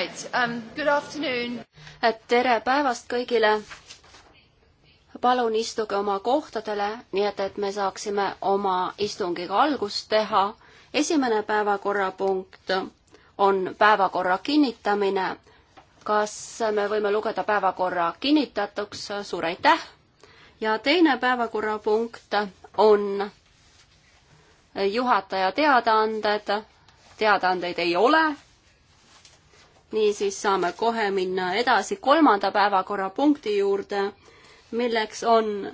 Right, um, good afternoon. tere päevast kõigile. palun istuge oma kohtadele, nii et, et me saaksime oma istungiga algust teha. esimene päevakorrapunkt on päevakorra kinnitamine. kas me võime lugeda päevakorra kinnitatuks? suur aitäh. ja teine päevakorrapunkt on juhataja teadaanded. teadaandeid ei ole niisiis saame kohe minna edasi kolmanda päevakorrapunkti juurde, milleks on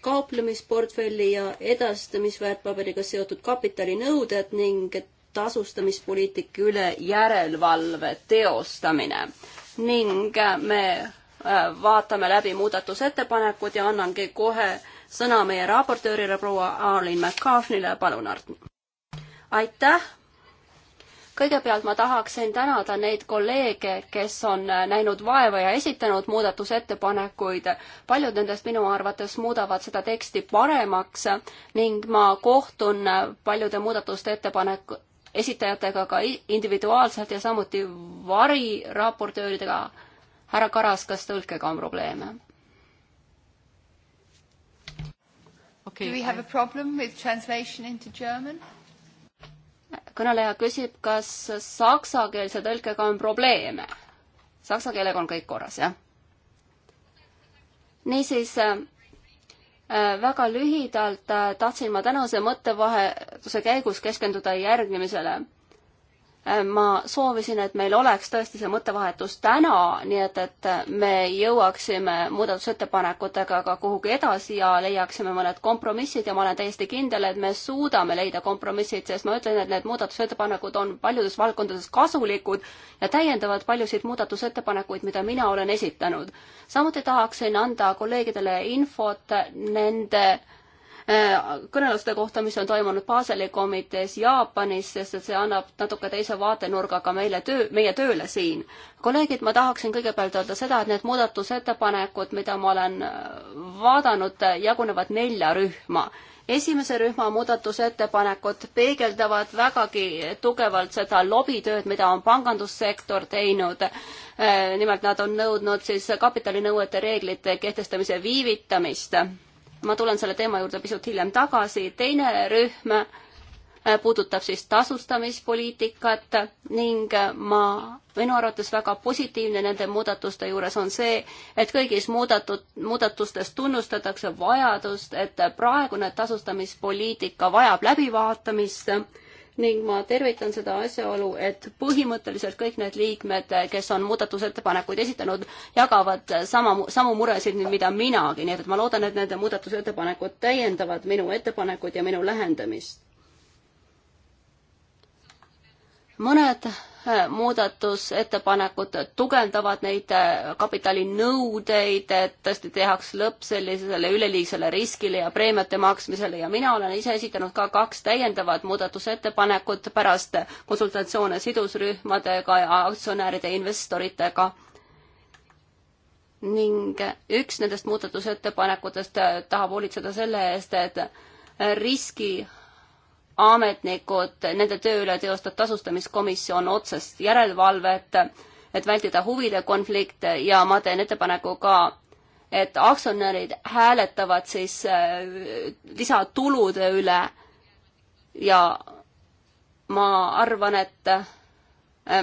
kauplemisportfelli ja edastamisväärtpaberiga seotud kapitalinõuded ning tasustamispoliitika üle järelevalve teostamine. ning äh, me äh, vaatame läbi muudatusettepanekud ja annangi kohe sõna meie raportöörile proua Arlene McCartney'le, palun Art. aitäh, kõigepealt ma tahaksin tänada neid kolleege, kes on näinud vaeva ja esitanud muudatusettepanekuid. paljud nendest minu arvates muudavad seda teksti paremaks ning ma kohtun paljude muudatuste ettepaneku, esitajatega ka individuaalselt ja samuti variraportööridega. härra Karas, kas tõlkega on probleeme? Okay, Do we have I... a problem with translation into German? kõneleja küsib, kas saksakeelse tõlkega on probleeme. Saksa keelega on kõik korras, jah? niisiis äh, väga lühidalt äh, tahtsin ma tänase mõttevahetuse käigus keskenduda järgmisele ma soovisin, et meil oleks tõesti see mõttevahetus täna, nii et, et me jõuaksime muudatusettepanekutega ka kuhugi edasi ja leiaksime mõned kompromissid ja ma olen täiesti kindel, et me suudame leida kompromissid, sest ma ütlen, et need muudatusettepanekud on paljudes valdkondades kasulikud ja täiendavad paljusid muudatusettepanekuid, mida mina olen esitanud. samuti tahaksin anda kolleegidele infot nende Äh, kõneluste kohta, mis on toimunud Baseli komitees Jaapanis, sest et see annab natuke teise vaatenurga ka meile töö, meie tööle siin. kolleegid, ma tahaksin kõigepealt öelda seda, et need muudatusettepanekud, mida ma olen äh, vaadanud, äh, jagunevad nelja rühma esimese rühma muudatusettepanekud peegeldavad vägagi tugevalt seda lobitööd, mida on pangandussektor teinud. nimelt nad on nõudnud siis kapitalinõuete reeglite kehtestamise viivitamist ma tulen selle teema juurde pisut hiljem tagasi, teine rühm äh, puudutab siis tasustamispoliitikat ning äh, ma, minu arvates väga positiivne nende muudatuste juures on see, et kõigis muudatud, muudatustes tunnustatakse vajadust, et praegune tasustamispoliitika vajab läbivaatamist ning ma tervitan seda asjaolu, et põhimõtteliselt kõik need liikmed, kes on muudatusettepanekuid esitanud, jagavad sama, samu muresid, mida minagi, nii et ma loodan, et nende muudatusettepanekud täiendavad minu ettepanekuid ja minu lähendamist. mõned muudatusettepanekud tugevdavad neid äh, kapitalinõudeid, et tõesti tehakse lõpp sellisele üleliigsele riskile ja preemiate maksmisele ja mina olen ise esitanud ka kaks täiendavat muudatusettepanekut pärast konsultatsioone sidusrühmadega ja aktsionäride investoritega ning üks nendest muudatusettepanekutest äh, tahab hoolitseda selle eest, et riski ametnikud, nende töö üle teostab tasustamiskomisjon otsest järelevalvet, et vältida huvide konflikte ja ma teen ettepaneku ka, et aktsionärid hääletavad siis äh, lisatulude üle ja ma arvan, et äh,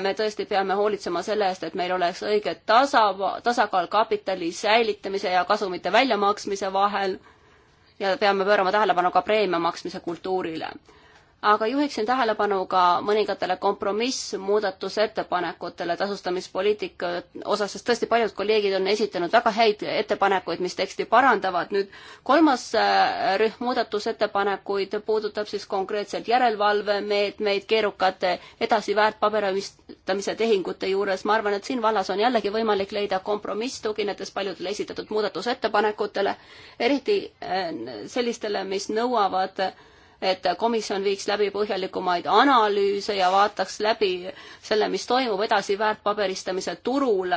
me tõesti peame hoolitsema selle eest, et meil oleks õige tasa, tasakaal kapitali säilitamise ja kasumite väljamaksmise vahel ja peame pöörama tähelepanu ka preemia maksmise kultuurile aga juhiksin tähelepanu ka mõningatele kompromissmuudatusettepanekutele tasustamispoliitika osas, sest tõesti paljud kolleegid on esitanud väga häid ettepanekuid, mis teksti parandavad. nüüd kolmas äh, rühm muudatusettepanekuid puudutab siis konkreetselt järelevalvemeetmeid keerukate edasi väärtpaberistamise tehingute juures. ma arvan, et siin vallas on jällegi võimalik leida kompromiss, tuginedes paljudele esitatud muudatusettepanekutele, eriti äh, sellistele, mis nõuavad äh, et komisjon viiks läbi põhjalikumaid analüüse ja vaataks läbi selle, mis toimub edasi väärtpaberistamise turul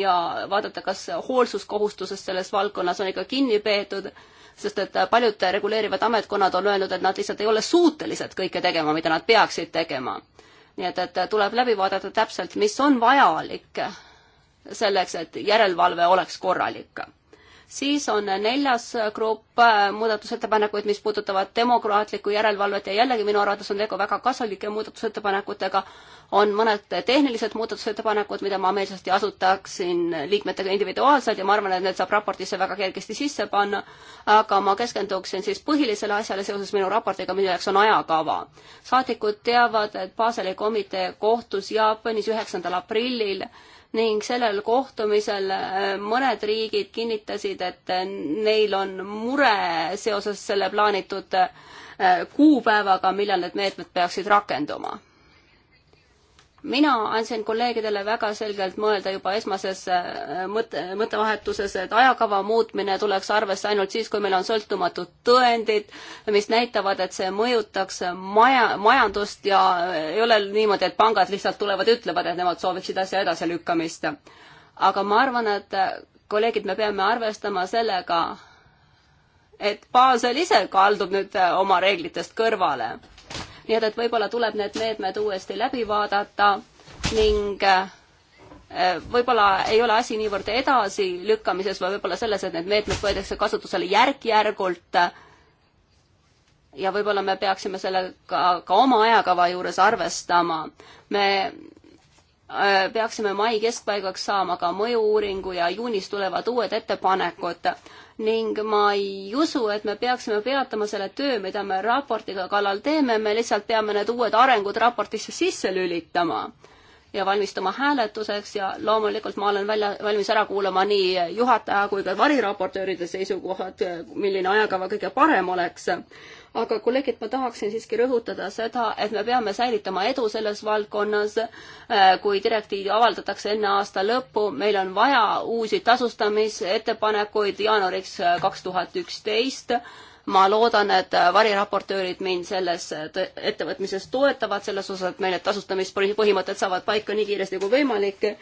ja vaadata, kas hoolsuskohustusest selles valdkonnas on ikka kinni peetud, sest et paljud reguleerivad ametkonnad on öelnud, et nad lihtsalt ei ole suutelised kõike tegema, mida nad peaksid tegema. nii et, et tuleb läbi vaadata täpselt, mis on vajalik selleks, et järelevalve oleks korralik siis on neljas grupp äh, muudatusettepanekuid, mis puudutavad demokraatlikku järelevalvet ja jällegi minu arvates on tegu väga kasulike muudatusettepanekutega. on mõned tehnilised muudatusettepanekud, mida ma meelsasti asutaksin liikmetega individuaalselt ja ma arvan, et need saab raportisse väga kergesti sisse panna. aga ma keskenduksin siis põhilisele asjale seoses minu raportiga, milleks on ajakava. saadikud teavad, et Baseli komitee kohtus Jaapanis üheksandal aprillil ning sellel kohtumisel äh, mõned riigid kinnitasid, et äh, neil on mure seoses selle plaanitud äh, kuupäevaga, millal need meetmed peaksid rakenduma mina andsin kolleegidele väga selgelt mõelda juba esmases äh, mõte, mõttevahetuses, et ajakava muutmine tuleks arvesse ainult siis, kui meil on sõltumatud tõendid, mis näitavad, et see mõjutaks maja, majandust ja ei ole niimoodi, et pangad lihtsalt tulevad ja ütlevad, et nemad sooviksid asja edasilükkamist. aga ma arvan, et äh, kolleegid, me peame arvestama sellega, et Basel ise kaldub nüüd äh, oma reeglitest kõrvale nii et, et võib-olla tuleb need meetmed uuesti läbi vaadata ning äh, võib-olla ei ole asi niivõrd edasilükkamises, vaid võib-olla selles, et need meetmed võetakse kasutusele järk-järgult. ja võib-olla me peaksime sellega ka oma ajakava juures arvestama. me Äh, peaksime mai keskpaigaks saama ka mõju-uuringu ja juunis tulevad uued ettepanekud ning ma ei usu, et me peaksime peatama selle töö, mida me raportiga kallal teeme, me lihtsalt peame need uued arengud raportisse sisse lülitama ja valmistuma hääletuseks ja loomulikult ma olen välja, valmis ära kuulama nii juhataja kui ka variraportööride seisukohad, milline ajakava kõige parem oleks aga kolleegid, ma tahaksin siiski rõhutada seda, et me peame säilitama edu selles valdkonnas, äh, kui direktiiv avaldatakse enne aasta lõppu, meil on vaja uusi tasustamisettepanekuid jaanuariks äh, kaks tuhat üksteist ma loodan, et äh, variraportöörid mind selles ettevõtmises toetavad, selles osas, et meil need tasustamispõhimõtted saavad paika nii kiiresti kui võimalik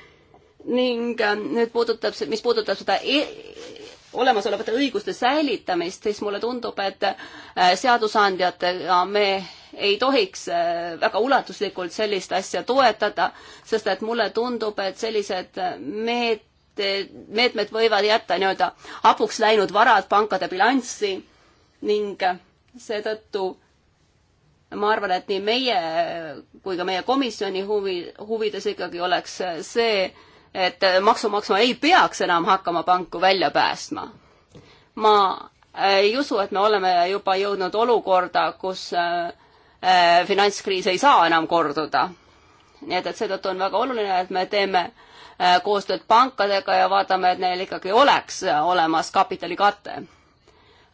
ning nüüd puudutab, mis puudutab seda e olemasolevate õiguste säilitamist, siis mulle tundub, et äh, seadusandjatega me ei tohiks äh, väga ulatuslikult sellist asja toetada, sest et mulle tundub, et sellised äh, meet-, meetmed võivad jätta nii-öelda hapuks läinud varad pankade bilanssi ning seetõttu ma arvan, et nii meie kui ka meie komisjoni huvi, huvides ikkagi oleks see, et maksumaksma ei peaks enam hakkama panku välja päästma. ma ei usu, et me oleme juba jõudnud olukorda, kus äh, äh, finantskriis ei saa enam korduda. nii et, et seetõttu on väga oluline, et me teeme äh, koostööd pankadega ja vaatame, et neil ikkagi oleks olemas kapitalikate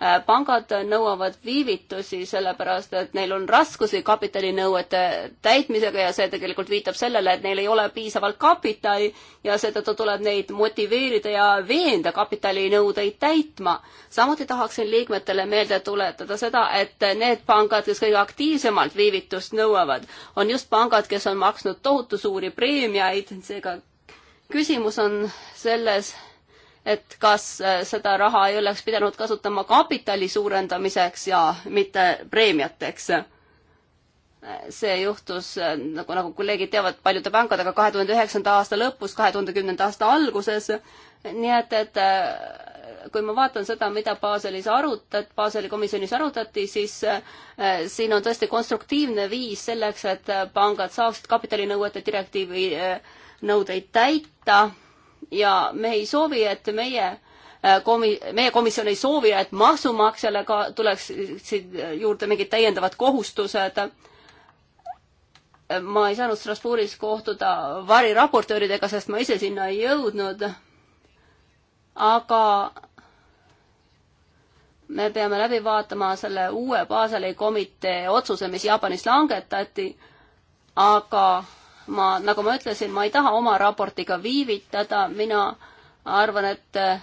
Äh, pangad nõuavad viivitusi, sellepärast et neil on raskusi kapitalinõuete täitmisega ja see tegelikult viitab sellele, et neil ei ole piisavalt kapitali ja seetõttu tuleb neid motiveerida ja veenda kapitalinõudeid täitma. samuti tahaksin liikmetele meelde tuletada seda, et need pangad, kes kõige aktiivsemalt viivitust nõuavad, on just pangad, kes on maksnud tohutu suuri preemiaid, seega küsimus on selles, et kas äh, seda raha ei oleks pidanud kasutama kapitali suurendamiseks ja mitte preemiateks. Äh, see juhtus, äh, nagu, nagu kolleegid teavad, paljude pankadega kahe tuhande üheksanda aasta lõpus, kahe tuhande kümnenda aasta alguses, nii et, et kui ma vaatan seda, mida Baselis arutat-, Baseli komisjonis arutati, siis siin on tõesti konstruktiivne viis selleks, et pangad saaksid kapitalinõuete direktiivi nõudeid täita ja me ei soovi, et meie äh, komi-, meie komisjon ei soovi, et maksumaksjale ka tuleksid juurde mingid täiendavad kohustused. ma ei saanud Strasbourgis kohtuda variraportööridega, sest ma ise sinna ei jõudnud. aga me peame läbi vaatama selle uue Baseli komitee otsuse, mis Jaapanis langetati, aga ma, nagu ma ütlesin, ma ei taha oma raportiga viivitada, mina arvan, et eh,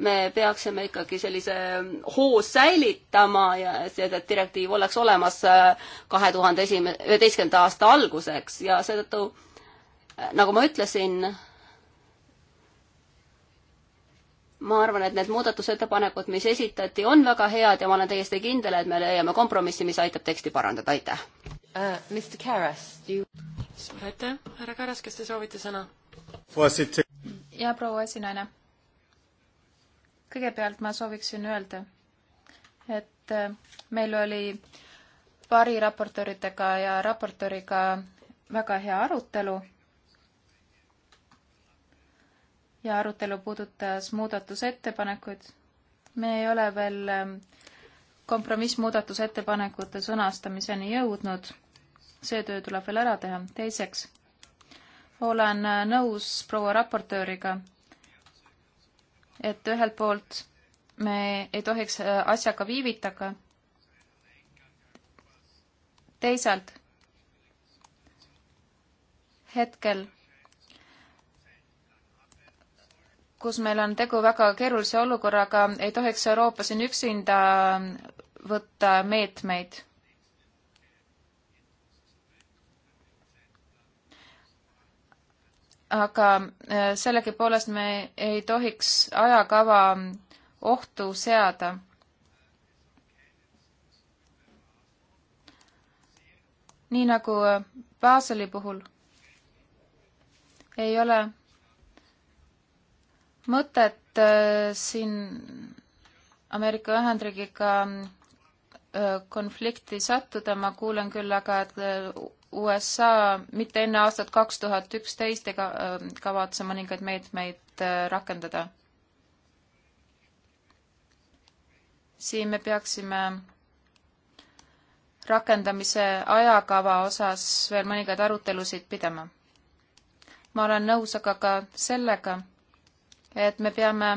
me peaksime ikkagi sellise eh, hoo säilitama ja see direktiiv oleks olemas eh, kahe tuhande esime-, üheteistkümnenda aasta alguseks ja seetõttu nagu ma ütlesin, ma arvan, et need muudatusettepanekud, mis esitati, on väga head ja ma olen täiesti kindel, et me leiame kompromissi, mis aitab teksti parandada, aitäh uh,. You suur aitäh, härra Karas, kas te soovite sõna? ja proua esinaine. kõigepealt ma sooviksin öelda, et äh, meil oli paari raportööridega ja raportööriga väga hea arutelu ja arutelu puudutas muudatusettepanekuid. me ei ole veel äh, kompromissmuudatusettepanekute sõnastamiseni jõudnud see töö tuleb veel ära teha. teiseks, olen nõus proua raportööriga, et ühelt poolt me ei tohiks äh, asjaga viivitada, teisalt hetkel, kus meil on tegu väga keerulise olukorraga, ei tohiks Euroopa siin üksinda võtta meetmeid aga äh, sellegipoolest me ei tohiks ajakava ohtu seada. nii nagu äh, Baseli puhul ei ole mõtet äh, siin Ameerika Ühendriigiga konflikti sattuda, ma kuulen küll aga, et USA mitte enne aastat kaks tuhat üksteist ega ähm, kavatse mõningaid meetmeid äh, rakendada. siin me peaksime rakendamise ajakava osas veel mõningaid arutelusid pidama. ma olen nõus aga ka sellega, et me peame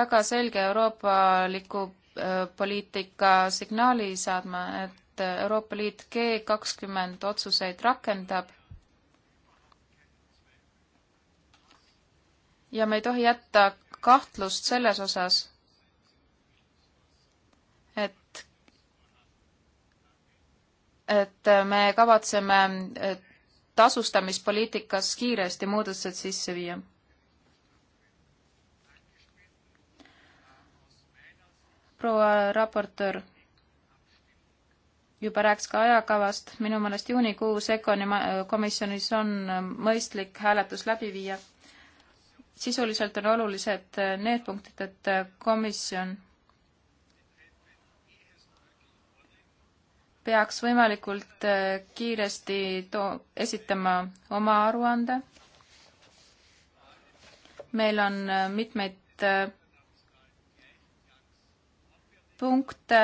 väga selge euroopaliku äh, poliitika signaali saatma, et et Euroopa Liit G kakskümmend otsuseid rakendab. ja me ei tohi jätta kahtlust selles osas, et, et me kavatseme tasustamispoliitikas kiiresti muudatused sisse viia proua raportöör, juba rääkis ka ajakavast, minu meelest juunikuus EKONi komisjonis on mõistlik hääletus läbi viia. sisuliselt on olulised need punktid, et komisjon peaks võimalikult kiiresti to-, esitama oma aruande. meil on mitmeid punkte,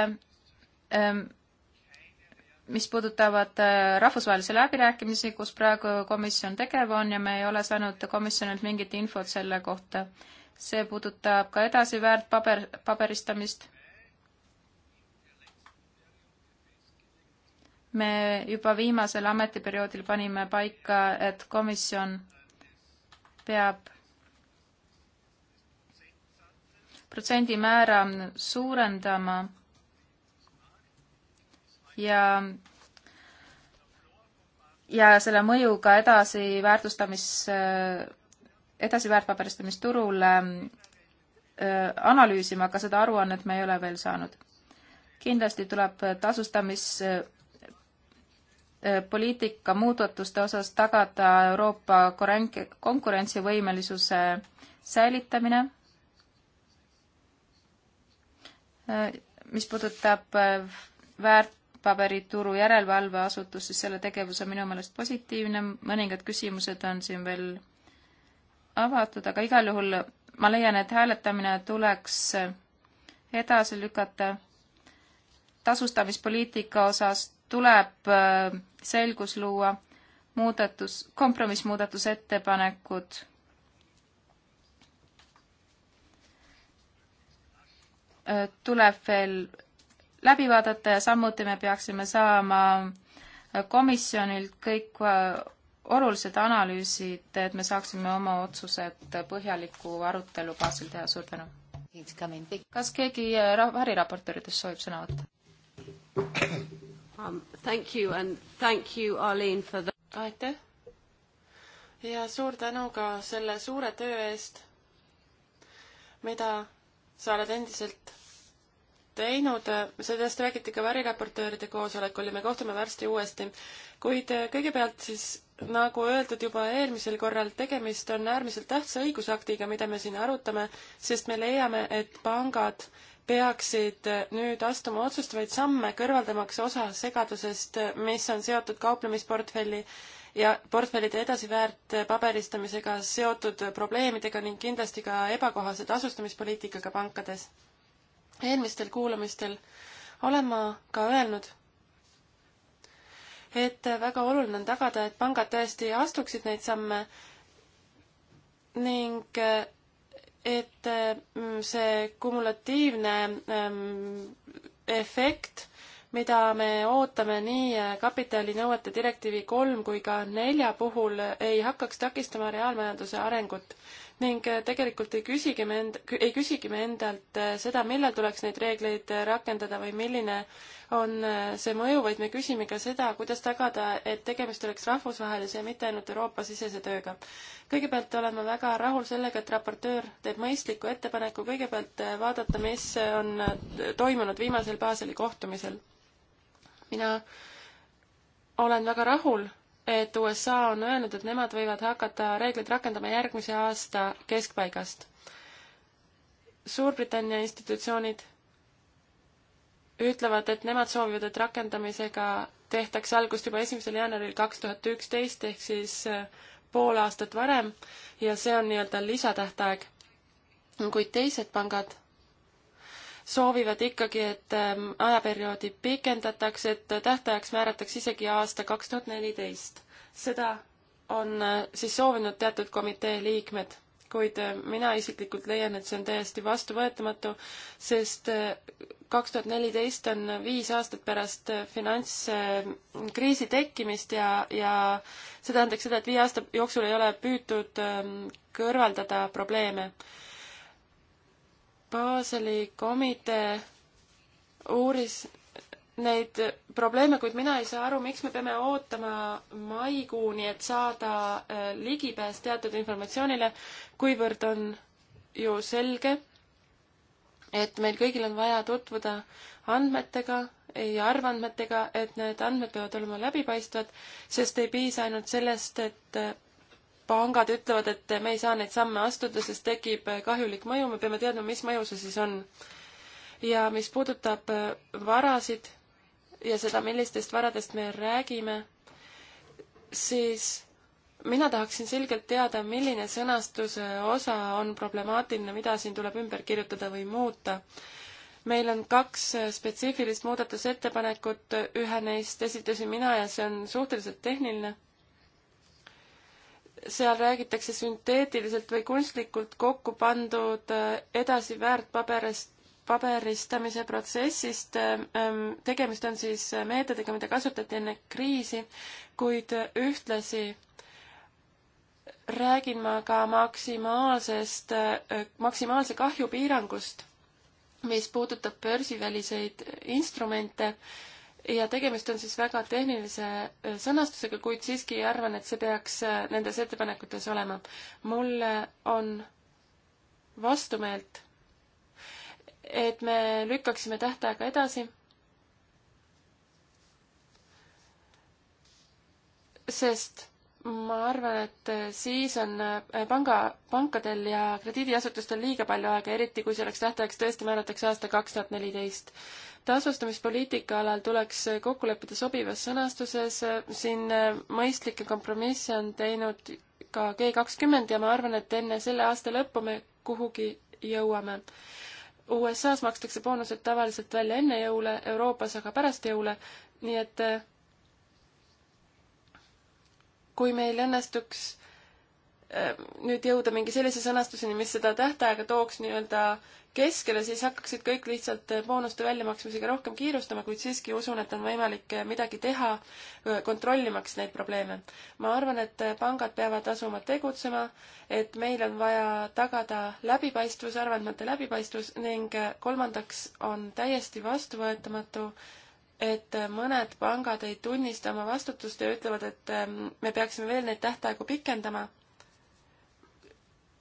ehm, mis puudutavad äh, rahvusvahelisi läbirääkimisi, kus praegu komisjon tegev on ja me ei ole saanud komisjonilt mingit infot selle kohta. see puudutab ka edasi väärtpaber, paberistamist. me juba viimasel ametiperioodil panime paika, et komisjon peab protsendimäära suurendama ja ja selle mõju ka edasi väärtustamis, edasi väärtpaberistumisturul äh, analüüsima, aga seda aruannet me ei ole veel saanud. kindlasti tuleb tasustamispoliitika äh, muudatuste osas tagada Euroopa konkurentsivõimelisuse säilitamine, äh, mis puudutab väärt, paberituru järelevalveasutus, siis selle tegevus on minu meelest positiivne, mõningad küsimused on siin veel avatud, aga igal juhul ma leian, et hääletamine tuleks edasi lükata. tasustamispoliitika osas tuleb äh, selgus luua, muudatus, kompromissmuudatusettepanekud äh, tuleb veel läbi vaadata ja samuti me peaksime saama komisjonilt kõik äh, olulised analüüsid, et me saaksime oma otsused põhjaliku arutelu baasil teha. suur tänu! kas keegi äh, variraportööridest soovib sõna võtta? Um, thank you and thank you, Arlene, for the... aitäh! ja suur tänu ka selle suure töö eest, mida sa oled endiselt teinud, sellest räägiti ka variraportööride koosolekul ja me kohtume varsti uuesti. kuid eh, kõigepealt siis, nagu öeldud juba eelmisel korral, tegemist on äärmiselt tähtsa õigusaktiga, mida me siin arutame, sest me leiame, et pangad peaksid eh, nüüd astuma otsustavaid samme, kõrvaldamaks osa segadusest, mis on seotud kauplemisportfelli ja portfellide edasiväärtpaberistamisega seotud probleemidega ning kindlasti ka ebakohase tasustamispoliitikaga pankades eelmistel kuulamistel olen ma ka öelnud, et väga oluline on tagada, et pangad tõesti astuksid neid samme ning et mm, see kumulatiivne mm, efekt, mida me ootame nii kapitalinõuete direktiivi kolm kui ka nelja puhul, ei hakkaks takistama reaalmajanduse arengut ning äh, tegelikult ei küsigi me end-, ei küsigi me endalt äh, seda, millal tuleks neid reegleid äh, rakendada või milline on see mõju, vaid me küsime ka seda, kuidas tagada, et tegemist oleks rahvusvahelise ja mitte ainult Euroopa-sisese tööga. kõigepealt olen ma väga rahul sellega, et raportöör teeb mõistliku ettepaneku kõigepealt vaadata, mis on toimunud viimasel Baseli kohtumisel. mina olen väga rahul et USA on öelnud, et nemad võivad hakata reegleid rakendama järgmise aasta keskpaigast. Suurbritannia institutsioonid ütlevad, et nemad soovivad, et rakendamisega tehtakse algust juba esimesel jaanuaril kaks tuhat üksteist ehk siis äh, pool aastat varem ja see on nii-öelda lisatähtaeg. kuid teised pangad soovivad ikkagi, et ähm, ajaperioodi pikendatakse, et tähtajaks määratakse isegi aasta kaks tuhat neliteist. seda on äh, siis soovinud teatud komitee liikmed, kuid äh, mina isiklikult leian, et see on täiesti vastuvõetamatu, sest äh, kaks tuhat neliteist on viis aastat pärast finantskriisi tekkimist ja, ja see tähendaks seda, et viie aasta jooksul ei ole püütud ähm, kõrvaldada probleeme Baseli komitee uuris neid probleeme, kuid mina ei saa aru, miks me peame ootama maikuuni, et saada äh, ligipääs teatud informatsioonile, kuivõrd on ju selge, et meil kõigil on vaja tutvuda andmetega ja arvandmetega, et need andmed peavad olema läbipaistvad, sest ei piisa ainult sellest, et äh, pangad ütlevad, et me ei saa neid samme astuda, sest tekib äh, kahjulik mõju, me peame teadma, mis mõju see siis on. ja mis puudutab äh, varasid ja seda, millistest varadest me räägime, siis mina tahaksin selgelt teada, milline sõnastuse äh, osa on problemaatiline, mida siin tuleb ümber kirjutada või muuta meil on kaks spetsiifilist muudatusettepanekut, ühe neist esitasin mina ja see on suhteliselt tehniline seal räägitakse sünteetiliselt või kunstlikult kokku pandud äh, edasi väärtpaberist, paberistamise protsessist. Äh, ähm, tegemist on siis äh, meetodiga, mida kasutati enne kriisi, kuid ühtlasi räägin ma ka maksimaalsest, maksimaalse kahju piirangust, mis puudutab börsiväliseid instrumente ja tegemist on siis väga tehnilise äh, sõnastusega, kuid siiski arvan, et see peaks äh, nendes ettepanekutes olema. mul on vastumeelt, et me lükkaksime tähtaega edasi. sest ma arvan, et äh, siis on äh, panga, pankadel ja krediidiasutustel liiga palju aega, eriti kui selleks tähtajaks tõesti määratakse aasta kaks tuhat neliteist. tasustamispoliitika alal tuleks äh, kokku leppida sobivas sõnastuses, siin mõistlikke kompromisse on teinud ka G kakskümmend ja ma arvan, et enne selle aasta lõppu me kuhugi jõuame. USA-s makstakse boonused tavaliselt välja enne jõule, Euroopas aga pärast jõule, nii et kui meil õnnestuks äh, nüüd jõuda mingi sellise sõnastuseni, mis seda tähtaega tooks nii-öelda keskele, siis hakkaksid kõik lihtsalt äh, boonuste väljamaksmisega rohkem kiirustama, kuid siiski usun, et on võimalik äh, midagi teha, kontrollimaks neid probleeme. ma arvan, et pangad peavad asuma tegutsema, et meil on vaja tagada läbipaistvus, aruandmete läbipaistvus ning kolmandaks on täiesti vastuvõetamatu, et mõned pangad ei tunnista oma vastutust ja ütlevad, et ähm, me peaksime veel neid tähtaegu pikendama.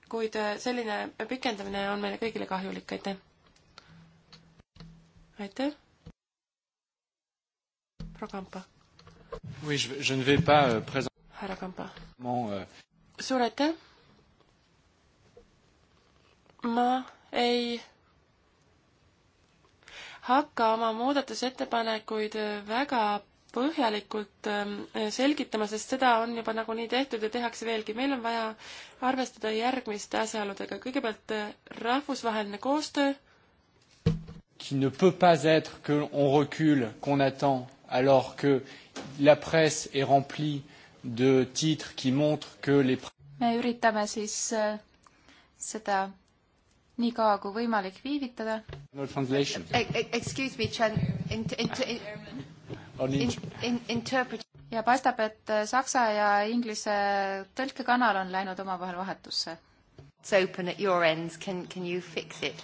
kuid äh, selline pikendamine on meile kõigile kahjulik, aitäh. aitäh. proua Kampa. härra Kampa. Euh, euh, suur aitäh. ma ei hakka oma muudatusettepanekuid väga põhjalikult ähm, selgitama, sest seda on juba nagunii tehtud ja tehakse veelgi. meil on vaja arvestada järgmiste asjaoludega. kõigepealt äh, rahvusvaheline koostöö. qui ne peut pas être que on recule, qu'on attend, alors que la presse est remplie de titres qui montrent que les me üritame siis äh, seda nii kaua kui võimalik viivitada. E-, e-, excuse me, in, in, in, in, interpret- ja paistab, et saksa ja inglise tõlkekanal on läinud omavahel vahetusse. It's open at your ends, can, can you fix it?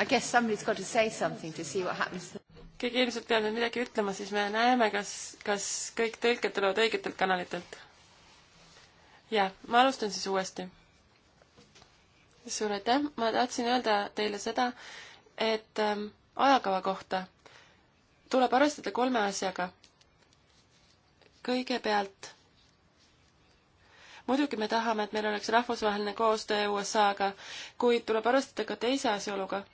I guess somebody's got to say something to see what happens keegi ilmselt peab nüüd midagi ütlema, siis me näeme, kas, kas kõik tõlked tulevad õigetelt kanalitelt. jah, ma alustan siis uuesti. suur aitäh, ma tahtsin öelda teile seda, et ähm, ajakava kohta tuleb arvestada kolme asjaga. kõigepealt muidugi me tahame, et meil oleks rahvusvaheline koostöö USA-ga, kuid tuleb arvestada ka teise asjaoluga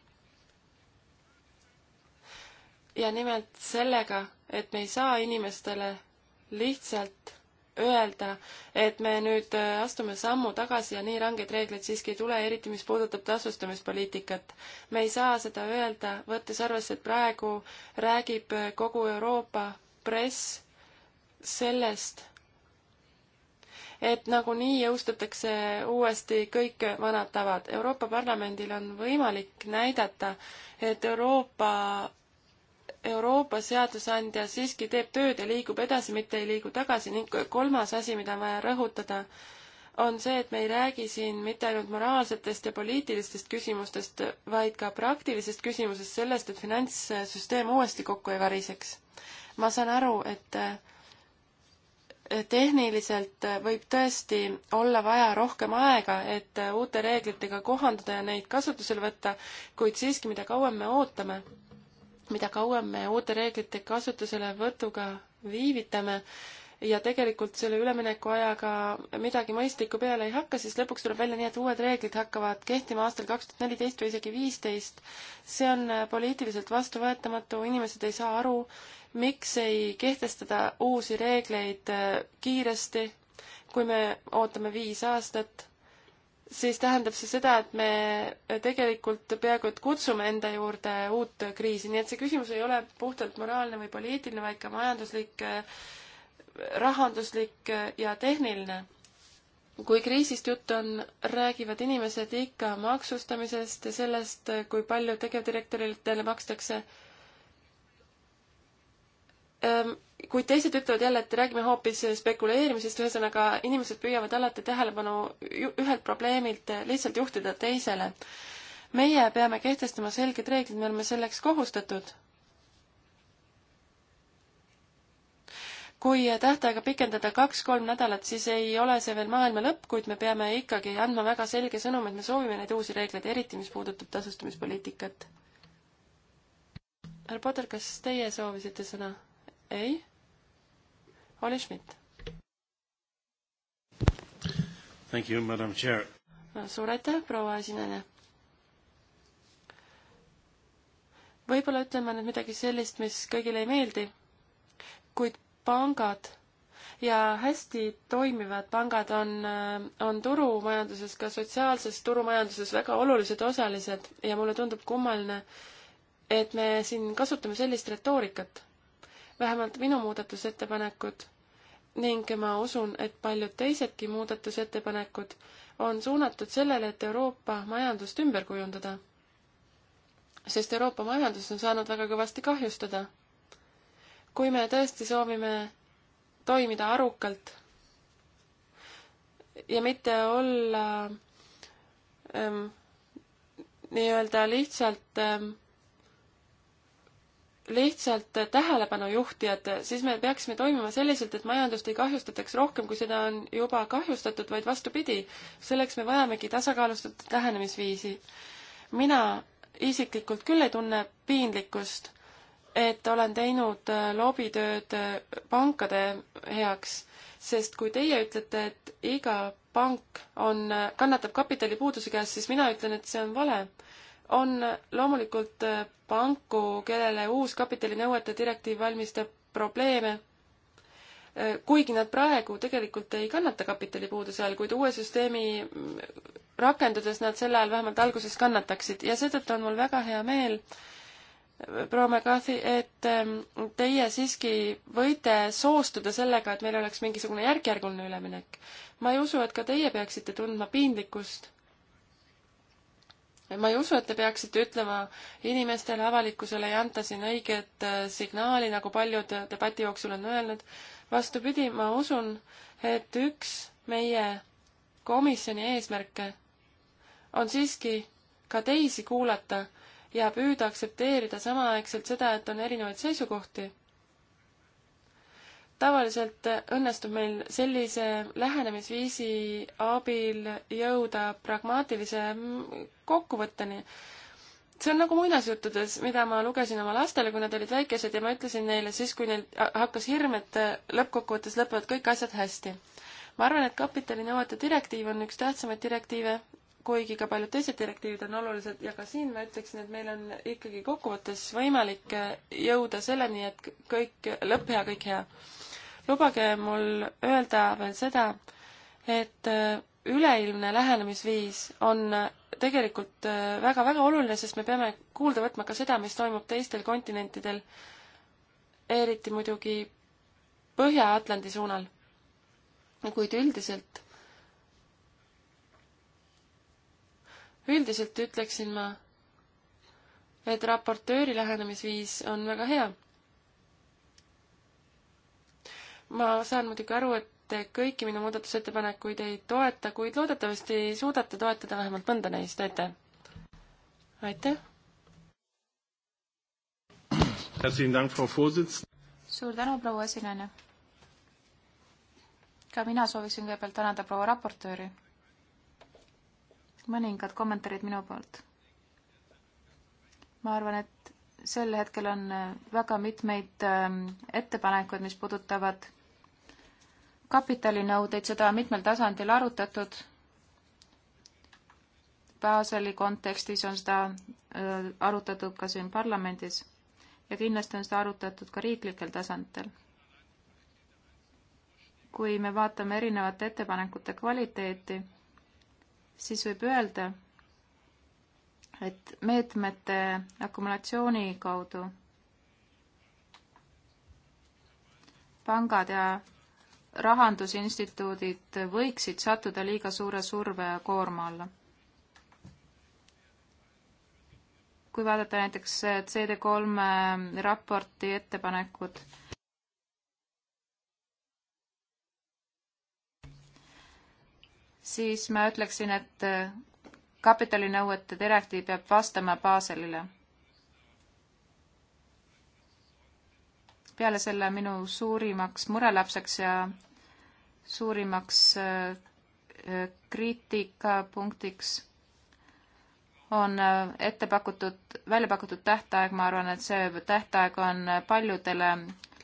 ja nimelt sellega, et me ei saa inimestele lihtsalt öelda, et me nüüd äh, astume sammu tagasi ja nii rangeid reegleid siiski ei tule, eriti mis puudutab tasustamispoliitikat. me ei saa seda öelda, võttes arvesse, et praegu räägib äh, kogu Euroopa press sellest, et nagunii jõustatakse uuesti kõik vanad tavad. Euroopa Parlamendil on võimalik näidata, et Euroopa Euroopa seadusandja siiski teeb tööd ja liigub edasi, mitte ei liigu tagasi ning kolmas asi, mida on vaja rõhutada, on see, et me ei räägi siin mitte ainult moraalsetest ja poliitilistest küsimustest, vaid ka praktilisest küsimusest, sellest, et finantssüsteem uuesti kokku ei variseks. ma saan aru, et tehniliselt võib tõesti olla vaja rohkem aega, et uute reeglitega kohanduda ja neid kasutusele võtta, kuid siiski, mida kauem me ootame, mida kauem me uute reeglite kasutuselevõtuga viivitame ja tegelikult selle üleminekuajaga midagi mõistlikku peale ei hakka, siis lõpuks tuleb välja nii, et uued reeglid hakkavad kehtima aastal kaks tuhat neliteist või isegi viisteist. see on poliitiliselt vastuvõetamatu, inimesed ei saa aru, miks ei kehtestada uusi reegleid äh, kiiresti, kui me ootame viis aastat siis tähendab see seda, et me tegelikult peaaegu et kutsume enda juurde uut kriisi, nii et see küsimus ei ole puhtalt moraalne või poliitiline, vaid ka majanduslik, rahanduslik ja tehniline. kui kriisist juttu on, räägivad inimesed ikka maksustamisest ja sellest, kui palju tegevdirektoritele makstakse ehm, kuid teised ütlevad jälle, et räägime hoopis spekuleerimisest, ühesõnaga inimesed püüavad alati tähelepanu ühelt probleemilt lihtsalt juhtida teisele. meie peame kehtestama selged reeglid, me oleme selleks kohustatud. kui tähtaega pikendada kaks-kolm nädalat, siis ei ole see veel maailma lõpp, kuid me peame ikkagi andma väga selge sõnumi, et me soovime neid uusi reegleid, eriti mis puudutab tasustamispoliitikat. härra Potter, kas teie soovisite sõna? ei? Oli Schmidt. Thank you, madam chair. suur aitäh, proua esinejana. võib-olla ütlen ma nüüd midagi sellist, mis kõigile ei meeldi, kuid pangad ja hästi toimivad pangad on, on turumajanduses, ka sotsiaalses turumajanduses väga olulised osalised ja mulle tundub kummaline, et me siin kasutame sellist retoorikat. vähemalt minu muudatusettepanekud ning ma usun, et paljud teisedki muudatusettepanekud on suunatud sellele, et Euroopa majandust ümber kujundada. sest Euroopa majandus on saanud väga kõvasti kahjustada. kui me tõesti soovime toimida arukalt ja mitte olla ähm, nii-öelda lihtsalt ähm, lihtsalt tähelepanu juhtijad, siis me peaksime toimima selliselt, et majandust ei kahjustataks rohkem, kui seda on juba kahjustatud, vaid vastupidi, selleks me vajamegi tasakaalustatud lähenemisviisi. mina isiklikult küll ei tunne piinlikkust, et olen teinud äh, lobitööd äh, pankade heaks, sest kui teie ütlete, et iga pank on, äh, kannatab kapitalipuuduse käes, siis mina ütlen, et see on vale on loomulikult äh, panku, kellele uus kapitalinõuete direktiiv valmistab probleeme, äh, kuigi nad praegu tegelikult ei kannata kapitalipuuduse all, kuid uue süsteemi mm, rakendudes nad sel ajal vähemalt alguses kannataksid ja seetõttu on mul väga hea meel, äh, proua McCarthy, et ähm, teie siiski võite soostuda sellega, et meil oleks mingisugune järk-järguline üleminek. ma ei usu, et ka teie peaksite tundma piinlikkust ma ei usu, et te peaksite ütlema inimestele, avalikkusele ei anta siin õiget äh, signaali, nagu paljud debati jooksul on öelnud. vastupidi, ma usun, et üks meie komisjoni eesmärke on siiski ka teisi kuulata ja püüda aktsepteerida samaaegselt seda, et on erinevaid seisukohti tavaliselt õnnestub meil sellise lähenemisviisi abil jõuda pragmaatilise kokkuvõtteni. see on nagu muinasjuttudes, mida ma lugesin oma lastele, kui nad olid väikesed ja ma ütlesin neile siis, kui neil hakkas hirm, et lõppkokkuvõttes lõpevad kõik asjad hästi. ma arvan, et kapitalinõuete direktiiv on üks tähtsamaid direktiive, kuigi ka paljud teised direktiivid on olulised ja ka siin ma ütleksin, et meil on ikkagi kokkuvõttes võimalik jõuda selleni, et kõik lõpp hea, kõik hea lubage mul öelda veel seda, et äh, üleilmne lähenemisviis on äh, tegelikult väga-väga äh, oluline, sest me peame kuulda võtma ka seda, mis toimub teistel kontinentidel, eriti muidugi Põhja-Atlandi suunal. kuid üldiselt, üldiselt ütleksin ma, et raportööri lähenemisviis on väga hea ma saan muidugi aru, et kõiki minu muudatusettepanekuid ei toeta, kuid loodetavasti suudate toetada vähemalt mõnda neist, aitäh! aitäh! suur tänu, proua esinaine! ka mina sooviksin kõigepealt tänada proua raportööri. mõningad kommentaarid minu poolt. ma arvan, et sel hetkel on väga mitmeid ähm, ettepanekuid, mis puudutavad kapitalinõudeid, seda on mitmel tasandil arutatud. Baseli kontekstis on seda arutatud ka siin parlamendis ja kindlasti on seda arutatud ka riiklikel tasanditel. kui me vaatame erinevate ettepanekute kvaliteeti, siis võib öelda, et meetmete akumulatsiooni kaudu pangad ja rahandusinstituudid võiksid sattuda liiga suure surve ja koorma alla. kui vaadata näiteks CD3 raporti ettepanekud, siis ma ütleksin, et kapitalinõuete direktiiv peab vastama Baselile peale selle minu suurimaks murelapseks ja suurimaks äh, äh, kriitikapunktiks on äh, ette pakutud, välja pakutud tähtaeg, ma arvan, et see tähtaeg on paljudele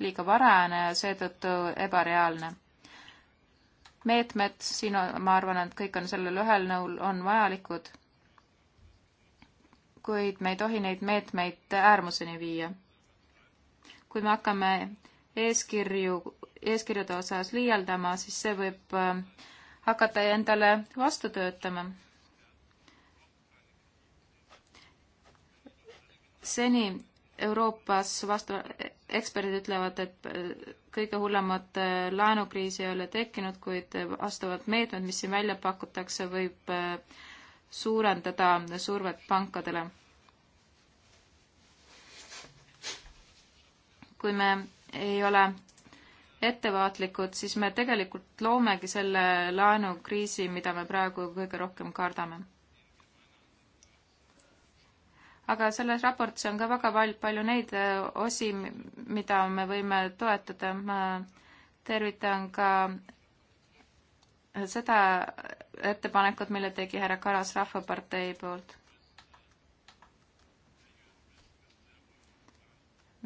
liiga varajane ja seetõttu ebareaalne. meetmed, siin on, ma arvan, et kõik on sellel ühel nõul, on vajalikud, kuid me ei tohi neid meetmeid äärmuseni viia kui me hakkame eeskirju, eeskirjade osas liialdama, siis see võib äh, hakata endale vastu töötama. seni Euroopas vastu, eksperdid ütlevad, et äh, kõige hullemat äh, laenukriisi ei ole tekkinud, kuid vastavad meetmed, mis siin välja pakutakse, võib suurendada survet pankadele kui me ei ole ettevaatlikud, siis me tegelikult loomegi selle laenukriisi, mida me praegu kõige rohkem kardame. aga selles raportis on ka väga palju neid äh, osi, mida me võime toetada, ma tervitan ka seda ettepanekut, mille tegi härra Karas Rahvapartei poolt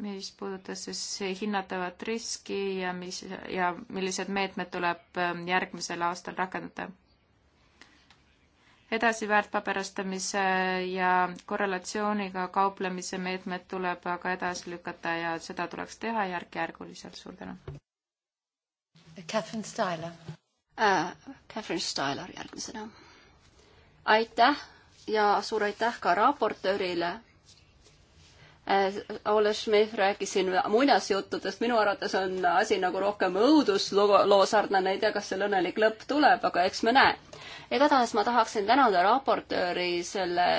mis puudutas siis hinnatavat riski ja mis ja millised meetmed tuleb ähm, järgmisel aastal rakendada. edasi väärtpaberastamise ja korrelatsiooniga kauplemise meetmed tuleb aga edasi lükata ja seda tuleks teha järk-järguliselt. suur tänu. Catherine Styler äh,. Catherine Styler järgmisena. aitäh ja suur aitäh ka raportöörile Äh, Ole Schmidt rääkis siin muinasjuttudest, minu arvates on asi nagu rohkem õudusloo sarnane, ei tea, kas seal õnnelik lõpp tuleb, aga eks me näe. igatahes ma tahaksin tänada raportööri selle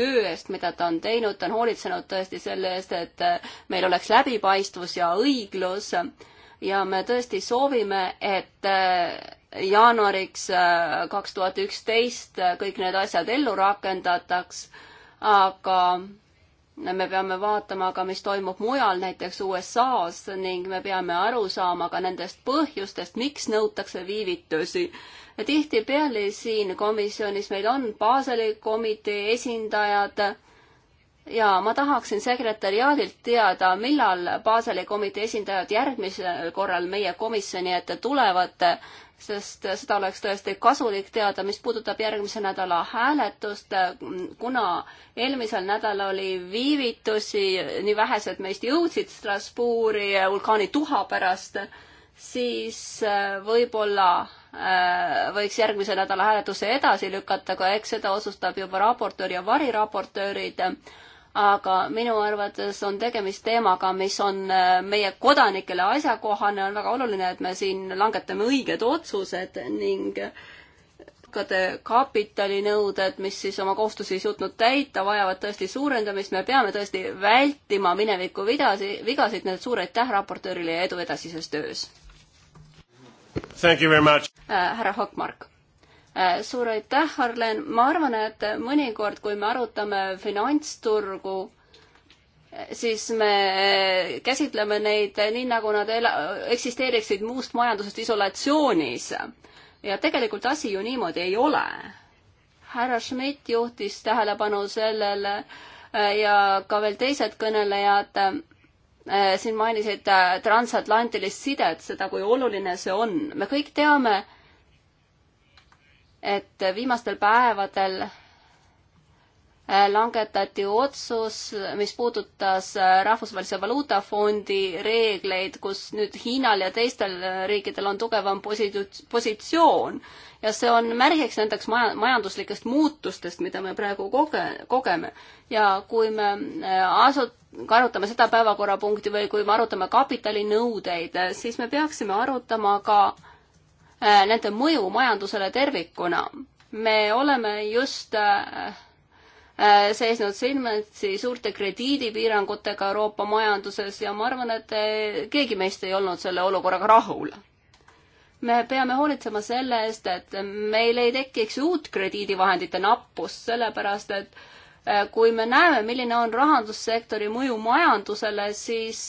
töö eest, mida ta on teinud, ta on hoolitsenud tõesti selle eest, et äh, meil oleks läbipaistvus ja õiglus ja me tõesti soovime, et äh, jaanuariks kaks tuhat üksteist kõik need asjad ellu rakendataks, aga me peame vaatama ka, mis toimub mujal, näiteks USA-s ning me peame aru saama ka nendest põhjustest, miks nõutakse viivitusi. tihtipeale siin komisjonis meil on Baseli komitee esindajad ja ma tahaksin sekretäriaadilt teada, millal Baseli komitee esindajad järgmisel korral meie komisjoni ette tulevad sest seda oleks tõesti kasulik teada, mis puudutab järgmise nädala hääletust, kuna eelmisel nädalal oli viivitusi, nii vähesed meist jõudsid Strasbourgi vulkaanituha pärast, siis äh, võib-olla äh, võiks järgmise nädala hääletuse edasi lükata, aga eks seda otsustab juba raportöör ja variraportöörid aga minu arvates on tegemist teemaga, mis on äh, meie kodanikele asjakohane, on väga oluline, et me siin langetame õiged otsused ning pankade kapitalinõuded, mis siis oma kohustusi ei suutnud täita, vajavad tõesti suurendamist, me peame tõesti vältima mineviku vidasi, vigasid, nii et suur aitäh raportöörile ja edu edasises töös! Äh, härra Hokmark Äh, suur aitäh, Arlen, ma arvan, et mõnikord, kui me arutame finantsturgu, siis me äh, käsitleme neid nii, nagu nad ela-, eksisteeriksid muust majandusest isolatsioonis. ja tegelikult asi ju niimoodi ei ole. härra Schmidt juhtis tähelepanu sellele äh, ja ka veel teised kõnelejad siin mainisid transatlantilist sidet, seda, kui oluline see on. me kõik teame, et viimastel päevadel äh, langetati otsus, mis puudutas äh, Rahvusvahelise Valuutafondi reegleid, kus nüüd Hiinal ja teistel äh, riikidel on tugevam positsioon ja see on märgiks nendeks maja, majanduslikest muutustest, mida me praegu koge-, kogeme. ja kui me asu-, arutame seda päevakorrapunkti või kui me arutame kapitalinõudeid, siis me peaksime arutama ka äh, Äh, nende mõju majandusele tervikuna. me oleme just äh, äh, seisnud silmitsi suurte krediidipiirangutega Euroopa majanduses ja ma arvan, et keegi meist ei olnud selle olukorraga rahul. me peame hoolitsema selle eest, et meil ei tekiks uut krediidivahendite nappust, sellepärast et kui me näeme, milline on rahandussektori mõju majandusele, siis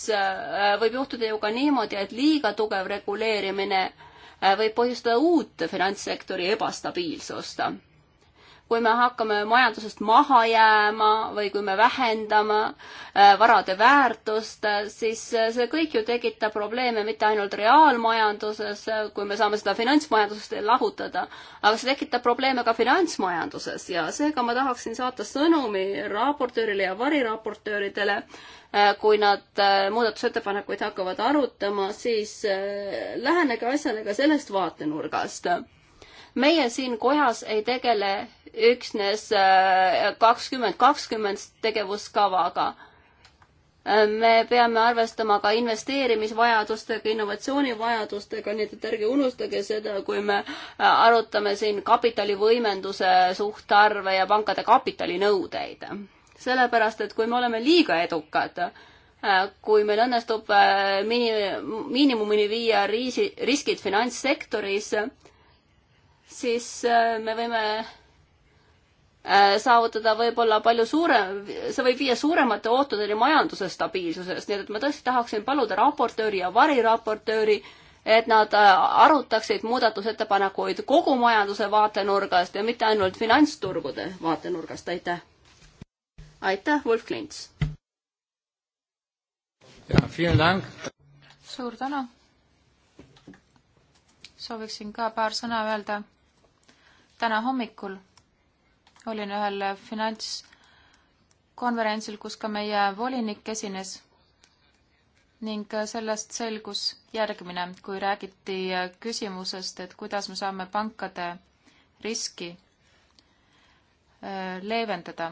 võib juhtuda ju ka niimoodi, et liiga tugev reguleerimine võib põhjustada uut finantssektori ebastabiilsust kui me hakkame majandusest maha jääma või kui me vähendame äh, varade väärtust, siis äh, see kõik ju tekitab probleeme mitte ainult reaalmajanduses, äh, kui me saame seda finantsmajandusest lahutada, aga see tekitab probleeme ka finantsmajanduses ja seega ma tahaksin saata sõnumi raportöörile ja variraportööridele, kui nad muudatusettepanekuid hakkavad arutama, siis lähenege asjale ka sellest vaatenurgast meie siin kojas ei tegele üksnes äh, kakskümmend kakskümmend tegevuskavaga. Äh, me peame arvestama ka investeerimisvajadustega, innovatsioonivajadustega, nii et ärge unustage seda, kui me äh, arutame siin kapitalivõimenduse suhtarve ja pankade kapitalinõudeid. sellepärast, et kui me oleme liiga edukad, kui meil õnnestub miini-, miinimumini viia riisi, riskid finantssektoris, siis me võime Äh, saavutada võib-olla palju suurem, see võib viia suuremate ootudeni majanduse stabiilsusest, nii et ma tõesti tahaksin paluda raportööri ja variraportööri, et nad äh, arutaksid muudatusettepanekuid kogu majanduse vaatenurgast ja mitte ainult finantsturgude vaatenurgast, aitäh. aitäh, Wolf Klints. suur tänu. sooviksin ka paar sõna öelda täna hommikul olin ühel finantskonverentsil, kus ka meie volinik esines ning sellest selgus järgmine, kui räägiti küsimusest, et kuidas me saame pankade riski äh, leevendada.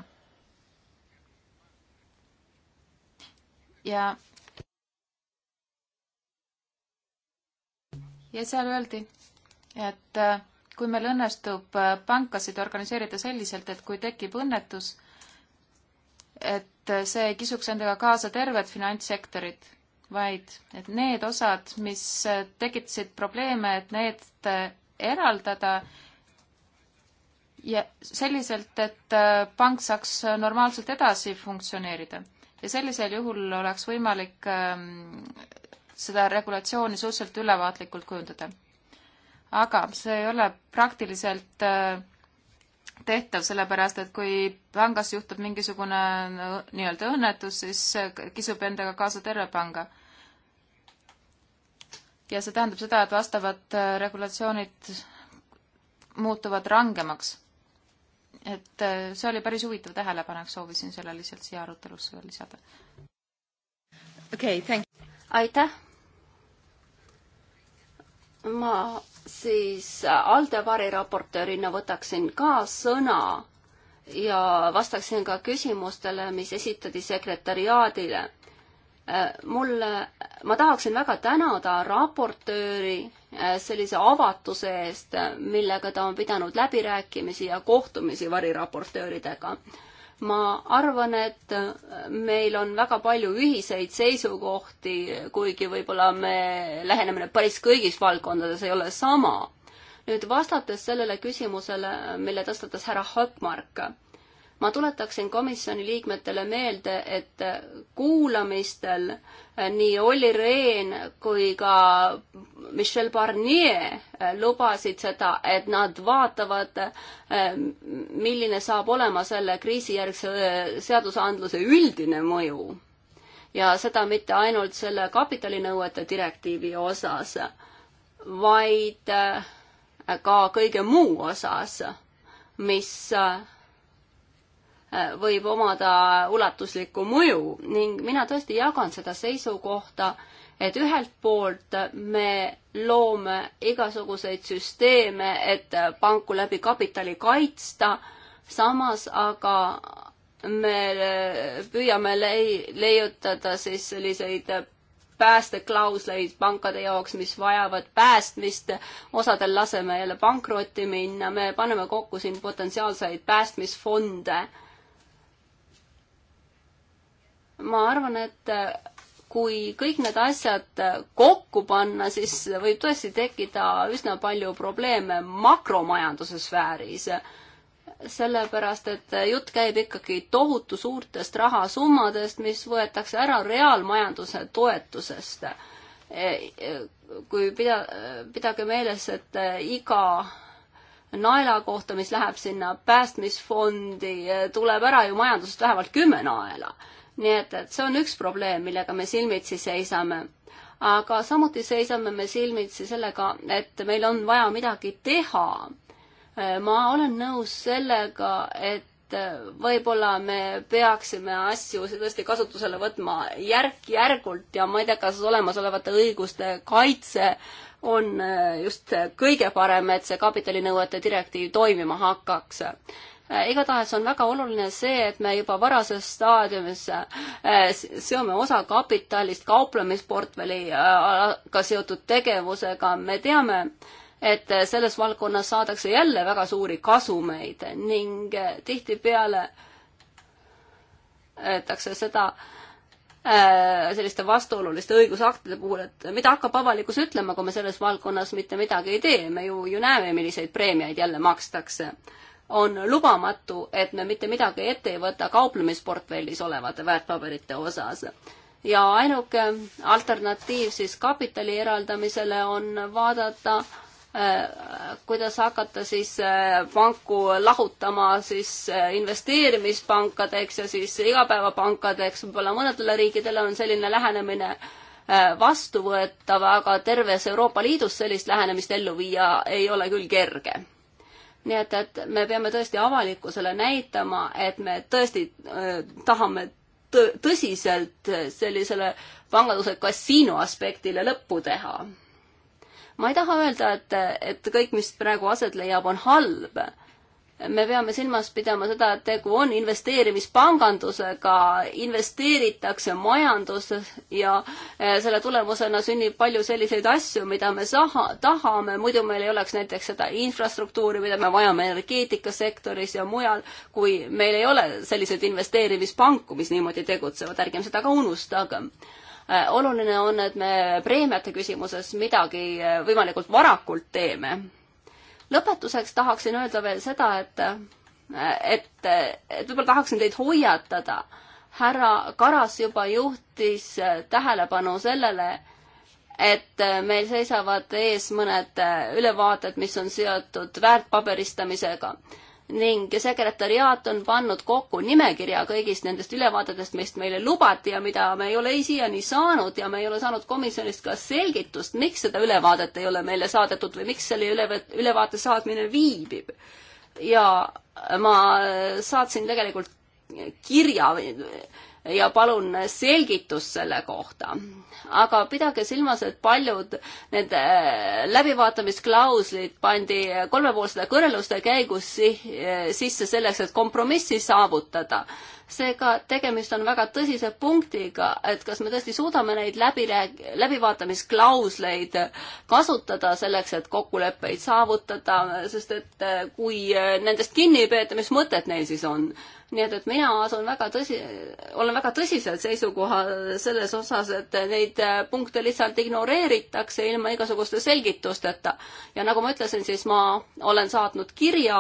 ja ja seal öeldi, et äh, kui meil õnnestub äh, pankasid organiseerida selliselt, et kui tekib õnnetus, et äh, see ei kisuks endaga kaasa tervet finantssektorit, vaid et need osad, mis äh, tekitasid probleeme, et need eraldada ja selliselt, et pank saaks normaalselt edasi funktsioneerida. ja sellisel juhul oleks võimalik ähm, seda regulatsiooni suhteliselt ülevaatlikult kujundada aga see ei ole praktiliselt äh, tehtav, sellepärast et kui pangas juhtub mingisugune äh, nii-öelda õnnetus, siis kisub endaga kaasa terve panga. ja see tähendab seda, et vastavad äh, regulatsioonid muutuvad rangemaks. et see oli päris huvitav tähelepanek, soovisin selle lihtsalt siia arutelusse lisada. okei okay,, aitäh! ma siis Alde variraportöörina võtaksin ka sõna ja vastaksin ka küsimustele, mis esitati sekretäriaadile. Äh, mulle, ma tahaksin väga tänada raportööri äh, sellise avatuse eest, millega ta on pidanud läbirääkimisi ja kohtumisi variraportööridega ma arvan, et meil on väga palju ühiseid seisukohti, kuigi võib-olla me lähenemine päris kõigis valdkondades ei ole sama. nüüd vastates sellele küsimusele, mille tõstatas härra Hotmark ma tuletaksin komisjoni liikmetele meelde, et kuulamistel nii Olli Rehn kui ka Michel Barnier lubasid seda, et nad vaatavad, milline saab olema selle kriisijärgse äh, seadusandluse üldine mõju. ja seda mitte ainult selle kapitalinõuete direktiivi osas, vaid äh, ka kõige muu osas, mis äh, võib omada ulatuslikku mõju ning mina tõesti jagan seda seisukohta, et ühelt poolt me loome igasuguseid süsteeme, et panku läbi kapitali kaitsta, samas aga me püüame lei-, leiutada siis selliseid päästeklausleid pankade jaoks, mis vajavad päästmist, osadel laseme jälle pankrotti minna, me paneme kokku siin potentsiaalseid päästmisfonde ma arvan, et äh, kui kõik need asjad äh, kokku panna, siis võib tõesti tekkida üsna palju probleeme makromajanduse sfääris. sellepärast, et äh, jutt käib ikkagi tohutu suurtest rahasummadest, mis võetakse ära reaalmajanduse toetusest. E, e, kui pida, pidage meeles, et iga naela kohta, mis läheb sinna päästmisfondi, tuleb ära ju majandusest vähemalt kümme naela nii et, et see on üks probleem, millega me silmitsi seisame. aga samuti seisame me silmitsi sellega, et meil on vaja midagi teha. Äh, ma olen nõus sellega, et äh, võib-olla me peaksime asju tõesti kasutusele võtma järk-järgult ja ma ei tea, kas olemasolevate õiguste kaitse on äh, just kõige parem, et see kapitalinõuete direktiiv toimima hakkaks. Äh, igatahes on väga oluline see, et me juba varases staadiumis äh, seome osa kapitalist kauplemisportfelliga äh, seotud tegevusega, me teame, et selles valdkonnas saadakse jälle väga suuri kasumeid ning tihtipeale öeldakse seda selliste vastuoluliste õigusaktide puhul, et mida hakkab avalikkus ütlema, kui me selles valdkonnas mitte midagi ei tee, me ju, ju näeme, milliseid preemiaid jälle makstakse on lubamatu, et me mitte midagi ette ei võta kauplemisportfellis olevate väärtpaberite osas. ja ainuke alternatiiv siis kapitali eraldamisele on vaadata, äh, kuidas hakata siis äh, panku lahutama siis äh, investeerimispankadeks ja siis igapäevapankadeks, võib-olla mõnedele riikidele on selline lähenemine vastuvõetav, aga terves Euroopa Liidus sellist lähenemist ellu viia ei ole küll kerge nii et, et me peame tõesti avalikkusele näitama, et me tõesti äh, tahame tõ tõsiselt sellisele panganduse kasiino aspektile lõppu teha. ma ei taha öelda, et, et kõik, mis praegu aset leiab, on halb me peame silmas pidama seda, et tegu on investeerimispangandusega, investeeritakse majandusse ja eh, selle tulemusena sünnib palju selliseid asju, mida me saha, tahame, muidu meil ei oleks näiteks seda infrastruktuuri, mida me vajame energeetikasektoris ja mujal, kui meil ei ole selliseid investeerimispanku, mis niimoodi tegutsevad, ärgem seda ka unustagem eh, oluline on, et me preemiate küsimuses midagi eh, võimalikult varakult teeme lõpetuseks tahaksin öelda veel seda, et, et, et võib-olla tahaksin teid hoiatada. härra Karas juba juhtis tähelepanu sellele, et meil seisavad ees mõned ülevaated, mis on seotud väärtpaberistamisega ning sekretäriaat on pannud kokku nimekirja kõigist nendest ülevaadetest, mis meile lubati ja mida me ei ole siiani saanud ja me ei ole saanud komisjonist ka selgitust, miks seda ülevaadet ei ole meile saadetud või miks selle üle, ülevaate saatmine viibib. ja ma saatsin tegelikult kirja ja palun selgitust selle kohta. aga pidage silmas, et paljud need äh, läbivaatamisklauslid pandi kolmepoolsete kõneluste käigus äh, sisse selleks, et kompromissi saavutada. seega tegemist on väga tõsise punktiga, et kas me tõesti suudame neid läbi, läbivaatamisklausleid kasutada selleks, et kokkuleppeid saavutada, sest et äh, kui nendest kinni ei peeta, mis mõtet neil siis on? nii et, et mina asun väga tõsi, olen väga tõsiselt seisukohal selles osas, et neid äh, punkte lihtsalt ignoreeritakse ilma igasuguste selgitusteta. ja nagu ma ütlesin, siis ma olen saatnud kirja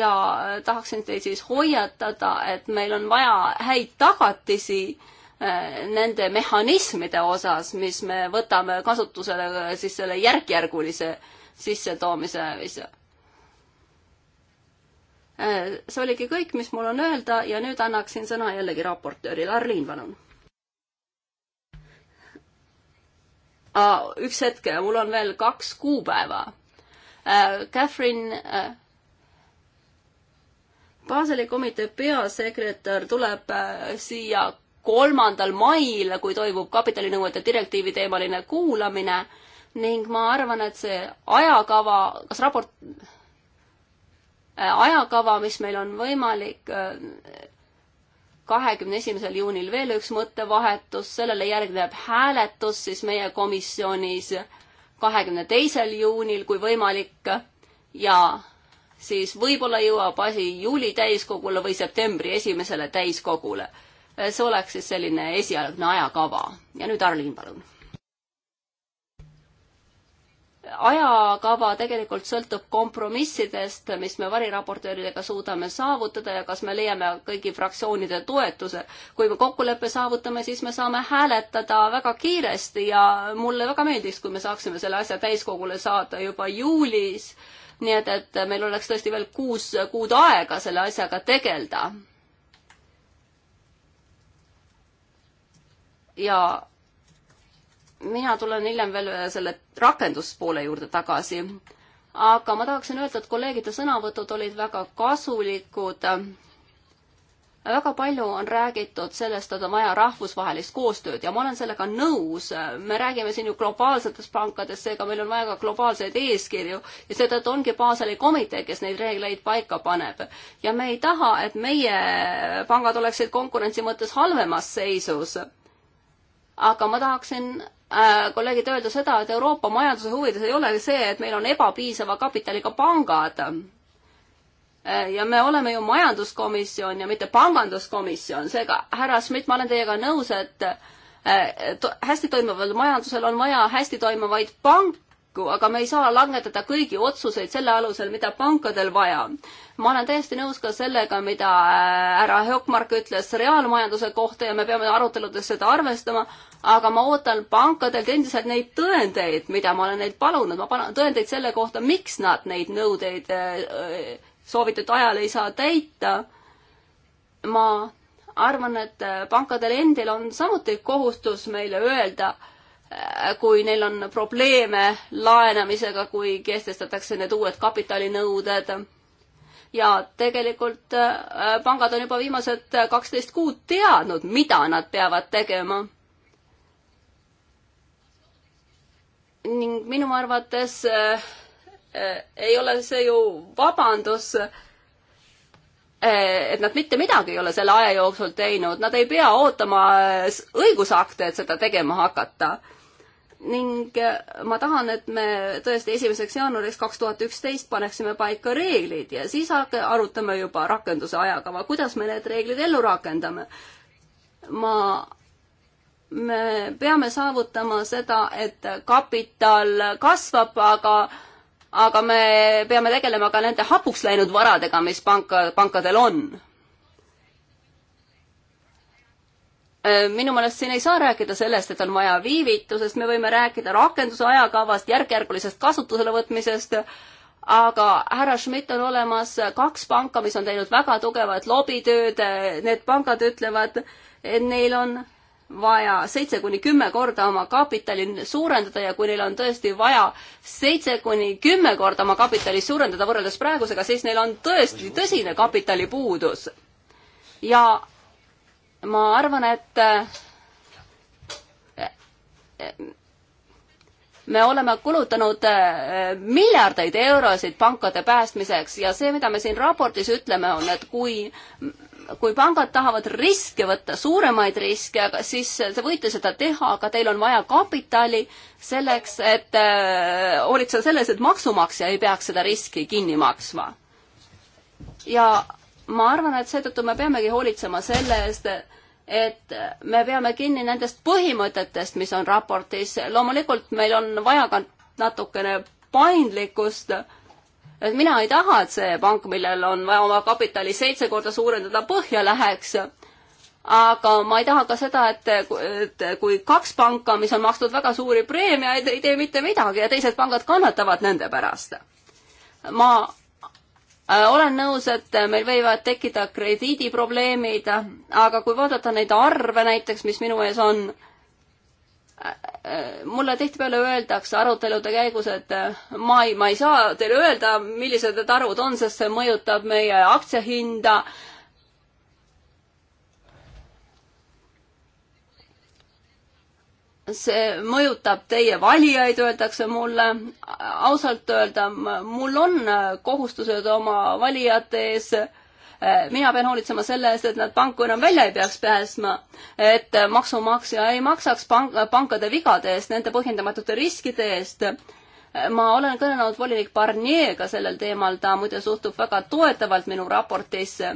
ja äh, tahaksin teid siis hoiatada, et meil on vaja häid tagatisi äh, nende mehhanismide osas, mis me võtame kasutusele siis selle järkjärgulise sissetoomise Äh, see oligi kõik, mis mul on öelda ja nüüd annaksin sõna jällegi raportöörile. Arliin, palun. üks hetk, mul on veel kaks kuupäeva. Äh, Catherine äh, Baseli komitee peasekretär tuleb siia kolmandal mail, kui toimub kapitalinõuete direktiivi teemaline kuulamine ning ma arvan, et see ajakava, kas raport Äh, ajakava, mis meil on võimalik. Äh, kahekümne esimesel juunil veel üks mõttevahetus, sellele järgneb hääletus siis meie komisjonis kahekümne teisel juunil, kui võimalik. ja siis võib-olla jõuab asi juuli täiskogule või septembri esimesele täiskogule. Äh, see oleks siis selline esialgne ajakava ja nüüd Arlin, palun ajakava tegelikult sõltub kompromissidest, mis me variraportööridega suudame saavutada ja kas me leiame kõigi fraktsioonide toetuse. kui me kokkuleppe saavutame, siis me saame hääletada väga kiiresti ja mulle väga meeldiks, kui me saaksime selle asja täiskogule saada juba juulis. nii et, et meil oleks tõesti veel kuus kuud aega selle asjaga tegeleda. ja mina tulen hiljem veel selle rakenduspoole juurde tagasi. aga ma tahaksin öelda, et kolleegide sõnavõtud olid väga kasulikud. väga palju on räägitud sellest, et on vaja rahvusvahelist koostööd ja ma olen sellega nõus. me räägime siin ju globaalsetest pankadest, seega meil on vaja ka globaalseid eeskirju ja seetõttu ongi Baseli komitee, kes neid reegleid paika paneb. ja me ei taha, et meie pangad oleksid konkurentsi mõttes halvemas seisus aga ma tahaksin äh, kolleegid öelda seda, et Euroopa majanduse huvides ei ole see, et meil on ebapiisava kapitaliga pangad. Äh, ja me oleme ju majanduskomisjon ja mitte panganduskomisjon, seega härra Schmidt, ma olen teiega nõus, et äh, hästi toimival majandusel on vaja hästi toimivaid panku, kokku, aga me ei saa langetada kõigi otsuseid selle alusel, mida pankadel vaja. ma olen täiesti nõus ka sellega, mida härra Hökmark ütles reaalmajanduse kohta ja me peame aruteludes seda arvestama, aga ma ootan pankadelt endiselt neid tõendeid, mida ma olen neilt palunud, ma panen tõendeid selle kohta, miks nad neid nõudeid äh, soovitud ajal ei saa täita. ma arvan, et pankadel endil on samuti kohustus meile öelda, äh, kui neil on probleeme laenamisega, kui kehtestatakse need uued kapitalinõuded. ja tegelikult äh, pangad on juba viimased kaksteist kuud teadnud, mida nad peavad tegema ning minu arvates äh, äh, ei ole see ju vabandus äh,, et nad mitte midagi ei ole selle aja jooksul teinud, nad ei pea ootama äh, õigusakte, et seda tegema hakata ning äh, ma tahan, et me tõesti esimeseks jaanuariks kaks tuhat üksteist paneksime paika reeglid ja siis arutame juba rakenduse ajakava, kuidas me need reeglid ellu rakendame. ma me peame saavutama seda, et kapital kasvab, aga aga me peame tegelema ka nende hapuks läinud varadega, mis panka, pankadel on. Äh, minu meelest siin ei saa rääkida sellest, et on vaja viivitusest, me võime rääkida rakenduse ajakavast, järk-järgulisest kasutusele võtmisest, aga härra Schmidt on olemas kaks panka, mis on teinud väga tugevat lobitööd, need pangad ütlevad, et neil on vaja seitse kuni kümme korda oma kapitali suurendada ja kui neil on tõesti vaja seitse kuni kümme korda oma kapitali suurendada võrreldes praegusega, siis neil on tõesti tõsine kapitalipuudus. ja ma arvan, et eh, me oleme kulutanud eh, miljardeid eurosid pankade päästmiseks ja see, mida me siin raportis ütleme, on, et kui kui pangad tahavad riske võtta, suuremaid riske, aga siis te võite seda teha, aga teil on vaja kapitali selleks, et äh, hoolitseda selles, et maksumaksja ei peaks seda riski kinni maksma. ja ma arvan, et seetõttu me peamegi hoolitsema selle eest, et me peame kinni nendest põhimõtetest, mis on raportis. loomulikult meil on vaja ka natukene paindlikkust et mina ei taha, et see pank, millel on vaja oma kapitali seitse korda suurendada, põhja läheks. aga ma ei taha ka seda, et, et kui kaks panka, mis on maksnud väga suuri preemiaid, ei tee mitte midagi ja teised pangad kannatavad nende pärast. ma äh, olen nõus, et meil võivad tekkida krediidiprobleemid, aga kui vaadata neid arve näiteks, mis minu ees on, mulle tihtipeale öeldakse arutelude käigus, et ma ei, ma ei saa teile öelda, millised need arvud on, sest see mõjutab meie aktsiahinda. see mõjutab teie valijaid, öeldakse mulle. ausalt öelda, mul on kohustused oma valijate ees Äh, mina pean hoolitsema selle eest, et nad panku enam välja ei peaks päästma, et maksumaksja ei maksaks pank, pankade vigade eest, nende põhjendamatute riskide eest. Äh, ma olen kõnelenud volinik Barnier'ga sellel teemal, ta muide suhtub väga toetavalt minu raportisse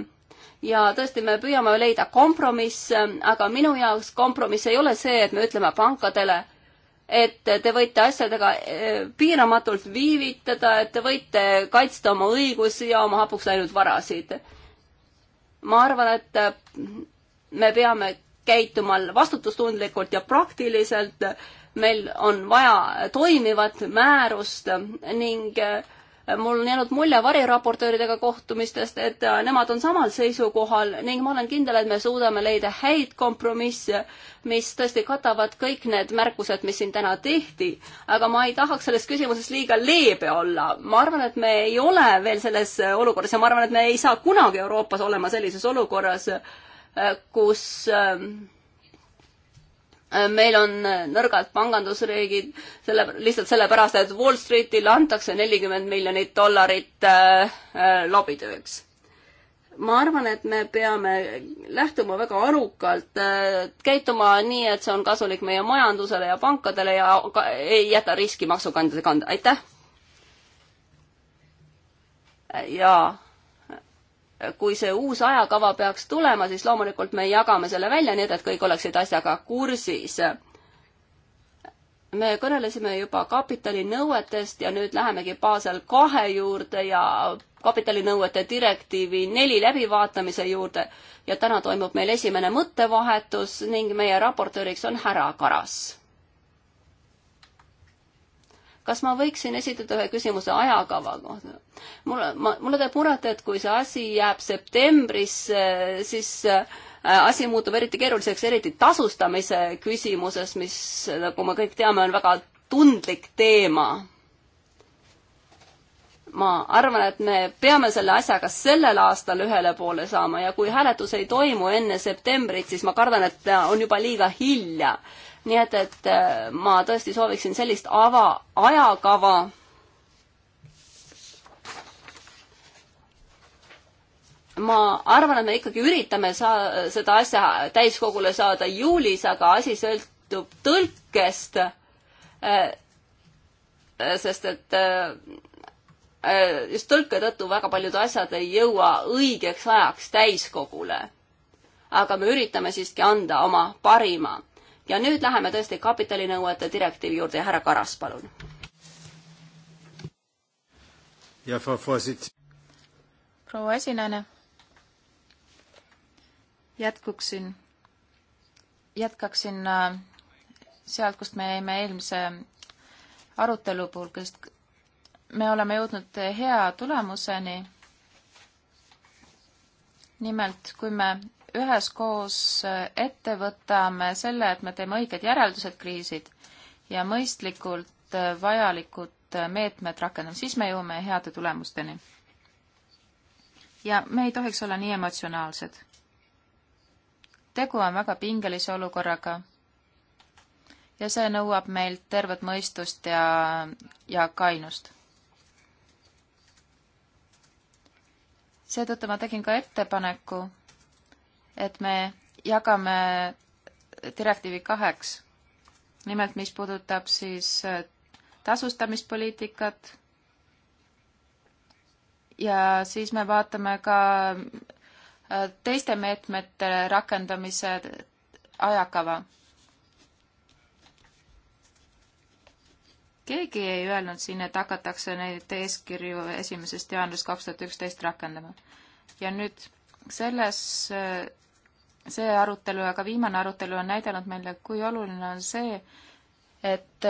ja tõesti, me püüame leida kompromisse, aga minu jaoks kompromiss ei ole see, et me ütleme pankadele, et te võite asjadega äh, piiramatult viivitada, et te võite kaitsta oma õigusi ja oma hapuks läinud varasid ma arvan, et äh, me peame käituma vastutustundlikult ja praktiliselt. meil on vaja toimivat määrust ning äh, mul on jäänud mulje variraportööridega kohtumistest, et äh, nemad on samal seisukohal ning ma olen kindel, et me suudame leida häid kompromisse, mis tõesti katavad kõik need märkused, mis siin täna tehti. aga ma ei tahaks selles küsimuses liiga leebe olla. ma arvan, et me ei ole veel selles äh, olukorras ja ma arvan, et me ei saa kunagi Euroopas olema sellises olukorras, äh, kus äh, Äh, meil on äh, nõrgad pangandusriigid, selle, lihtsalt sellepärast, et Wall Streetile antakse nelikümmend miljonit dollarit äh, äh, lobitööks. ma arvan, et me peame lähtuma väga arukalt äh,, käituma nii, et see on kasulik meie majandusele ja pankadele ja ka, ei jäta riski maksukandjate kanda, aitäh! jaa kui see uus ajakava peaks tulema, siis loomulikult me jagame selle välja, nii et, et kõik oleksid asjaga kursis. me kõnelesime juba kapitalinõuetest ja nüüd lähemegi Basel kahe juurde ja kapitalinõuete direktiivi neli läbivaatamise juurde ja täna toimub meil esimene mõttevahetus ning meie raportööriks on härra Karas kas ma võiksin esitada ühe küsimuse ajakava kohta? mulle, ma, mulle teeb muret, et kui see asi jääb septembrisse, siis äh, asi muutub eriti keeruliseks, eriti tasustamise küsimuses, mis, nagu me kõik teame, on väga tundlik teema ma arvan, et me peame selle asjaga sellel aastal ühele poole saama ja kui hääletus ei toimu enne septembrit, siis ma kardan, et on juba liiga hilja. nii et, et äh, ma tõesti sooviksin sellist ava, ajakava. ma arvan, et me ikkagi üritame saa-, seda asja täiskogule saada juulis, aga asi sõltub tõlkest, äh, äh, sest et Äh, just tõlke tõttu väga paljud asjad ei jõua õigeks ajaks täiskogule. aga me üritame siiski anda oma parima. ja nüüd läheme tõesti kapitalinõuete direktiivi juurde ja härra Karas, palun. proua esinejana jätkuksin, jätkaksin äh, sealt, kust me jäime eelmise arutelu puhul, sest me oleme jõudnud hea tulemuseni. nimelt, kui me üheskoos ette võtame selle, et me teeme õiged järeldused kriisid ja mõistlikult vajalikud meetmed rakendame, siis me jõuame heade tulemusteni. ja me ei tohiks olla nii emotsionaalsed. tegu on väga pingelise olukorraga ja see nõuab meilt tervet mõistust ja, ja kainust seetõttu ma tegin ka ettepaneku, et me jagame direktiivi kaheks. nimelt, mis puudutab siis äh, tasustamispoliitikat ja siis me vaatame ka äh, teiste meetmete rakendamise ajakava keegi ei öelnud siin, et hakatakse neid eeskirju esimesest jaanuarist kaks tuhat üksteist rakendama. ja nüüd selles, see arutelu ja ka viimane arutelu on näidanud meile, kui oluline on see, et,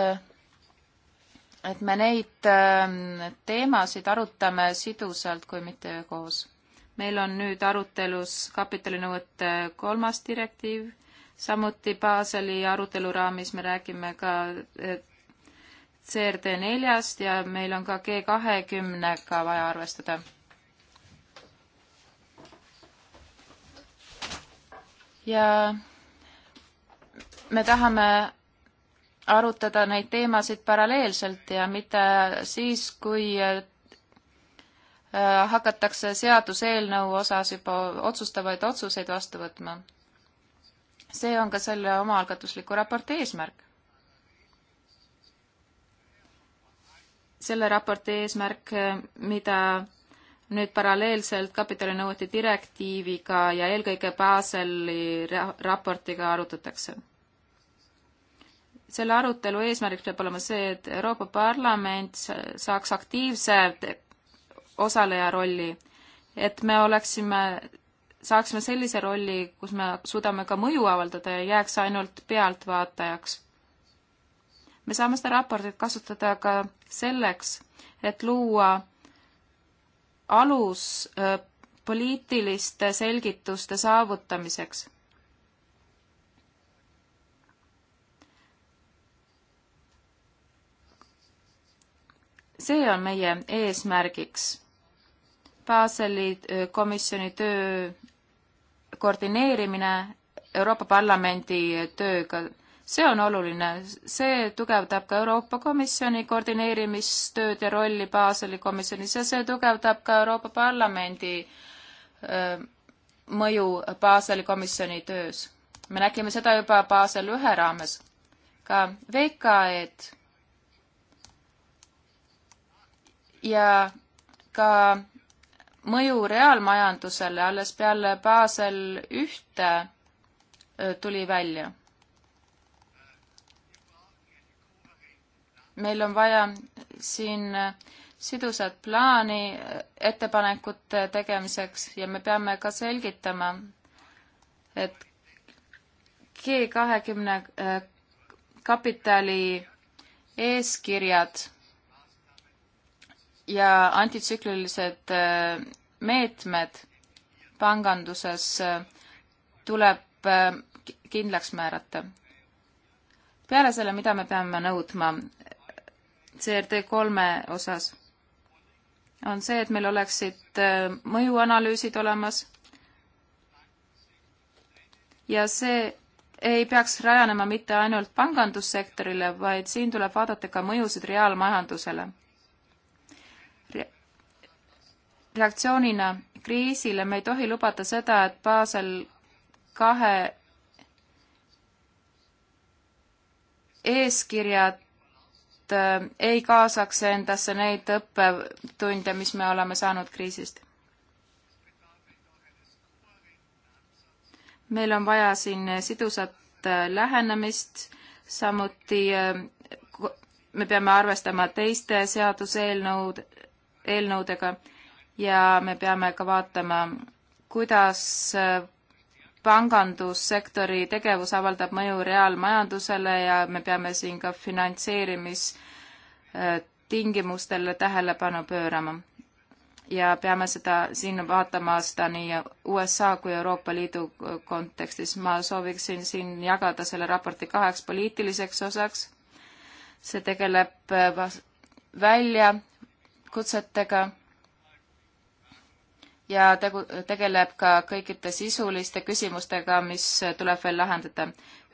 et me neid ähm, teemasid arutame sidusalt, kui mitte koos. meil on nüüd arutelus kapitalinõuete kolmas direktiiv, samuti Baseli arutelu raamis me räägime ka et CRD neljast ja meil on ka G kahekümnega vaja arvestada. ja me tahame arutada neid teemasid paralleelselt ja mitte siis, kui äh, hakatakse seaduseelnõu osas juba otsustavaid otsuseid vastu võtma. see on ka selle omaalgatusliku raporti eesmärk selle raporti eesmärk, mida nüüd paralleelselt kapitalinõuete direktiiviga ja eelkõige Baseli raportiga arutatakse. selle arutelu eesmärgiks peab olema see, et Euroopa Parlament saaks aktiivse osaleja rolli, et me oleksime, saaksime sellise rolli, kus me suudame ka mõju avaldada ja jääks ainult pealtvaatajaks me saame seda raportit kasutada ka selleks, et luua alus äh, poliitiliste selgituste saavutamiseks. see on meie eesmärgiks. Baseli äh, komisjoni töö koordineerimine Euroopa Parlamendi tööga see on oluline, see tugevdab ka Euroopa Komisjoni koordineerimistööd ja rolli Baseli komisjonis ja see tugevdab ka Euroopa Parlamendi öö, mõju Baseli komisjoni töös. me nägime seda juba Basel ühe raames. ka VKE-d ja ka mõju reaalmajandusele alles peale Basel ühte öö, tuli välja meil on vaja siin sidusat plaani ettepanekute tegemiseks ja me peame ka selgitama, et G kahekümne äh, kapitali eeskirjad ja antitsüklilised äh, meetmed panganduses äh, tuleb kindlaks määrata. peale selle, mida me peame nõudma, CRD kolme osas on see, et meil oleksid äh, mõjuanalüüsid olemas ja see ei peaks rajanema mitte ainult pangandussektorile, vaid siin tuleb vaadata ka mõjusid reaalmajandusele Re. reaktsioonina kriisile me ei tohi lubada seda, et Basel kahe eeskirjad et äh, ei kaasaks endasse neid õppetunde, mis me oleme saanud kriisist. meil on vaja siin sidusat äh, lähenemist, samuti äh, me peame arvestama teiste seaduseelnõud, eelnõudega ja me peame ka vaatama, kuidas pangandussektori tegevus avaldab mõju reaalmajandusele ja me peame siin ka finantseerimistingimustele tähelepanu pöörama. ja peame seda, siin vaatama seda nii USA kui Euroopa Liidu kontekstis. ma sooviksin siin jagada selle raporti kaheks poliitiliseks osaks. see tegeleb väljakutsetega ja tegu, tegeleb ka kõikide sisuliste küsimustega, mis tuleb veel lahendada.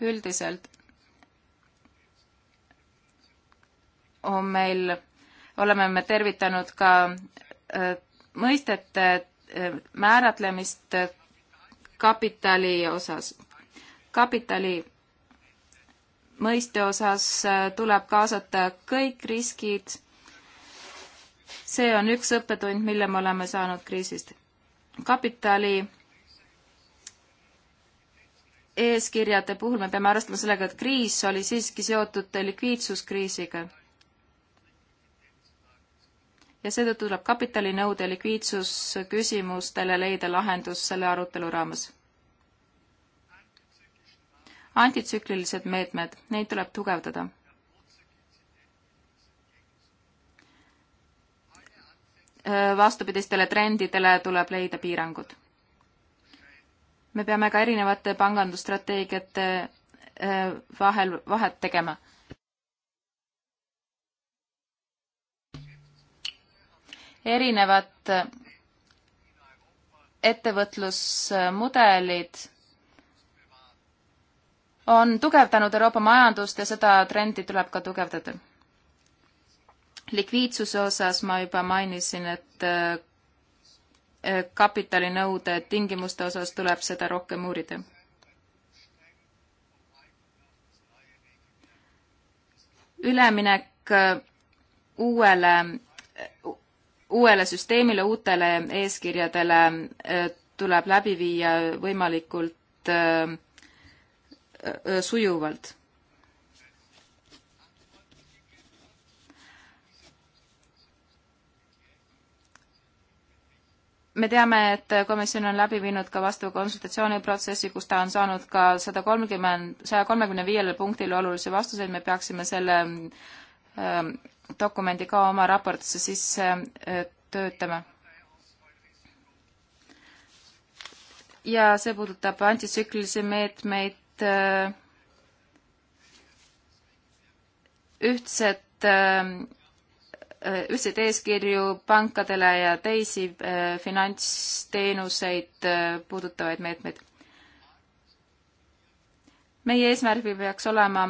üldiselt on meil, oleme me tervitanud ka äh, mõistete äh, määratlemist kapitali osas. kapitali mõiste osas äh, tuleb kaasata kõik riskid. see on üks õppetund, mille me oleme saanud kriisist kapitali eeskirjade puhul me peame arvestama sellega, et kriis oli siiski seotud likviidsuskriisiga. ja seetõttu tuleb kapitalinõude likviidsusküsimustele leida lahendus selle arutelu raames. antitsüklilised meetmed, neid tuleb tugevdada Äh, vastupidistele trendidele tuleb leida piirangud. me peame ka erinevate pangandusstrateegiate äh, vahel vahet tegema. erinevad äh, ettevõtlusmudelid on tugevdanud Euroopa majandust ja seda trendi tuleb ka tugevdada likviidsuse osas ma juba mainisin, et äh, kapitalinõude tingimuste osas tuleb seda rohkem uurida. üleminek äh, uuele, äh, uuele süsteemile, uutele eeskirjadele tuleb läbi viia võimalikult sujuvalt me teame, et komisjon on läbi viinud ka vastava konsultatsiooniprotsessi, kus ta on saanud ka sada kolmkümmend, saja kolmekümne viiele punktile olulisi vastuseid, me peaksime selle äh, dokumendi ka oma raportisse sisse äh, töötama. ja see puudutab antitsüklilisi meetmeid äh,, ühtset ähm, ühtseid eeskirju pankadele ja teisi äh, finantsteenuseid äh, puudutavaid meetmeid. meie eesmärk peaks olema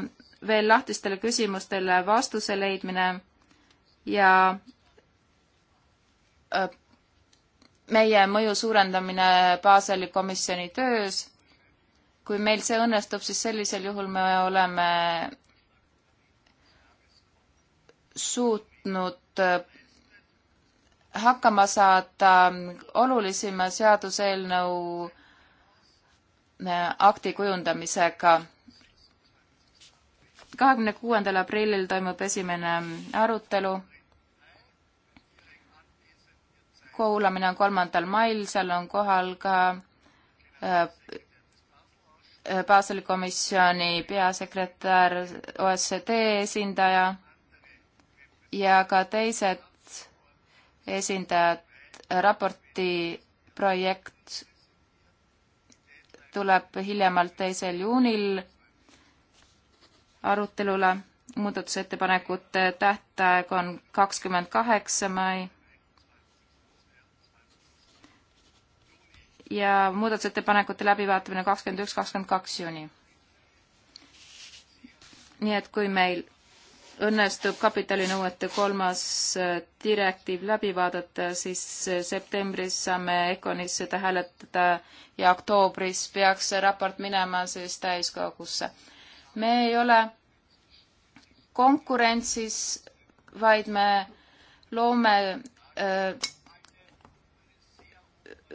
veel lahtistele küsimustele vastuse leidmine ja äh, meie mõju suurendamine Baseli komisjoni töös. kui meil see õnnestub, siis sellisel juhul me oleme suutnud Äh, hakkama saada ähm, olulisima seaduseelnõu äh, akti kujundamisega. kahekümne kuuendal aprillil toimub esimene ähm, arutelu. kuulamine on kolmandal mail, seal on kohal ka äh, Baseli komisjoni peasekretär, OSCD esindaja ja ka teised esindajad, raporti projekt tuleb hiljemalt teisel juunil arutelule. muudatusettepanekute tähtaeg on kakskümmend kaheksa mai. ja muudatusettepanekute läbivaatamine kakskümmend üks, kakskümmend kaks juuni. nii et kui meil õnnestub kapitalinõuete kolmas äh, direktiiv läbi vaadata, siis äh, septembris saame ECONis seda hääletada ja oktoobris peaks see raport minema siis täiskogusse. me ei ole konkurentsis, vaid me loome öö, äh,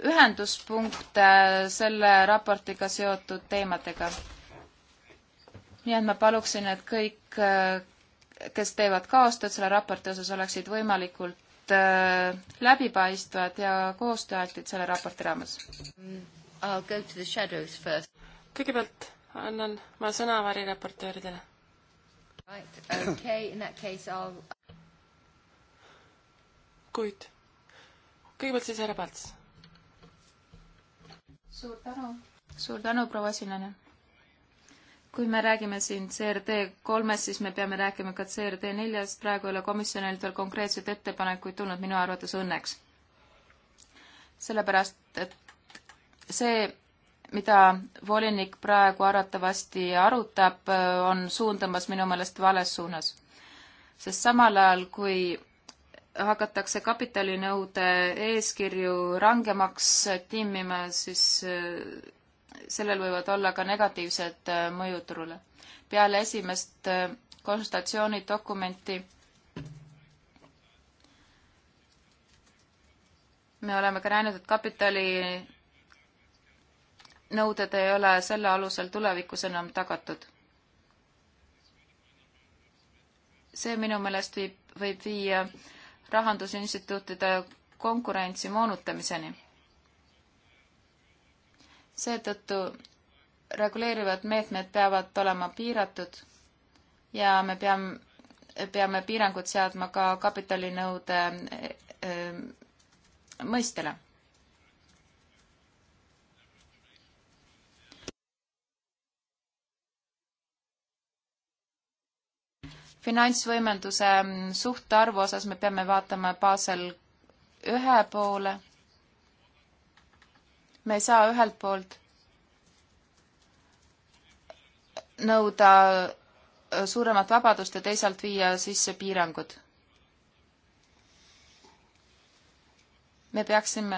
ühenduspunkte selle raportiga seotud teemadega. nii et ma paluksin, et kõik kes teevad kaastööd selle raporti osas, oleksid võimalikult äh, läbipaistvad ja koostööaltid selle raporti raames. kõigepealt annan ma sõna variraportööridele right.. Okay, kuid kõigepealt siis härra Palts. suur tänu. suur tänu, proua Sinane kui me räägime siin CRD kolmest, siis me peame rääkima ka CRD neljast, praegu ei ole komisjonilt veel konkreetseid ettepanekuid tulnud, minu arvates õnneks. sellepärast, et see, mida volinik praegu arvatavasti arutab, on suundamas minu meelest vales suunas. sest samal ajal, kui hakatakse kapitalinõude eeskirju rangemaks timmima, siis sellel võivad olla ka negatiivsed äh, mõjud turule. peale esimest äh, konsultatsioonidokumenti me oleme ka näinud, et kapitali nõuded ei ole selle alusel tulevikus enam tagatud. see minu meelest viib, võib viia rahandusinstituutide konkurentsi moonutamiseni seetõttu reguleerivad meetmed peavad olema piiratud ja me peame, peame piirangud seadma ka kapitalinõude e, e, mõistele. finantsvõimenduse suhtarvu osas me peame vaatama baasel ühe poole me ei saa ühelt poolt nõuda äh, suuremat vabadust ja teisalt viia sisse piirangud. me peaksime,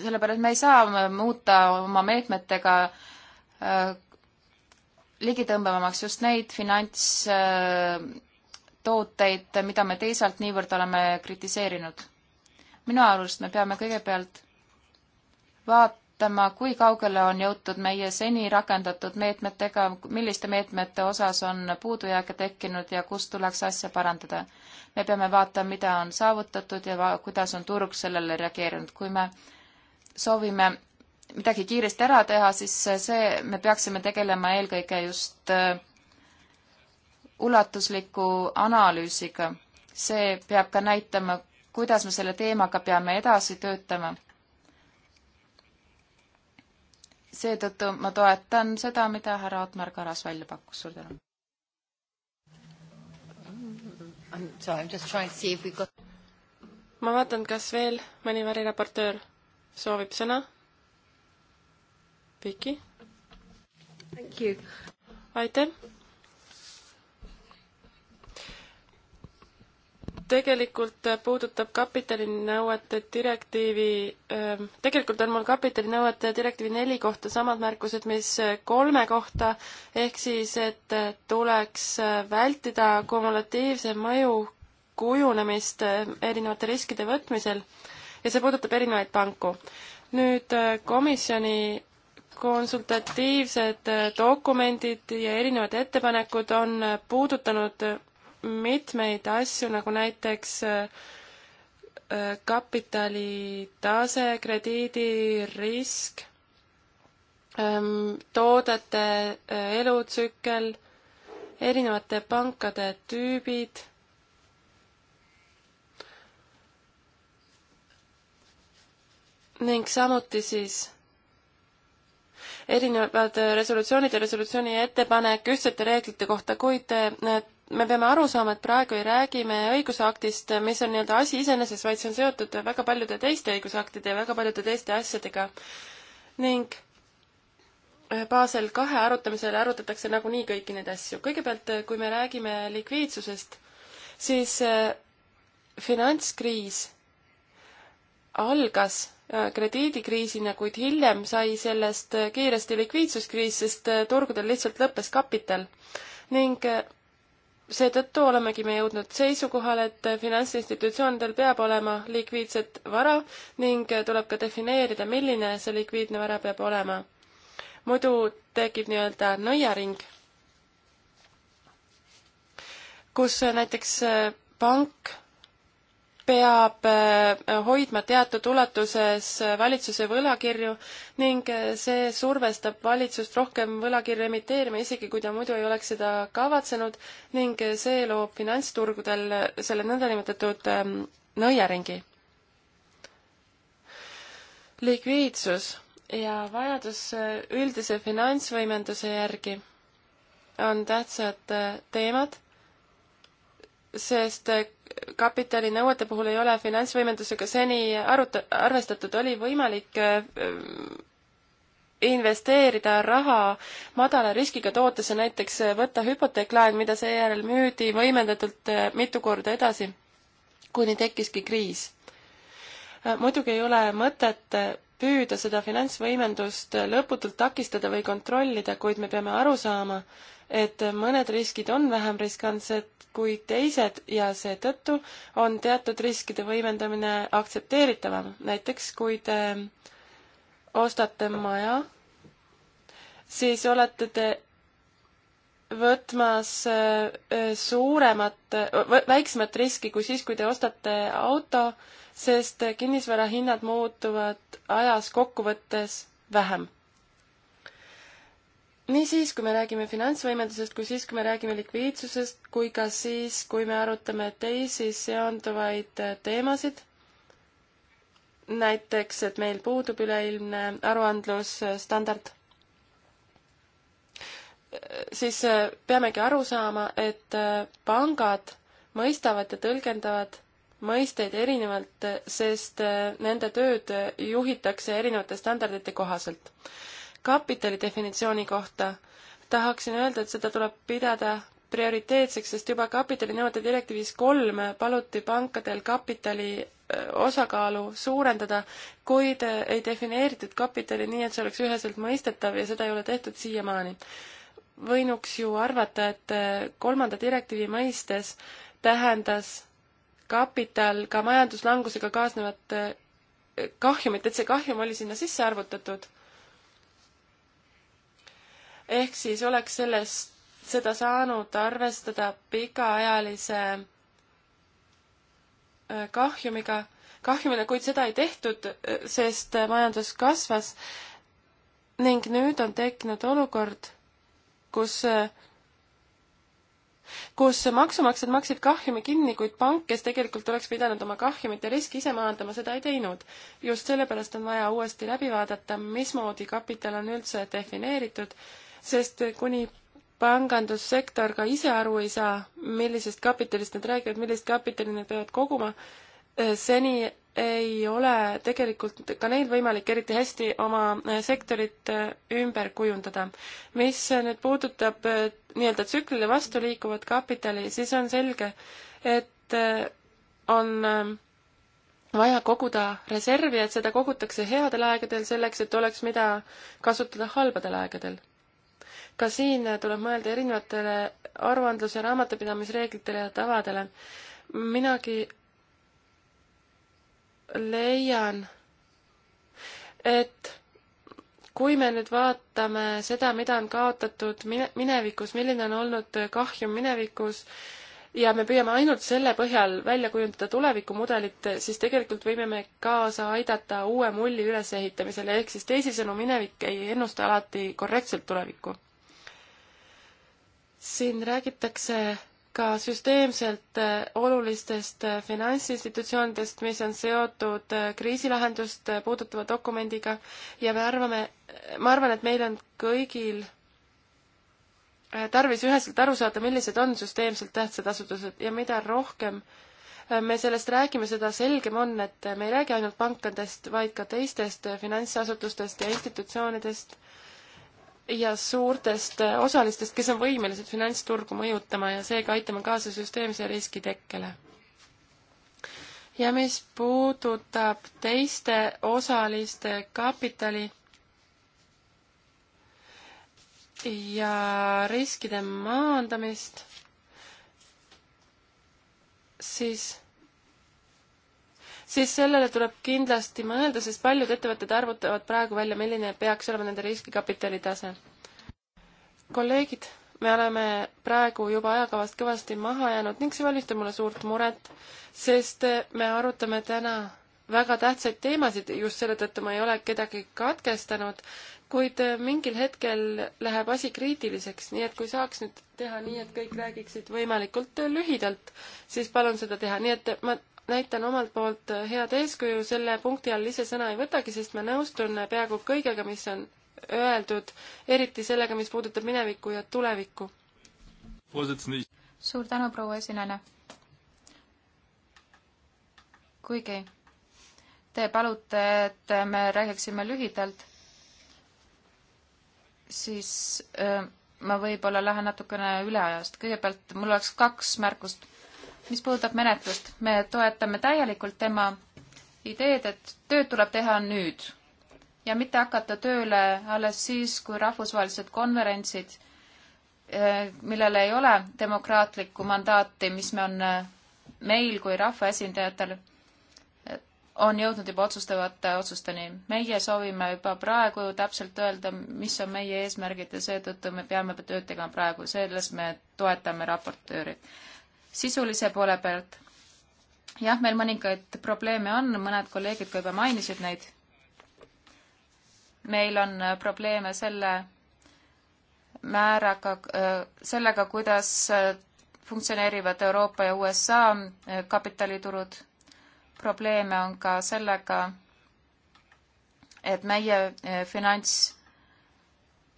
sellepärast me ei saa muuta oma meetmetega äh, ligitõmbavamaks just neid finantstooteid, mida me teisalt niivõrd oleme kritiseerinud minu arust me peame kõigepealt vaatama, kui kaugele on jõutud meie seni rakendatud meetmetega, milliste meetmete osas on puudujääke tekkinud ja kus tuleks asja parandada. me peame vaatama, mida on saavutatud ja kuidas on turg sellele reageerinud. kui me soovime midagi kiiresti ära teha, siis see, me peaksime tegelema eelkõige just äh, ulatusliku analüüsiga. see peab ka näitama, kuidas me selle teemaga peame edasi töötama. seetõttu ma toetan seda, mida härra Otmar Karas välja pakkus. suur tänu. ma vaatan, kas veel mõni variraportöör soovib sõna. Viki? aitäh tegelikult puudutab kapitalinõuete direktiivi, ähm, tegelikult on mul kapitalinõuete direktiivi neli kohta samad märkused, mis kolme kohta, ehk siis, et tuleks vältida kumulatiivse mõju kujunemist ähm, erinevate riskide võtmisel ja see puudutab erinevaid panku. nüüd äh, komisjoni konsultatiivsed äh, dokumendid ja erinevad ettepanekud on puudutanud mitmeid asju, nagu näiteks äh, äh, kapitalitase, krediidirisk, ähm, toodete äh, elutsükkel, erinevate pankade tüübid ning samuti siis erinevad resolutsioonid ja resolutsiooni ettepanek ühtsete reeglite kohta, kuid me peame aru saama, et praegu ei räägi me õigusaktist, mis on nii-öelda asi iseeneses, vaid see on seotud väga paljude teiste õigusaktide ja väga paljude teiste asjadega. ning äh, Basel kahe arutamisel arutatakse nagunii kõiki neid asju. kõigepealt, äh, kui me räägime likviidsusest, siis äh, finantskriis algas krediidikriisina, kuid hiljem sai sellest kiiresti likviidsuskriis, sest turgudel lihtsalt lõppes kapital ning seetõttu olemegi me jõudnud seisukohale, et finantsinstitutsioonidel peab olema likviidset vara ning tuleb ka defineerida, milline see likviidne vara peab olema. muidu tekib nii-öelda nõiaring, kus näiteks pank peab äh, hoidma teatud ulatuses äh, valitsuse võlakirju ning äh, see survestab valitsust rohkem võlakirju emiteerima, isegi kui ta muidu ei oleks seda kavatsenud ning see loob finantsturgudel selle nõndanimetatud ähm, nõiaringi. likviidsus ja vajadus üldise finantsvõimenduse järgi on tähtsad teemad sest äh, kapitalinõuete puhul ei ole finantsvõimendusega seni arut-, arvestatud, oli võimalik äh, äh, investeerida raha madala riskiga tootesse, näiteks võtta hüpoteeklaen, mida seejärel müüdi võimendatult mitu korda edasi, kuni tekkiski kriis. muidugi ei ole mõtet püüda seda finantsvõimendust lõputult takistada või kontrollida, kuid me peame aru saama, et mõned riskid on vähem riskantsed kui teised ja seetõttu on teatud riskide võimendamine aktsepteeritavam. näiteks kui te ostate maja, siis olete te võtmas äh, äh, suuremat, äh, väiksemat riski kui siis, kui te ostate auto, sest kinnisvara hinnad muutuvad ajas kokkuvõttes vähem nii siis, kui me räägime finantsvõimendusest, kui siis, kui me räägime likviidsusest, kui ka siis, kui me arutame teisi seonduvaid teemasid, näiteks, et meil puudub üleilmne aruandlusstandard, siis äh, peamegi aru saama, et äh, pangad mõistavad ja tõlgendavad mõisteid erinevalt, sest äh, nende tööd juhitakse erinevate standardite kohaselt kapitali definitsiooni kohta tahaksin öelda, et seda tuleb pidada prioriteetseks, sest juba kapitalinõuete direktiivis kolm paluti pankadel kapitali osakaalu suurendada, kuid ei defineeritud kapitali nii, et see oleks üheselt mõistetav ja seda ei ole tehtud siiamaani. võinuks ju arvata, et kolmanda direktiivi mõistes tähendas kapital ka majanduslangusega kaasnevat kahjumit, et see kahjum oli sinna sisse arvutatud ehk siis oleks sellest, seda saanud arvestada pikaajalise äh, kahjumiga, kahjumile, kuid seda ei tehtud, äh, sest äh, majandus kasvas ning nüüd on tekkinud olukord, kus kus maksumaksjad maksid kahjumi kinni, kuid pank, kes tegelikult oleks pidanud oma kahjumit ja riski ise maandama, seda ei teinud. just sellepärast on vaja uuesti läbi vaadata, mismoodi kapital on üldse defineeritud sest kuni pangandussektor ka ise aru ei saa, millisest kapitalist nad räägivad, millist kapitali nad peavad koguma, eh, seni ei ole tegelikult ka neil võimalik eriti hästi oma eh, sektorit eh, ümber kujundada. mis nüüd puudutab nii-öelda tsüklile vastu liikuvat kapitali, siis on selge, et on vaja koguda reservi, et seda kogutakse headel aegadel selleks, et oleks, mida kasutada halbadel aegadel ka siin tuleb mõelda erinevatele aruandluse raamatupidamisreeglitele ja tavadele. minagi leian, et kui me nüüd vaatame seda, mida on kaotatud mine-, minevikus, milline on olnud kahjum minevikus, ja me püüame ainult selle põhjal välja kujundada tulevikumudelit, siis tegelikult võime me kaasa aidata uue mulli ülesehitamisele, ehk siis teisisõnu, minevik ei ennusta alati korrektselt tulevikku siin räägitakse ka süsteemselt äh, olulistest äh, finantsinstitutsioonidest, mis on seotud äh, kriisilahendust puudutava dokumendiga ja me arvame, ma arvan, et meil on kõigil tarvis üheselt aru saada, millised on süsteemselt tähtsad asutused ja mida rohkem me sellest räägime, seda selgem on, et me ei räägi ainult pankadest, vaid ka teistest finantsasutustest ja institutsioonidest ja suurtest äh, osalistest, kes on võimelised finantsturgu mõjutama ja seega aitama kaasa süsteemse riski tekkele. ja mis puudutab teiste osaliste kapitali ja riskide maandamist, siis siis sellele tuleb kindlasti mõelda, sest paljud ettevõtted arvutavad praegu välja, milline peaks olema nende riskikapitali tase. kolleegid, me oleme praegu juba ajakavast kõvasti maha jäänud ning see valmistab mulle suurt muret, sest me arutame täna väga tähtsaid teemasid, just selle tõttu ma ei ole kedagi katkestanud, kuid mingil hetkel läheb asi kriitiliseks, nii et kui saaks nüüd teha nii, et kõik räägiksid võimalikult lühidalt, siis palun seda teha, nii et ma näitan omalt poolt äh, head eeskuju, selle punkti all ise sõna ei võtagi, sest ma nõustun peaaegu kõigega, mis on öeldud, eriti sellega, mis puudutab minevikku ja tulevikku. suur tänu, proua esinejana. kuigi te palute, et me räägiksime lühidalt, siis öö, äh, ma võib-olla lähen natukene üle ajast. kõigepealt mul oleks kaks märkust mis puudutab menetlust, me toetame täielikult tema ideed, et tööd tuleb teha nüüd ja mitte hakata tööle alles siis, kui rahvusvahelised konverentsid, eh, millel ei ole demokraatlikku mandaati, mis me on eh, meil kui rahvaesindajatel, eh, on jõudnud juba otsustavate otsusteni. meie soovime juba praegu täpselt öelda, mis on meie eesmärgid ja seetõttu me peame tööd tegema praegu, selles me toetame raportööri sisulise poole pealt, jah, meil mõningaid probleeme on, mõned kolleegid ka juba mainisid neid. meil on äh, probleeme selle määraga, äh, sellega, kuidas äh, funktsioneerivad Euroopa ja USA kapitaliturud. probleeme on ka sellega, et meie finants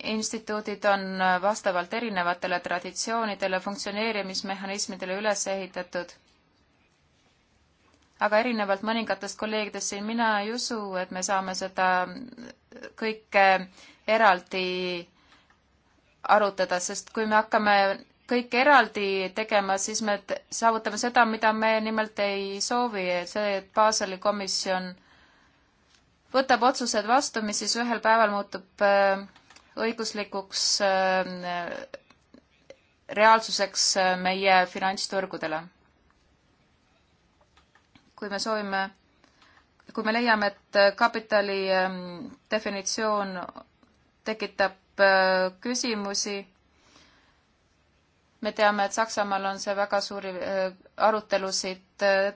instituudid on vastavalt erinevatele traditsioonidele, funktsioneerimismehhanismidele üles ehitatud. aga erinevalt mõningatest kolleegidest siin mina ei usu, et me saame seda kõike eraldi arutada, sest kui me hakkame kõike eraldi tegema, siis me saavutame seda, mida me nimelt ei soovi, see, et Baseli komisjon võtab otsused vastu, mis siis ühel päeval muutub äh, õiguslikuks äh, reaalsuseks äh, meie finantsturgudele. kui me soovime, kui me leiame, et äh, kapitali ähm, definitsioon tekitab küsimusi, me teame, et Saksamaal on see väga suuri arutelusid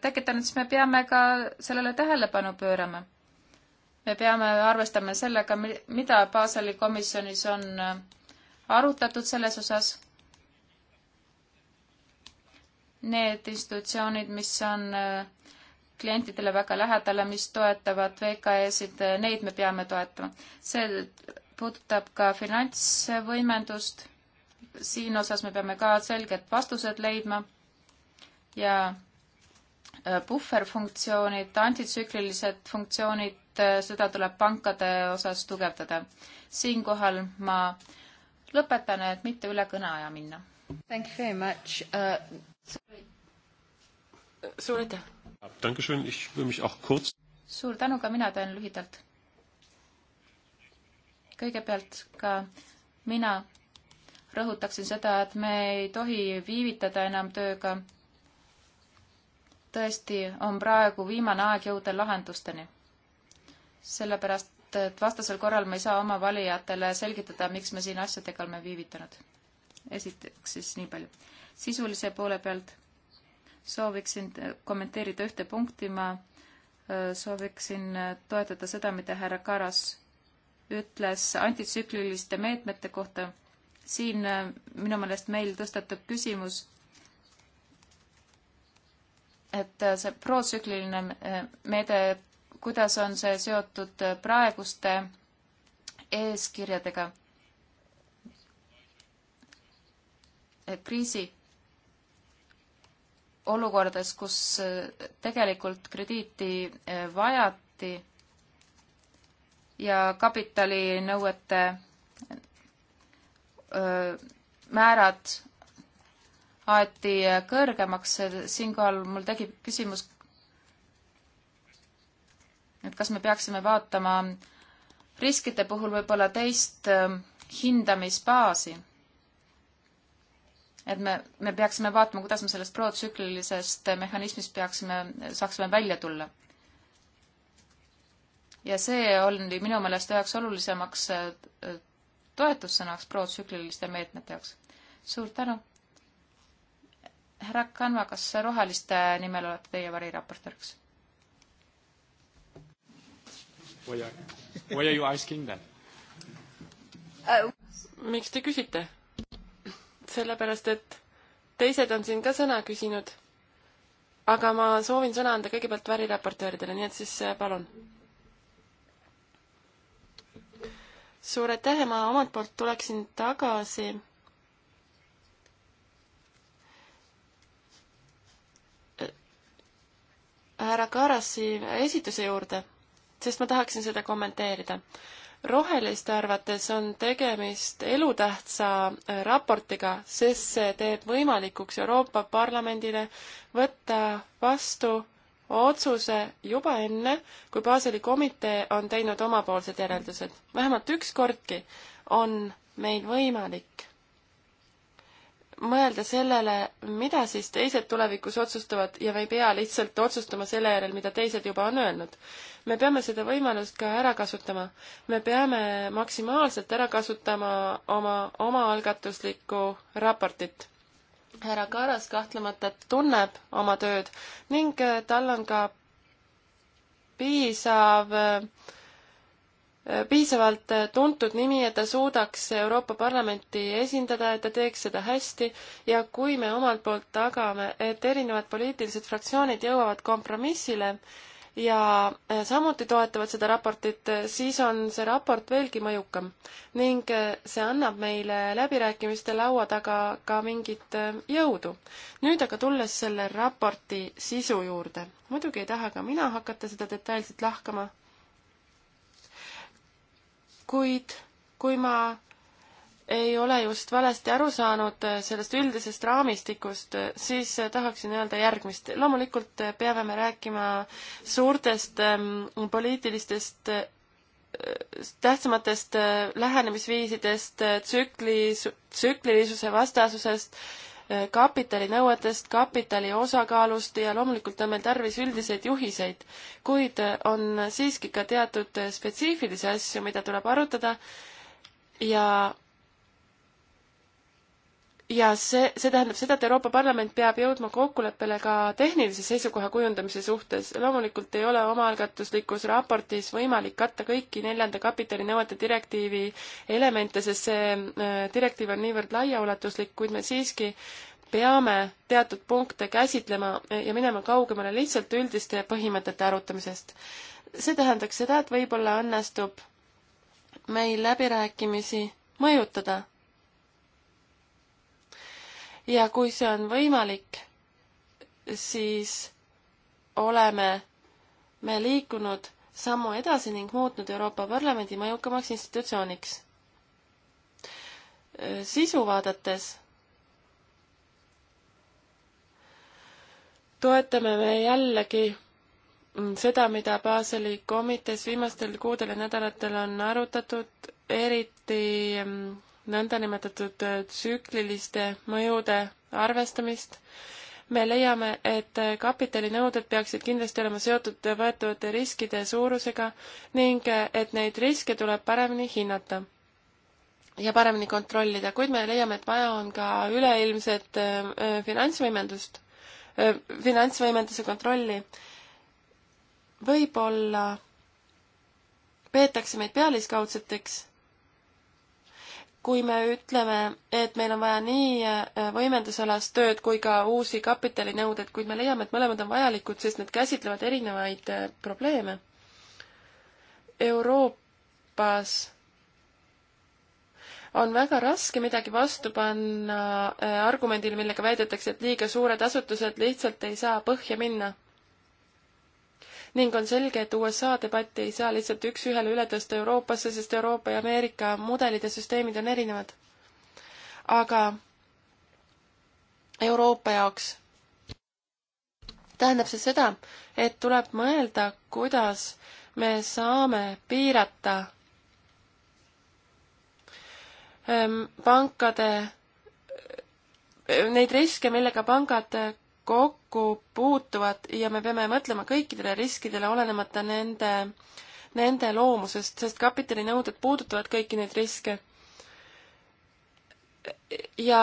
tekitanud, siis me peame ka sellele tähelepanu pöörama me peame arvestama sellega, mida Baseli komisjonis on äh, arutatud selles osas. Need institutsioonid, mis on äh, klientidele väga lähedale, mis toetavad VKE-sid, äh, neid me peame toetama. see puudutab ka finantsvõimendust. siin osas me peame ka selged vastused leidma ja puhverfunktsioonid, antitsüklilised funktsioonid et äh, seda tuleb pankade osas tugevdada. siinkohal ma lõpetan, et mitte üle kõneaja minna. Thank you very much uh,. suur aitäh! Dankeschön, ich will mich auch kurz. suur tänu, ka mina teen lühidalt. kõigepealt ka mina rõhutaksin seda, et me ei tohi viivitada enam tööga tõesti on praegu viimane aeg jõuda lahendusteni sellepärast, et vastasel korral me ei saa oma valijatele selgitada, miks me siin asjadega oleme viivitanud. esiteks siis nii palju. sisulise poole pealt sooviksin kommenteerida ühte punkti, ma sooviksin toetada seda, mida härra Karas ütles antitsükliliste meetmete kohta. siin minu meelest meil tõstatub küsimus, et see protsükliline meede, et kuidas on see seotud praeguste eeskirjadega? kriisi olukordades, kus tegelikult krediiti vajati ja kapitalinõuete määrad aeti kõrgemaks, siinkohal mul tekib küsimus, et kas me peaksime vaatama riskide puhul võib-olla teist ähm, hindamisbaasi. et me, me peaksime vaatama, kuidas me sellest protsüklilisest mehhanismist peaksime, äh, saaksime välja tulla. ja see oli minu meelest üheks olulisemaks äh, äh, toetussõnaks protsükliliste meetmete jaoks. suur tänu! härra Kanva, kas roheliste nimel olete teie variraportööriks? Why are, why are you asking that uh.? miks te küsite? sellepärast, et teised on siin ka sõna küsinud. aga ma soovin sõna anda kõigepealt väriraportööridele, nii et siis äh, palun. suur aitäh ja ma omalt poolt tuleksin tagasi äh, härra Karasi esituse juurde sest ma tahaksin seda kommenteerida. roheliste arvates on tegemist elutähtsa äh, raportiga, sest see teeb võimalikuks Euroopa Parlamendile võtta vastu otsuse juba enne, kui Baseli komitee on teinud omapoolsed järeldused. vähemalt üks kordki on meil võimalik mõelda sellele, mida siis teised tulevikus otsustavad ja me ei pea lihtsalt otsustama selle järel, mida teised juba on öelnud. me peame seda võimalust ka ära kasutama. me peame maksimaalselt ära kasutama oma omaalgatuslikku raportit. härra Kaaras kahtlemata tunneb oma tööd ning äh, tal on ka piisav äh, Äh, piisavalt äh, tuntud nimi, et ta suudaks Euroopa Parlamenti esindada, et ta teeks seda hästi ja kui me omalt poolt tagame, et erinevad poliitilised fraktsioonid jõuavad kompromissile ja äh, samuti toetavad seda raportit, siis on see raport veelgi mõjukam ning see annab meile läbirääkimiste laua taga ka mingit jõudu. nüüd aga tulles selle raporti sisu juurde. muidugi ei taha ka mina hakata seda detailselt lahkama kuid kui ma ei ole just valesti aru saanud äh, sellest üldisest raamistikust, äh, siis äh, tahaksin öelda järgmist. loomulikult peame me rääkima suurtest ähm, poliitilistest tähtsamatest lähenemisviisidest, tsükli, tsüklilisuse vastasusest Äh, kapitalinõuetest, kapitali osakaalust ja loomulikult on meil tarvis üldiseid juhiseid, kuid äh, on siiski ka teatud äh, spetsiifilisi asju, mida tuleb arutada ja ja see, see tähendab seda, et Euroopa Parlament peab jõudma kokkuleppele ka tehnilise seisukoha kujundamise suhtes. loomulikult ei ole omaalgatuslikus raportis võimalik katta kõiki neljanda kapitalinõuete direktiivi elemente, sest see äh, direktiiv on niivõrd laiaulatuslik, kuid me siiski peame teatud punkte käsitlema ja minema kaugemale lihtsalt üldiste põhimõtete arutamisest. see tähendaks seda, et võib-olla õnnestub meil läbirääkimisi mõjutada ja kui see on võimalik, siis oleme me liikunud sammu edasi ning muutnud Euroopa Parlamendi mõjukamaks institutsiooniks. sisu vaadates toetame me jällegi seda, mida Baseli komitees viimastel kuudel ja nädalatel on arutatud, eriti mm, nõndanimetatud tsükliliste mõjude arvestamist. me leiame, et kapitalinõuded peaksid kindlasti olema seotud võetavate riskide suurusega ning et neid riske tuleb paremini hinnata ja paremini kontrollida, kuid me leiame, et vaja on ka üleilmset äh, finantsvõimendust, äh, finantsvõimenduse kontrolli. võib-olla peetakse meid pealiskaudseteks kui me ütleme, et meil on vaja nii äh, võimendusalast tööd kui ka uusi kapitalinõudeid, kuid me leiame, et mõlemad on vajalikud, sest need käsitlevad erinevaid äh, probleeme. Euroopas on väga raske midagi vastu panna äh, argumendile, millega väidetakse, et liiga suured asutused lihtsalt ei saa põhja minna ning on selge, et USA debatti ei saa lihtsalt üks-ühele üle tõsta Euroopasse, sest Euroopa ja Ameerika mudelid ja süsteemid on erinevad. aga Euroopa jaoks tähendab see seda, et tuleb mõelda, kuidas me saame piirata ähm, pankade, äh, neid riske, millega pangad kokku puutuvad ja me peame mõtlema kõikidele riskidele, olenemata nende, nende loomusest, sest kapitalinõuded puudutavad kõiki neid riske. ja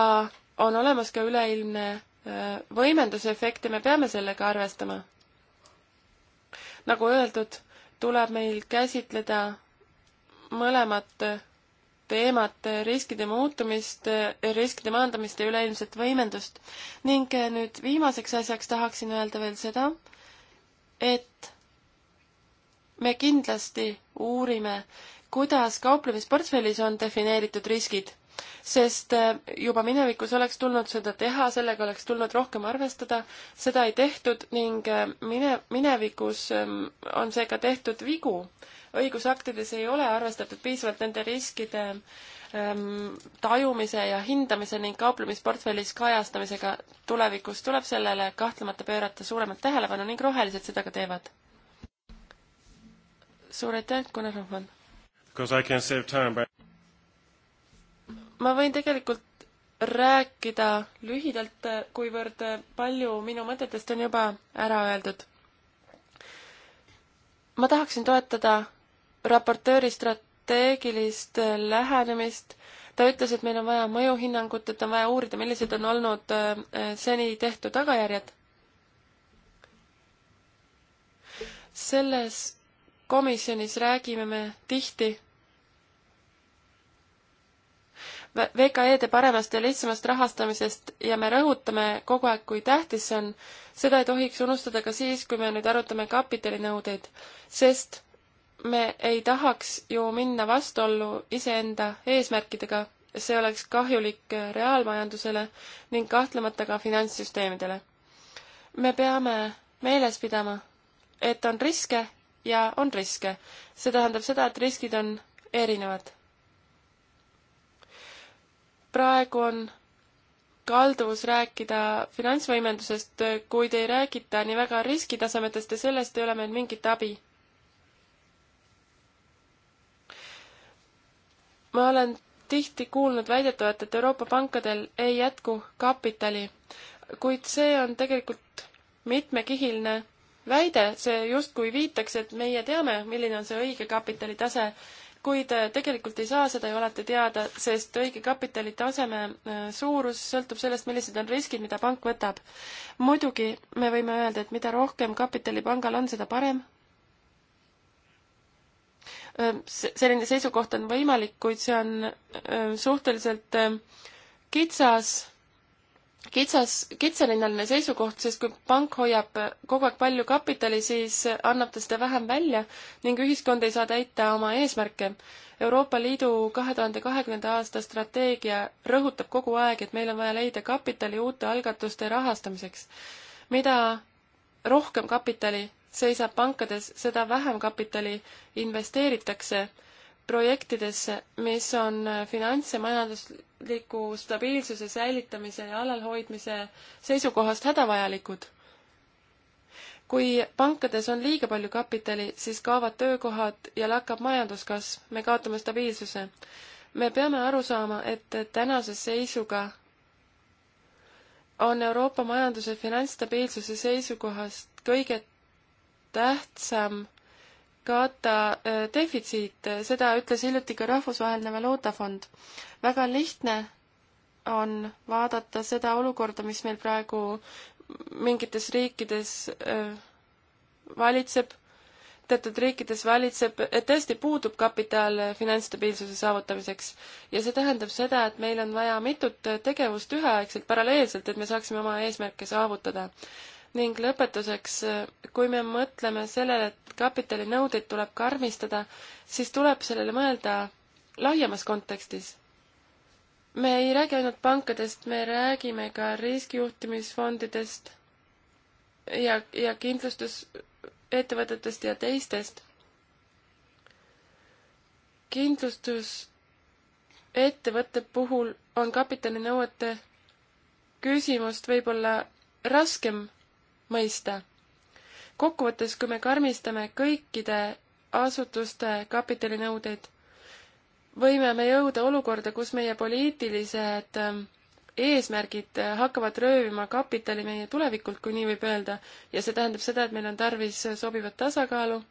on olemas ka üleilmne äh, võimendusefekt ja me peame sellega arvestama. nagu öeldud, tuleb meil käsitleda mõlemat teemat, riskide muutumist, riskide maandamist ja üleilmset võimendust. ning eh, nüüd viimaseks asjaks tahaksin öelda veel seda, et me kindlasti uurime, kuidas kauplemisportfellis on defineeritud riskid sest äh, juba minevikus oleks tulnud seda teha, sellega oleks tulnud rohkem arvestada, seda ei tehtud ning äh, mine, minevikus ähm, on seega tehtud vigu. õigusaktides ei ole arvestatud piisavalt nende riskide ähm, tajumise ja hindamise ning kauplemisportfellis kajastamisega tulevikus tuleb sellele kahtlemata pöörata suuremat tähelepanu ning rohelised seda ka teevad. suur aitäh, Gunnar Hoffmann! Because I can save time by ma võin tegelikult rääkida lühidalt, kuivõrd palju minu mõtetest on juba ära öeldud. ma tahaksin toetada raportööri strateegilist lähenemist. ta ütles, et meil on vaja mõjuhinnangut, et on vaja uurida, millised on olnud äh, seni tehtud tagajärjed. selles komisjonis räägime me tihti VKE-de paremast ja lihtsamast rahastamisest ja me rõhutame kogu aeg, kui tähtis see on, seda ei tohiks unustada ka siis, kui me nüüd arutame kapitalinõudeid, sest me ei tahaks ju minna vastuollu iseenda eesmärkidega, see oleks kahjulik reaalmajandusele ning kahtlemata ka finantssüsteemidele. me peame meeles pidama, et on riske ja on riske. see tähendab seda, et riskid on erinevad praegu on kalduvus rääkida finantsvõimendusest, kuid ei räägita nii väga riskitasemetest ja sellest ei ole meil mingit abi. ma olen tihti kuulnud väidetavat, et Euroopa pankadel ei jätku kapitali, kuid see on tegelikult mitmekihiline väide, see justkui viitaks, et meie teame, milline on see õige kapitalitase kuid äh, tegelikult ei saa seda ju alati teada, sest õige kapitali taseme äh, suurus sõltub sellest, millised on riskid, mida pank võtab. muidugi me võime öelda, et mida rohkem kapitali pangal on, seda parem. Äh, selline seisukoht on võimalik, kuid see on suhteliselt kitsas kitsas, kitsalinnaline seisukoht, sest kui pank hoiab kogu aeg palju kapitali, siis annab ta seda vähem välja ning ühiskond ei saa täita oma eesmärke. Euroopa Liidu kahe tuhande kahekümnenda aasta strateegia rõhutab kogu aeg, et meil on vaja leida kapitali uute algatuste rahastamiseks. mida rohkem kapitali seisab pankades, seda vähem kapitali investeeritakse projektidesse, mis on finants- ja majandus, majandusliku stabiilsuse säilitamise ja alalhoidmise seisukohast hädavajalikud. kui pankades on liiga palju kapitali, siis kaovad töökohad ja lakkab majanduskasv, me kaotame stabiilsuse. me peame aru saama, et tänase seisuga on Euroopa majanduse finantsstabiilsuse seisukohast kõige tähtsam kata äh, defitsiit, seda ütles hiljuti ka Rahvusvaheline Valuutafond. väga lihtne on vaadata seda olukorda, mis meil praegu mingites riikides äh, valitseb, teatud riikides valitseb, et tõesti puudub kapitaal äh, finantsstabiilsuse saavutamiseks. ja see tähendab seda, et meil on vaja mitut tegevust üheaegselt, paralleelselt, et me saaksime oma eesmärke saavutada ning lõpetuseks, kui me mõtleme sellele, et kapitalinõudeid tuleb karmistada, siis tuleb sellele mõelda laiemas kontekstis. me ei räägi ainult pankadest, me räägime ka riskijuhtimisfondidest ja, ja kindlustusettevõtetest ja teistest. kindlustusettevõtte puhul on kapitalinõuete küsimust võib-olla raskem mõista. kokkuvõttes, kui me karmistame kõikide asutuste kapitalinõudeid, võime me jõuda olukorda, kus meie poliitilised ähm, eesmärgid äh, hakkavad röövima kapitali meie tulevikult, kui nii võib öelda, ja see tähendab seda, et meil on tarvis äh, sobivat tasakaalu,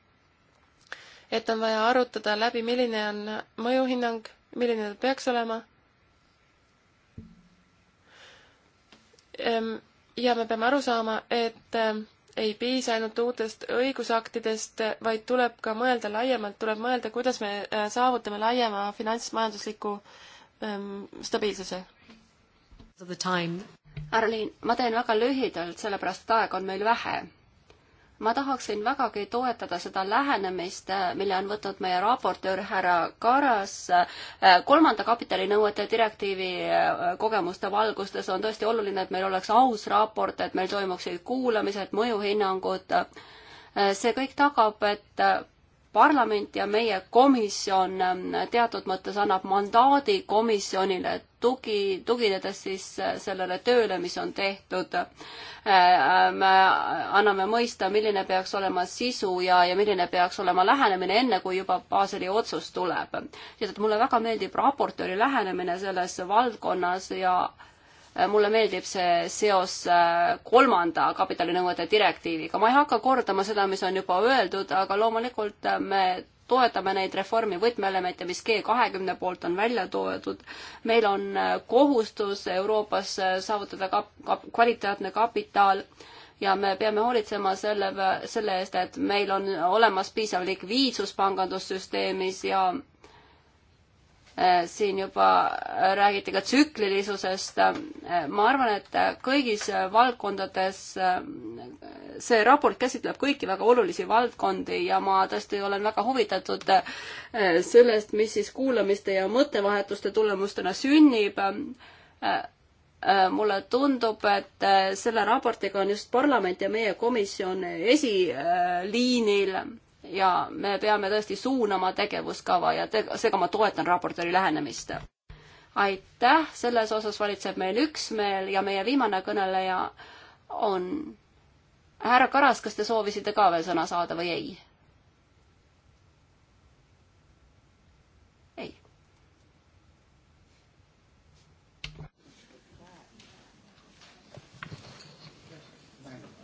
et on vaja arutada läbi, milline on mõjuhinnang, milline ta peaks olema ähm, ja me peame aru saama, et äh, ei piisa ainult uutest õigusaktidest, vaid tuleb ka mõelda laiemalt, tuleb mõelda, kuidas me äh, saavutame laiema finantsmajandusliku ähm, stabiilsuse. Arlin, ma teen väga lühidalt, sellepärast et aega on meil vähe ma tahaksin vägagi toetada seda lähenemist, äh, mille on võtnud meie raportöör härra Karas. Äh, kolmanda kapitalinõuete direktiivi äh, kogemuste valgustes on tõesti oluline, et meil oleks aus raport, et meil toimuksid kuulamised, mõjuhinnangud. see kõik tagab, et parlament ja meie komisjon ähm, teatud mõttes annab mandaadi komisjonile tugi, tuginedes siis äh, sellele tööle, mis on tehtud. Äh, me ähm, anname mõista, milline peaks olema sisu ja, ja milline peaks olema lähenemine, enne kui juba Baseli otsus tuleb. nii et mulle väga meeldib raportööri lähenemine selles valdkonnas ja mulle meeldib see seos äh, kolmanda kapitalinõuete direktiiviga. ma ei hakka kordama seda, mis on juba öeldud, aga loomulikult äh, me toetame neid reformi võtmeelemente, mis G kahekümne poolt on välja toodud. meil on äh, kohustus Euroopas saavutada kap-, kap-, kvaliteetne kapitaal ja me peame hoolitsema selle, selle eest, et meil on olemas piisav likviidsus pangandussüsteemis ja Äh, siin juba räägiti ka tsüklilisusest. Äh, ma arvan, et kõigis valdkondades äh, see raport käsitleb kõiki väga olulisi valdkondi ja ma tõesti olen väga huvitatud sellest, mis siis kuulamiste ja mõttevahetuste tulemustena sünnib mulle tundub, et selle raportiga on just parlament ja meie komisjon esiliinil ja me peame tõesti suunama tegevuskava ja te seega ma toetan raportööri lähenemist. aitäh, selles osas valitseb meil üksmeel ja meie viimane kõneleja on härra Karas, kas te soovisite ka veel sõna saada või ei?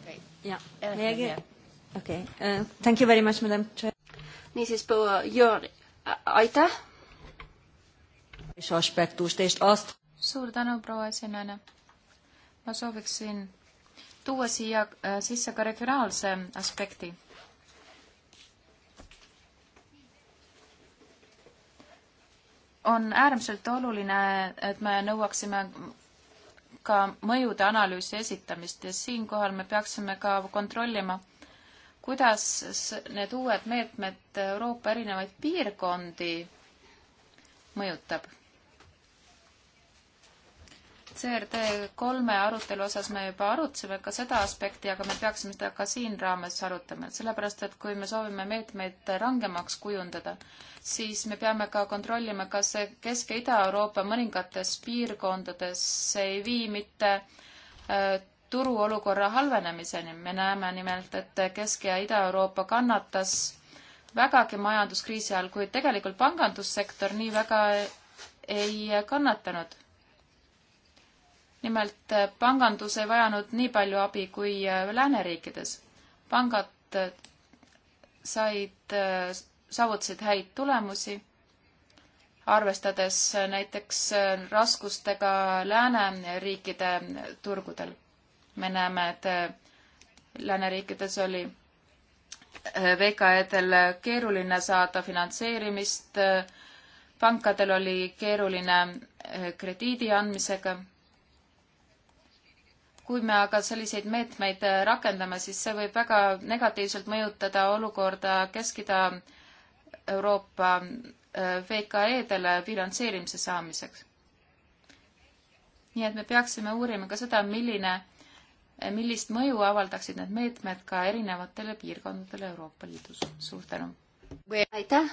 ei. ja, meie keegi okei okay. uh,, thank you very much, madam chair. niisiis, proua Jüri, aitäh. suur tänu, proua esinaine. ma sooviksin tuua siia äh, sisse ka regionaalse aspekti. on äärmiselt oluline, et me nõuaksime ka mõjude analüüsi esitamist ja siinkohal me peaksime ka kontrollima kuidas need uued meetmed Euroopa erinevaid piirkondi mõjutab? CRD kolme arutelu osas me juba arutasime ka seda aspekti, aga me peaksime seda ka siin raames arutama, sellepärast et kui me soovime meetmeid rangemaks kujundada, siis me peame ka kontrollima, kas see Kesk- ja Ida-Euroopa mõningates piirkondades ei vii mitte äh, turuolukorra halvenemiseni. me näeme nimelt, et Kesk- ja Ida-Euroopa kannatas vägagi majanduskriisi all, kuid tegelikult pangandussektor nii väga ei kannatanud. nimelt pangandus ei vajanud nii palju abi kui lääneriikides. pangad said, saavutasid häid tulemusi, arvestades näiteks raskustega lääneriikide turgudel me näeme, et äh, lääneriikides oli äh, VKE-del äh, keeruline saada finantseerimist, pankadel oli keeruline krediidi andmisega. kui me aga selliseid meetmeid rakendame, siis see võib väga negatiivselt mõjutada olukorda Kesk-Ida-Euroopa VKE-dele finantseerimise saamiseks. nii et me peaksime uurima ka seda, milline millist mõju avaldaksid need meetmed ka erinevatele piirkondadele Euroopa Liidus? suur tänu! aitäh!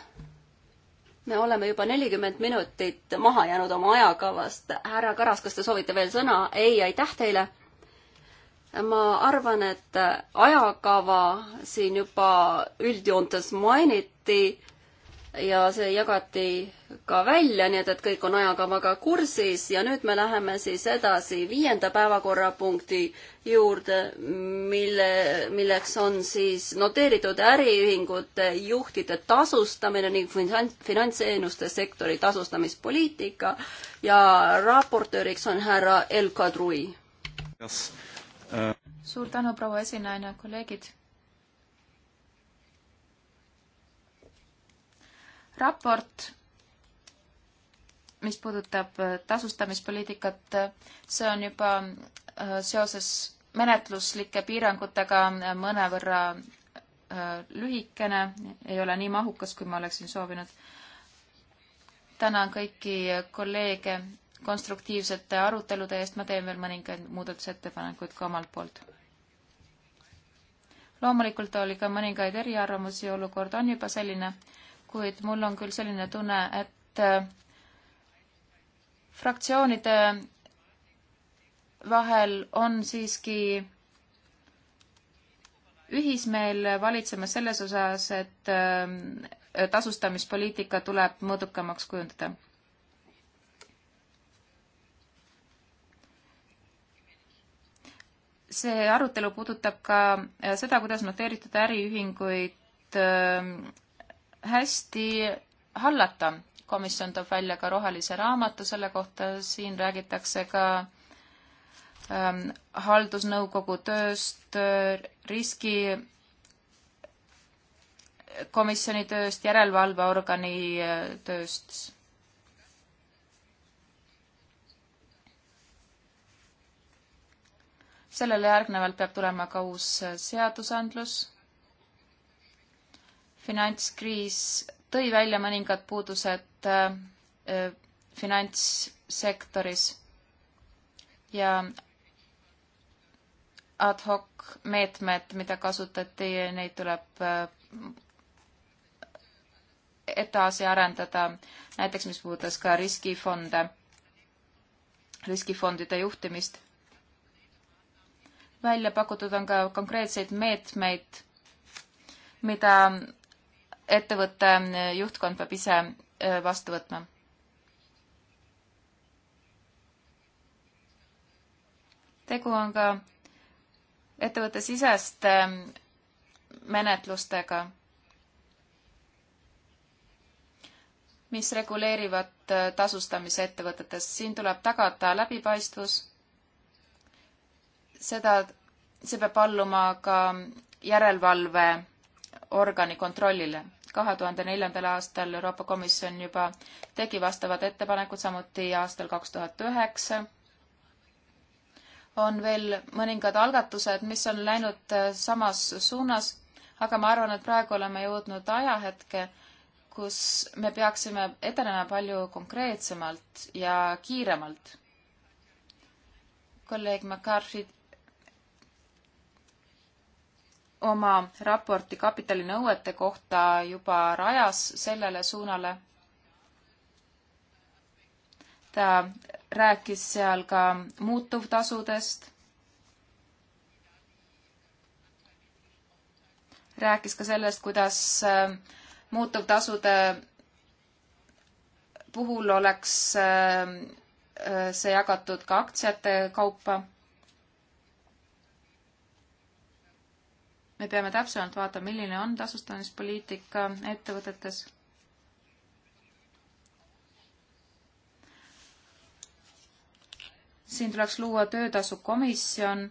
me oleme juba nelikümmend minutit maha jäänud oma ajakavast. härra Karas, kas te soovite veel sõna? ei, aitäh teile! ma arvan, et ajakava siin juba üldjoontes mainiti ja see jagati ka välja, nii et, et kõik on ajakavaga kursis ja nüüd me läheme siis edasi viienda päevakorrapunkti juurde, mille, milleks on siis noteeritud äriühingute juhtide tasustamine ning finantsteenuste sektori tasustamispoliitika ja raportööriks on härra Elka Trui yes.. suur tänu, proua esinaine, kolleegid raport, mis puudutab äh, tasustamispoliitikat, see on juba äh, seoses menetluslike piirangutega äh, mõnevõrra lühikene, ei ole nii mahukas, kui ma oleksin soovinud. tänan kõiki kolleege konstruktiivsete arutelude eest, ma teen veel mõningaid muudatusettepanekuid ka omalt poolt. loomulikult oli ka mõningaid eriarvamusi, olukord on juba selline kuid mul on küll selline tunne, et äh, fraktsioonide vahel on siiski ühismeel valitsemas selles osas, et äh, tasustamispoliitika tuleb mõõdukamaks kujundada. see arutelu puudutab ka äh, seda, kuidas noteeritud äriühinguid hästi hallata. komisjon toob välja ka rohelise raamatu selle kohta, siin räägitakse ka ähm, haldusnõukogu tööst äh,, riski äh, komisjoni tööst, järelevalveorgani äh, tööst. sellele järgnevalt peab tulema ka uus äh, seadusandlus finantskriis tõi välja mõningad puudused äh, äh, finantssektoris ja ad hoc meetmed, mida kasutati, neid tuleb äh, edasi arendada, näiteks mis puudutas ka riskifonde, riskifondide juhtimist. välja pakutud on ka konkreetseid meetmeid, mida ettevõtte eh, juhtkond peab ise eh, vastu võtma. tegu on ka ettevõtte siseste eh, menetlustega, mis reguleerivad tasustamise ettevõtetes. siin tuleb tagada läbipaistvus, seda, see peab alluma ka järelevalveorgani kontrollile kahe tuhande neljandal aastal Euroopa Komisjon juba tegi vastavad ettepanekud, samuti aastal kaks tuhat üheksa. on veel mõningad algatused, mis on läinud äh, samas suunas, aga ma arvan, et praegu oleme jõudnud ajahetke, kus me peaksime edenema palju konkreetsemalt ja kiiremalt. kolleeg McCarthy oma raporti kapitalinõuete kohta juba rajas sellele suunale. ta rääkis seal ka muutuvtasudest, rääkis ka sellest, kuidas äh, muutuvtasude puhul oleks äh, äh, see jagatud ka aktsiate kaupa me peame täpsemalt vaatama, milline on tasustamispoliitika ettevõtetes. siin tuleks luua töötasukomisjon,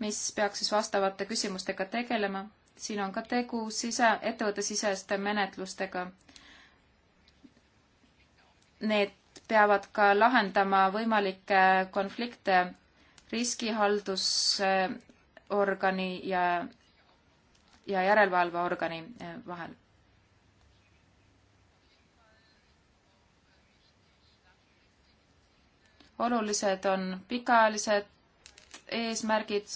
mis peaks siis vastavate küsimustega tegelema. siin on ka tegu sise, ettevõttesiseste menetlustega. Need peavad ka lahendama võimalikke konflikte riskihaldus organi ja, ja järelevalveorgani eh, vahel. olulised on pikaajalised eesmärgid,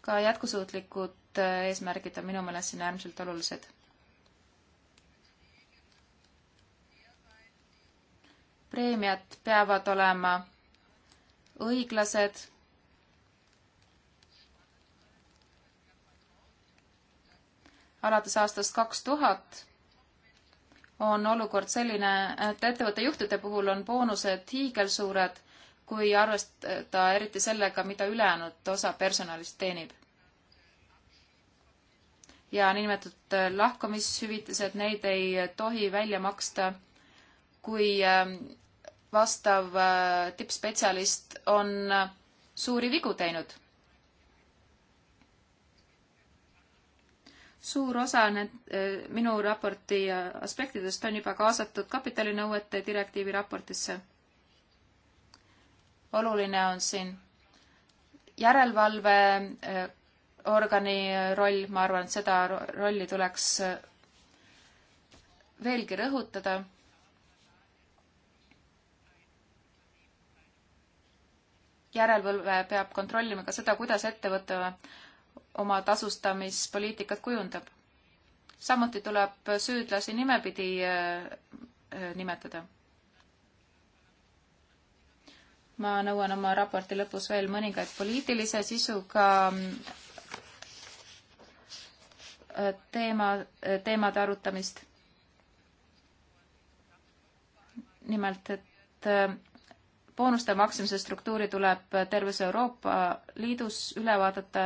ka jätkusuutlikud eh, eesmärgid on minu meelest siin äärmiselt olulised. preemiad peavad olema õiglased alates aastast kaks tuhat on olukord selline, et ettevõtte juhtide puhul on boonused hiigelsuured, kui arvestada eriti sellega, mida ülejäänud osa personalist teenib. ja niinimetatud lahkumishüvitised, neid ei tohi välja maksta, kui äh, vastav äh, tippspetsialist on äh, suuri vigu teinud suur osa need, eh, minu raporti äh, aspektidest on juba kaasatud kapitalinõuete direktiivi raportisse. oluline on siin järelevalveorgani äh, roll, ma arvan, et seda rolli tuleks äh, veelgi rõhutada järelevalve peab kontrollima ka seda, kuidas ettevõte oma tasustamispoliitikat kujundab. samuti tuleb süüdlasi nimepidi äh, äh, nimetada. ma nõuan oma raporti lõpus veel mõningaid poliitilise sisuga äh, teema, teemade arutamist. nimelt, et boonuste maksimise struktuuri tuleb terves Euroopa Liidus üle vaadata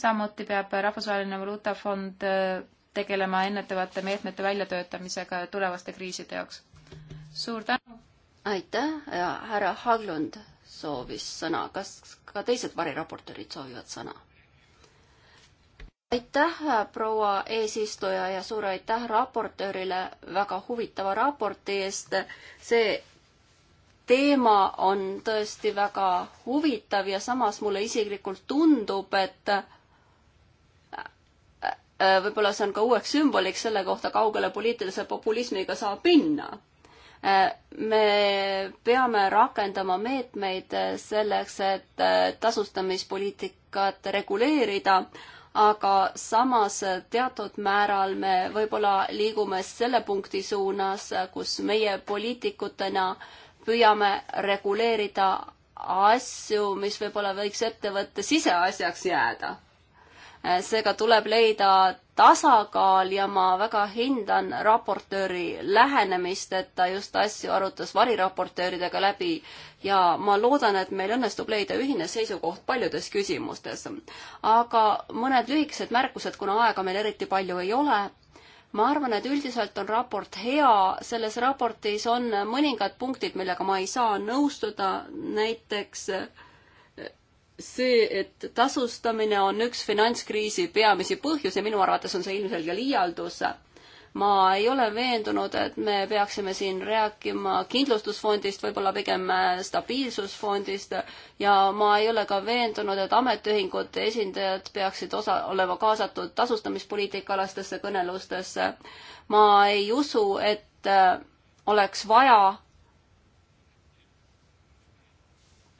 samuti peab Rahvusvaheline Valuutafond äh, tegelema ennetavate meetmete väljatöötamisega tulevaste kriiside jaoks. suur tänu! aitäh ja härra Haglund soovis sõna, kas ka teised variraportorid soovivad sõna? aitäh, proua eesistuja ja suur aitäh raportöörile väga huvitava raporti eest. see teema on tõesti väga huvitav ja samas mulle isiklikult tundub, et Äh, võib-olla see on ka uueks sümboliks selle kohta, kaugele poliitilise populismiga saab minna. Äh, me peame rakendama meetmeid selleks, et äh, tasustamispoliitikat reguleerida, aga samas teatud määral me võib-olla liigume selle punkti suunas, kus meie poliitikutena püüame reguleerida asju, mis võib-olla võiks ettevõtte siseasjaks jääda seega tuleb leida tasakaal ja ma väga hindan raportööri lähenemist, et ta just asju arutas variraportööridega läbi ja ma loodan, et meil õnnestub leida ühine seisukoht paljudes küsimustes. aga mõned lühikesed märkused, kuna aega meil eriti palju ei ole ma arvan, et üldiselt on raport hea, selles raportis on mõningad punktid, millega ma ei saa nõustuda, näiteks äh, see, et tasustamine on üks finantskriisi peamisi põhjusi, minu arvates on see ilmselge liialdus. ma ei ole veendunud, et me peaksime siin rääkima kindlustusfondist, võib-olla pigem stabiilsusfondist ja ma ei ole ka veendunud, et ametiühingute esindajad peaksid osa, olema kaasatud tasustamispoliitika alastesse kõnelustesse. ma ei usu, et oleks vaja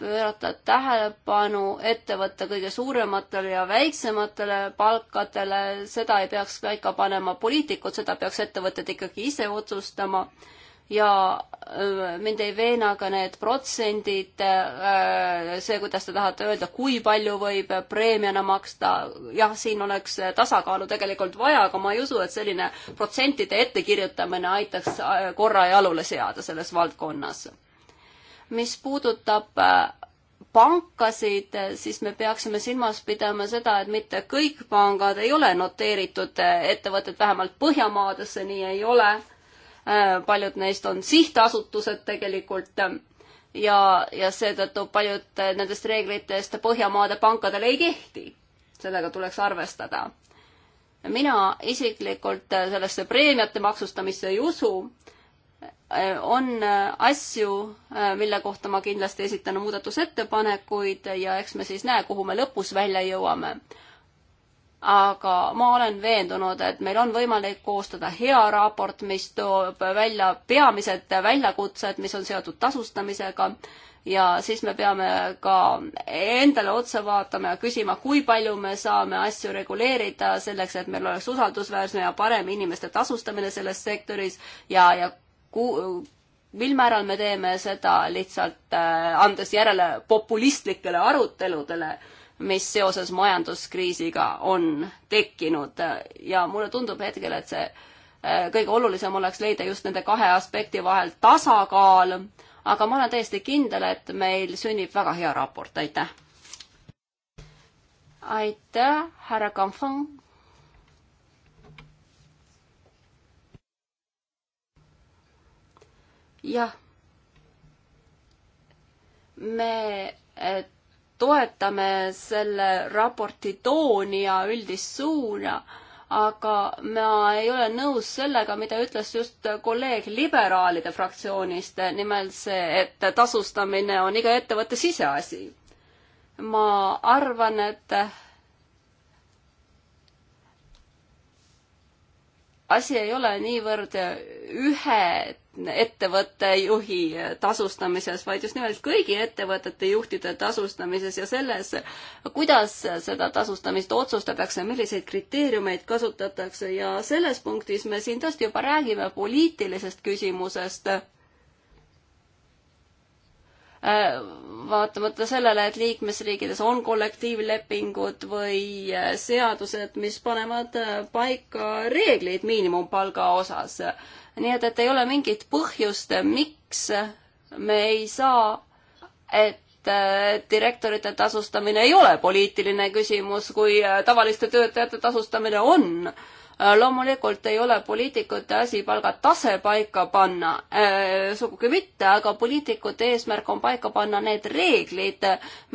pöörata tähelepanu ettevõtte kõige suurematele ja väiksematele palkadele, seda ei peaks paika panema poliitikud, seda peaks ettevõtted ikkagi ise otsustama. ja äh, mind ei veena ka need protsendid, äh, see, kuidas te tahate öelda, kui palju võib preemiana maksta, jah, siin oleks tasakaalu tegelikult vaja, aga ma ei usu, et selline protsentide ettekirjutamine aitaks äh, korra jalule seada selles valdkonnas mis puudutab äh, pankasid, siis me peaksime silmas pidama seda, et mitte kõik pangad ei ole noteeritud äh, ettevõtted, vähemalt Põhjamaades see nii ei ole. Äh, paljud neist on sihtasutused tegelikult ja, ja seetõttu paljud nendest reeglitest Põhjamaade pankadele ei kehti. sellega tuleks arvestada. mina isiklikult sellesse preemiate maksustamisse ei usu on äh, asju, äh, mille kohta ma kindlasti esitan muudatusettepanekuid ja eks me siis näe, kuhu me lõpus välja jõuame. aga ma olen veendunud, et meil on võimalik koostada hea raport, mis toob välja peamised väljakutsed, mis on seotud tasustamisega ja siis me peame ka endale otsa vaatama ja küsima, kui palju me saame asju reguleerida selleks, et meil oleks usaldusväärne ja parem inimeste tasustamine selles sektoris ja, ja ku-, mil määral me teeme seda lihtsalt äh, andes järele populistlikele aruteludele, mis seoses majanduskriisiga on tekkinud ja mulle tundub hetkel, et see äh, kõige olulisem oleks leida just nende kahe aspekti vahel tasakaal, aga ma olen täiesti kindel, et meil sünnib väga hea raport, aitäh! aitäh, härra Kamfang! jah, me eh, toetame selle raporti tooni ja üldist suuna, aga ma ei ole nõus sellega, mida ütles just kolleeg liberaalide fraktsioonist, nimelt see, et tasustamine on iga ettevõtte siseasi. ma arvan, et asi ei ole niivõrd ühe ettevõtte juhi tasustamises, vaid just nimelt kõigi ettevõtete juhtide tasustamises ja selles, kuidas seda tasustamist otsustatakse, milliseid kriteeriumeid kasutatakse ja selles punktis me siin tõesti juba räägime poliitilisest küsimusest. vaatamata sellele, et liikmesriikides on kollektiivlepingud või seadused, mis panevad paika reeglid miinimumpalga osas nii et, et ei ole mingit põhjust, miks me ei saa, et äh, direktorite tasustamine ei ole poliitiline küsimus, kui äh, tavaliste töötajate tasustamine on äh, loomulikult ei ole poliitikute asi palgatase paika panna, sugugi mitte, aga poliitikute eesmärk on paika panna need reeglid,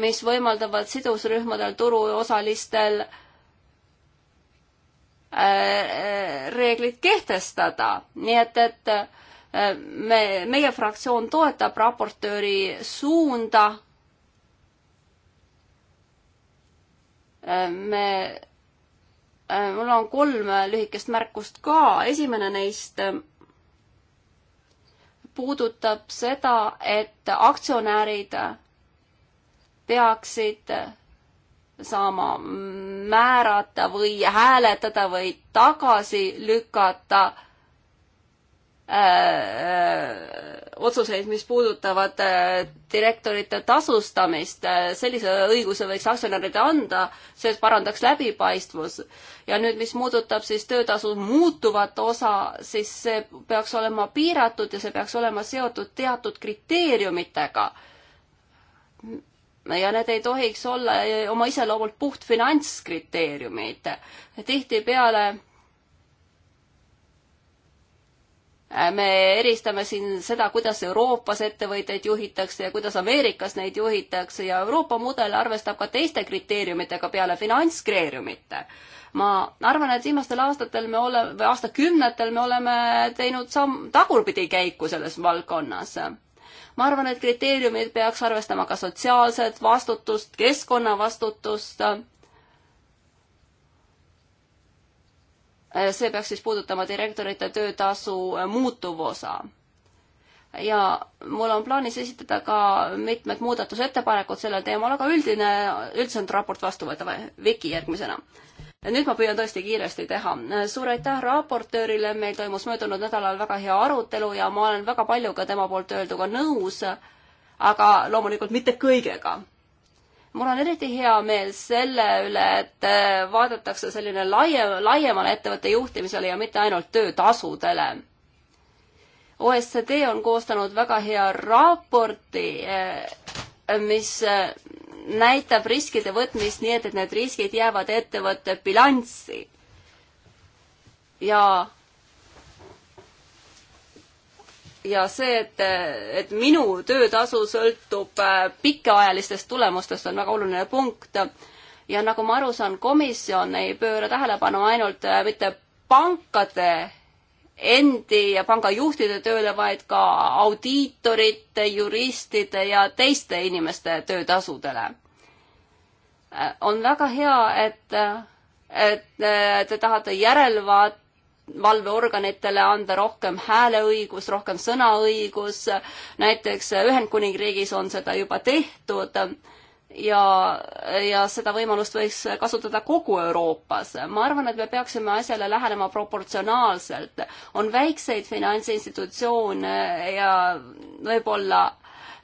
mis võimaldavad sidusrühmadel, turuosalistel äh, Äh, reeglid kehtestada, nii et, et äh, me, meie fraktsioon toetab raportööri suunda. Äh, me, mul on kolm lühikest märkust ka, esimene neist puudutab seda, et aktsionärid peaksid saama määrata või hääletada või tagasi lükata äh, äh, otsuseid, mis puudutavad äh, direktorite tasustamist, sellise õiguse võiks aktsionärile anda, see parandaks läbipaistvus. ja nüüd, mis puudutab siis töötasu muutuvat osa, siis see peaks olema piiratud ja see peaks olema seotud teatud kriteeriumitega ja need ei tohiks olla oma iseloomult puht finantskriteeriumid. tihtipeale äh, me eristame siin seda, kuidas Euroopas ettevõtteid juhitakse ja kuidas Ameerikas neid juhitakse ja Euroopa mudel arvestab ka teiste kriteeriumitega peale finantskriteeriumite. ma arvan, et viimastel aastatel me oleme, või aastakümnetel me oleme teinud samm, tagurpidi käiku selles valdkonnas ma arvan, et kriteeriumid peaks arvestama ka sotsiaalset vastutust, keskkonnavastutust. see peaks siis puudutama direktorite töötasu muutuvosa ja mul on plaanis esitada ka mitmed muudatusettepanekud sellel teemal, aga üldine, üldiselt raport vastu võtta või Viki järgmisena nüüd ma püüan tõesti kiiresti teha. suur aitäh raportöörile, meil toimus möödunud nädalal väga hea arutelu ja ma olen väga paljuga tema poolt öelduga nõus, aga loomulikult mitte kõigega. mul on eriti hea meel selle üle, et vaadatakse selline laiem, laiemale ettevõtte juhtimisele ja mitte ainult töötasudele OSCD on koostanud väga hea raporti, mis näitab riskide võtmist nii, et, et need riskid jäävad ettevõtte bilanssi. ja ja see, et, et minu töötasu sõltub äh, pikaajalistest tulemustest, on väga oluline punkt. ja nagu ma aru saan, komisjon ei pööra tähelepanu ainult äh, mitte pankade endi ja pangajuhtide tööle, vaid ka audiitorite, juristide ja teiste inimeste töötasudele. on väga hea, et, et te tahate järelevaat-, valveorganitele anda rohkem hääleõigus, rohkem sõnaõigus. näiteks Ühendkuningriigis on seda juba tehtud ja, ja seda võimalust võiks kasutada kogu Euroopas. ma arvan, et me peaksime asjale lähenema proportsionaalselt. on väikseid finantsinstitutsioone ja võib-olla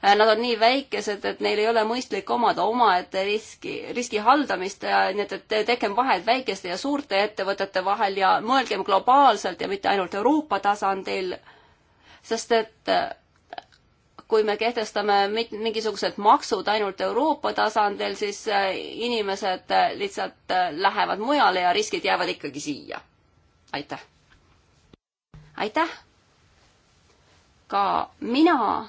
eh, nad on nii väikesed, et neil ei ole mõistlik omada omaette riski, riski haldamist ja nii et, et tegem vahed väikeste ja suurte ettevõtete vahel ja mõelgem globaalselt ja mitte ainult Euroopa tasandil, sest et kui me kehtestame mingisugused maksud ainult Euroopa tasandil, siis äh, inimesed äh, lihtsalt äh, lähevad mujale ja riskid jäävad ikkagi siia. aitäh. aitäh. ka mina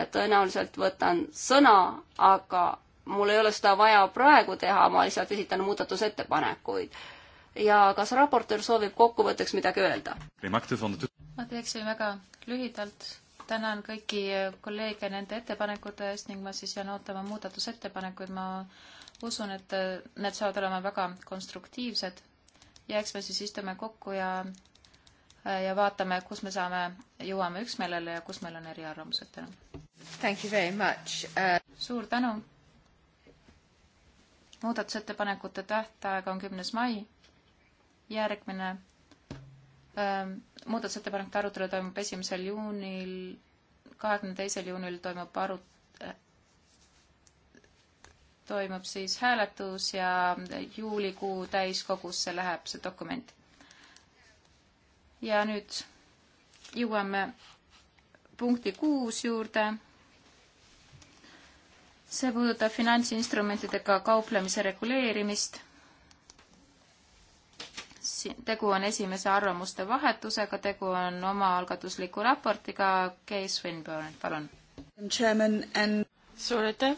tõenäoliselt võtan sõna, aga mul ei ole seda vaja praegu teha, ma lihtsalt esitan muudatusettepanekuid ja kas raportöör soovib kokkuvõtteks midagi öelda? ma teeksin väga lühidalt, tänan kõiki kolleege nende ettepanekute eest ning ma siis jään ootama muudatusettepanekuid. ma usun, et need saavad olema väga konstruktiivsed ja eks me siis istume kokku ja, ja vaatame, kus me saame, jõuame üksmeelele ja kus meil on eriarvamused täna. Thank you very much uh.... suur tänu. muudatusettepanekute tähtaeg on kümnes mai. järgmine muudatusettepanekute arutelu toimub esimesel juunil, kahekümne teisel juunil toimub arut-, toimub siis hääletus ja juulikuu täiskogusse läheb see dokument. ja nüüd jõuame punkti kuus juurde. see puudutab finantsinstrumentidega kauplemise reguleerimist tegu on esimese arvamuste vahetusega, tegu on omaalgatusliku raportiga. Kay Swinburne, palun. suur aitäh.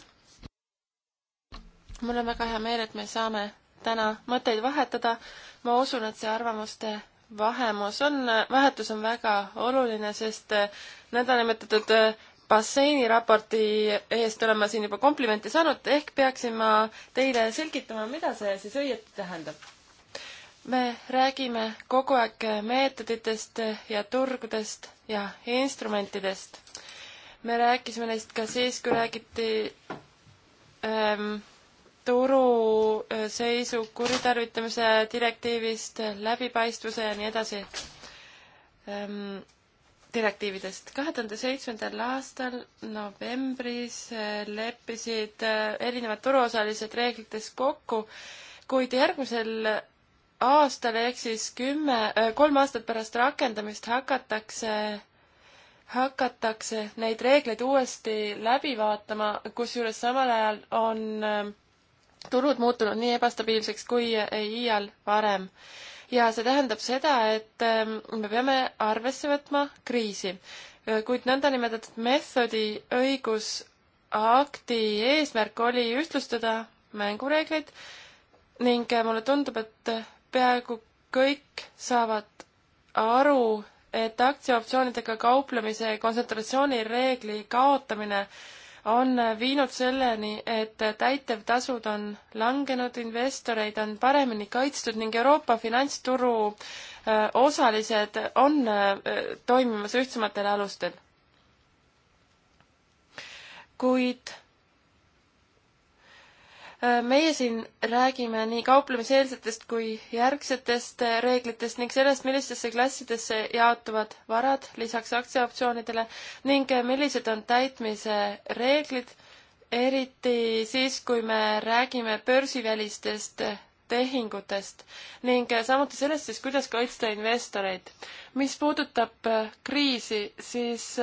mul on väga hea meel, et me saame täna mõtteid vahetada. ma usun, et see arvamuste vahemus on, vahetus on väga oluline, sest äh, nõndanimetatud äh, basseiniraporti eest olen ma siin juba komplimente saanud, ehk peaksin ma teile selgitama, mida see siis õieti tähendab me räägime kogu aeg meetoditest ja turgudest ja instrumentidest. me rääkisime neist ka siis, kui räägiti ähm, turu äh, seisu kuritarvitamise direktiivist, läbipaistvuse ja nii edasi ähm, direktiividest. kahe tuhande seitsmendal aastal novembris äh, leppisid äh, erinevad turuosalised reeglites kokku, kuid järgmisel aastal ehk siis kümme, äh, kolm aastat pärast rakendamist hakatakse, hakatakse neid reegleid uuesti läbi vaatama, kusjuures samal ajal on äh, turud muutunud nii ebastabiilseks kui iial varem. ja see tähendab seda, et äh, me peame arvesse võtma kriisi, kuid nõndanimetatud meetodi õigusakti eesmärk oli ühtlustada mängureegleid ning mulle tundub, et peaaegu kõik saavad aru, et aktsiaoptsioonidega kauplemise kontsentratsioonireegli kaotamine on viinud selleni, et täitevtasud on langenud, investoreid on paremini kaitstud ning Euroopa finantsturu äh, osalised on äh, toimimas ühtsematel alustel. kuid meie siin räägime nii kauplemiseelsetest kui järgsetest eh, reeglitest ning sellest, millistesse klassidesse jaotuvad varad lisaks aktsiaoptsioonidele ning eh, millised on täitmise reeglid, eriti siis, kui me räägime börsivälistest eh, tehingutest ning samuti sellest siis, kuidas kaitsta investoreid. mis puudutab kriisi, siis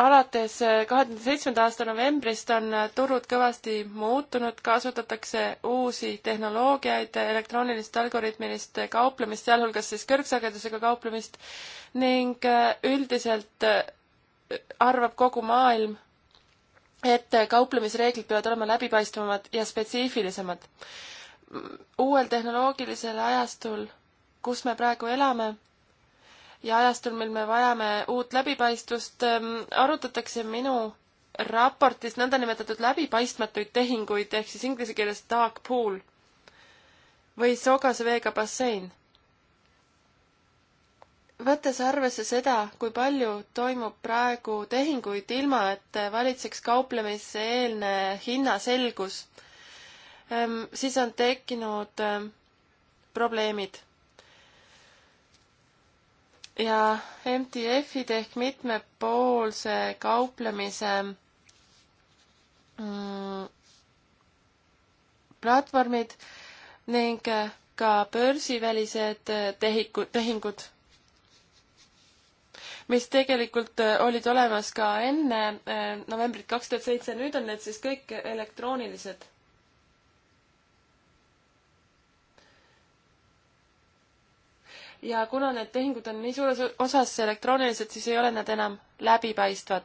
alates äh, kahe tuhande seitsmenda aasta novembrist on äh, turud kõvasti muutunud, kasutatakse uusi tehnoloogiaid, elektroonilist algoritmilist kauplemist, sealhulgas siis kõrgsagedusega kauplemist ning äh, üldiselt arvab kogu maailm, et kauplemisreeglid peavad olema läbipaistvamad ja spetsiifilisemad. uuel tehnoloogilisel ajastul, kus me praegu elame ja ajastul, mil me vajame uut läbipaistvust, ähm, arutatakse minu raportis nõndanimetatud läbipaistmatuid tehinguid ehk siis inglise keeles dark pool või sogas veega bassein. võttes arvesse seda, kui palju toimub praegu tehinguid ilma, et valitseks kauplemiseelne hinnaselgus, ähm, siis on tekkinud ähm, probleemid ja MTF-id ehk mitmepoolse kauplemise mm, platvormid ning äh, ka börsivälised äh, tehikud, tehingud, mis tegelikult äh, olid olemas ka enne novembrit kaks tuhat seitse, nüüd on need siis kõik elektroonilised ja kuna need tehingud on nii suures osas elektroonilised, siis ei ole nad enam läbipaistvad.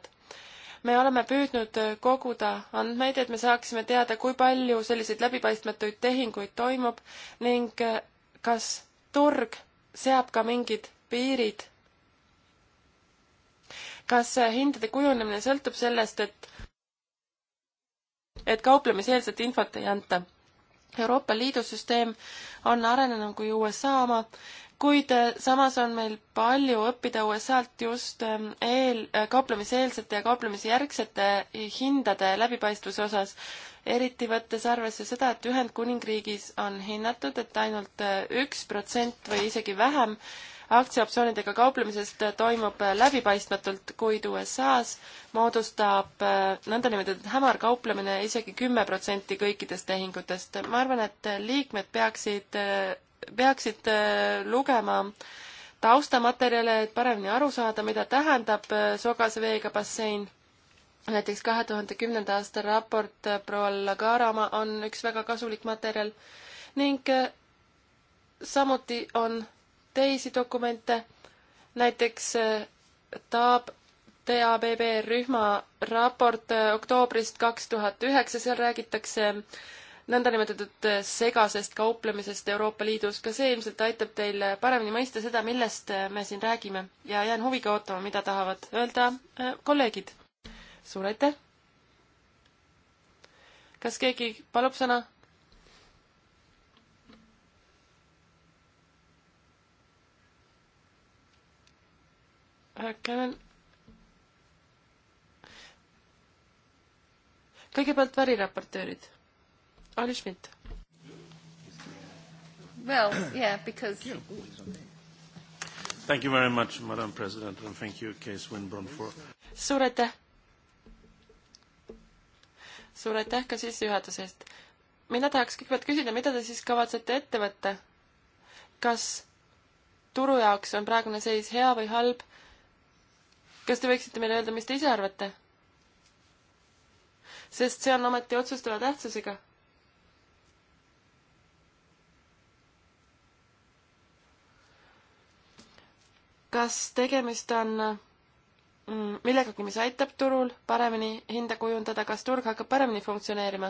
me oleme püüdnud koguda andmeid, et me saaksime teada, kui palju selliseid läbipaistmatuid tehinguid toimub ning äh, kas turg seab ka mingid piirid. kas äh, hindade kujunemine sõltub sellest, et et kauplemiseelset infot ei anta Euroopa Liidu süsteem on arenenum kui USA oma kuid äh, samas on meil palju õppida USA-lt just ähm, eel, äh, kauplemiseelsete ja kauplemisjärgsete äh, hindade läbipaistvuse osas, eriti võttes arvesse seda, et Ühendkuningriigis on hinnatud, et ainult üks protsent või isegi vähem aktsiaoptsioonidega kauplemisest toimub läbipaistmatult, kuid USA-s moodustab nõndanimetatud hämar kauplemine isegi kümme protsenti kõikidest tehingutest. ma arvan, et liikmed peaksid peaksite äh, lugema taustamaterjale, et paremini aru saada, mida tähendab äh, sogase veega bassein. näiteks kahe tuhande kümnenda aasta raport äh, proua Lagara oma on üks väga kasulik materjal ning samuti on teisi dokumente, näiteks TAB, TABB rühma raport oktoobrist kaks tuhat üheksa, seal räägitakse äh, nõndanimetatud segasest kauplemisest Euroopa Liidus, ka see ilmselt aitab teil paremini mõista seda, millest me siin räägime ja jään huviga ootama, mida tahavad öelda äh, kolleegid. suur aitäh! kas keegi palub sõna? Äh, Kevin. kõigepealt variraportöörid Oli Schmidt. Well, yeah, because... Thank you very much, Madam President, and thank you, Case Winburn, for... Suur aitäh! Suur aitäh ka sissejuhatuse eest. Mina tahaks kõigepealt küsida, mida te siis kavatsete ette võtta? Kas turu jaoks on praegune seis hea või halb? kas te võiksite meile öelda, mis te ise arvate? sest see on ometi otsustava tähtsusega. kas tegemist on mm, millegagi, mis aitab turul paremini hinda kujundada, kas turg hakkab paremini funktsioneerima?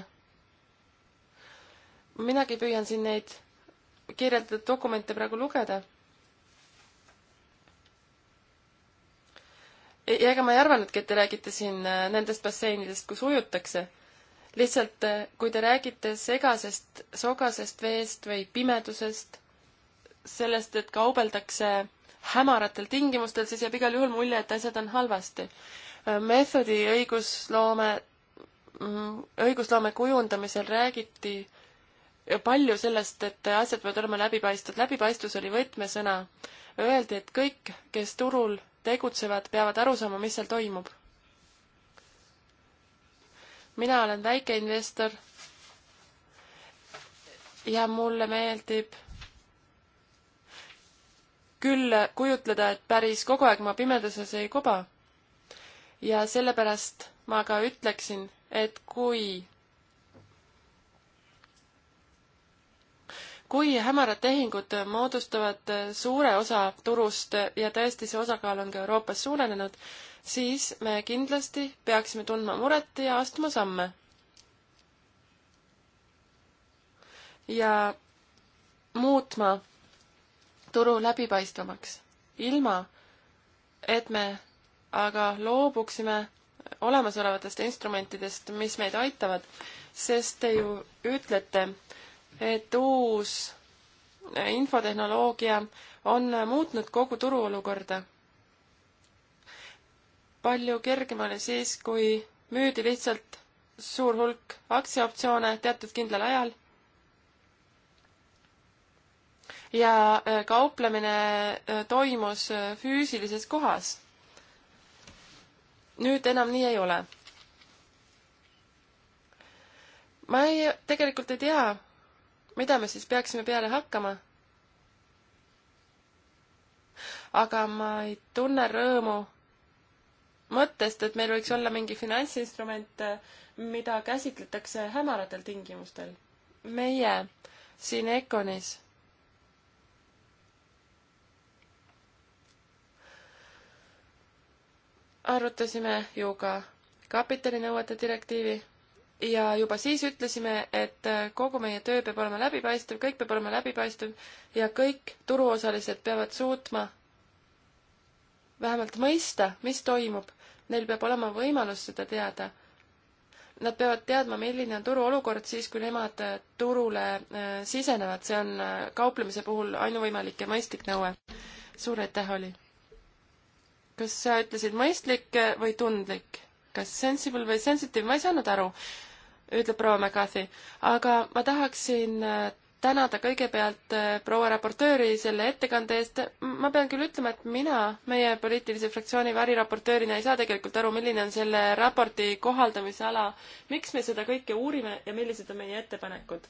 minagi püüan siin neid kirjeldatud dokumente praegu lugeda. E, ja ega ma ei arvanudki, et te räägite siin äh, nendest basseinidest, kus ujutakse. lihtsalt, äh, kui te räägite segasest, sogasest veest või pimedusest, sellest, et kaubeldakse hämaratel tingimustel, siis jääb igal juhul mulje, et asjad on halvasti. meetodi õigusloome, mm, õigusloome kujundamisel räägiti palju sellest, et asjad peavad olema läbipaistvad. läbipaistvus oli võtmesõna. Öeldi, et kõik, kes turul tegutsevad, peavad aru saama, mis seal toimub. mina olen väikeinvestor ja mulle meeldib küll kujutleda, et päris kogu aeg ma pimeduses ei koba. ja sellepärast ma ka ütleksin, et kui kui hämarad tehingud moodustavad suure osa turust ja tõesti see osakaal on ka Euroopas suurenenud, siis me kindlasti peaksime tundma muret ja astuma samme. ja muutma turu läbipaistvamaks, ilma et me aga loobuksime olemasolevatest instrumentidest, mis meid aitavad, sest te ju ütlete, et uus infotehnoloogia on muutnud kogu turuolukorda. palju kergem oli siis, kui müüdi lihtsalt suur hulk aktsiaoptsioone teatud kindlal ajal ja äh, kauplemine äh, toimus äh, füüsilises kohas. nüüd enam nii ei ole. ma ei, tegelikult ei tea, mida me siis peaksime peale hakkama. aga ma ei tunne rõõmu mõttest, et meil võiks olla mingi finantsinstrument, mida käsitletakse hämaratel tingimustel. meie siin Econis arutasime ju ka kapitalinõuete direktiivi ja juba siis ütlesime, et kogu meie töö peab olema läbipaistev, kõik peab olema läbipaistev ja kõik turuosalised peavad suutma vähemalt mõista, mis toimub. Neil peab olema võimalus seda teada. Nad peavad teadma, milline on turu olukord siis, kui nemad turule äh, sisenevad, see on äh, kauplemise puhul ainuvõimalik ja mõistlik nõue. suur aitäh, Oli! kas sa ütlesid mõistlik või tundlik? kas sensible või sensitive, ma ei saanud aru, ütleb proua McCarthy. aga ma tahaksin äh, tänada kõigepealt äh, proua raportööri selle ettekande eest. ma pean küll ütlema, et mina meie poliitilise fraktsiooni variraportöörina ei saa tegelikult aru, milline on selle raporti kohaldamisala, miks me seda kõike uurime ja millised on meie ettepanekud.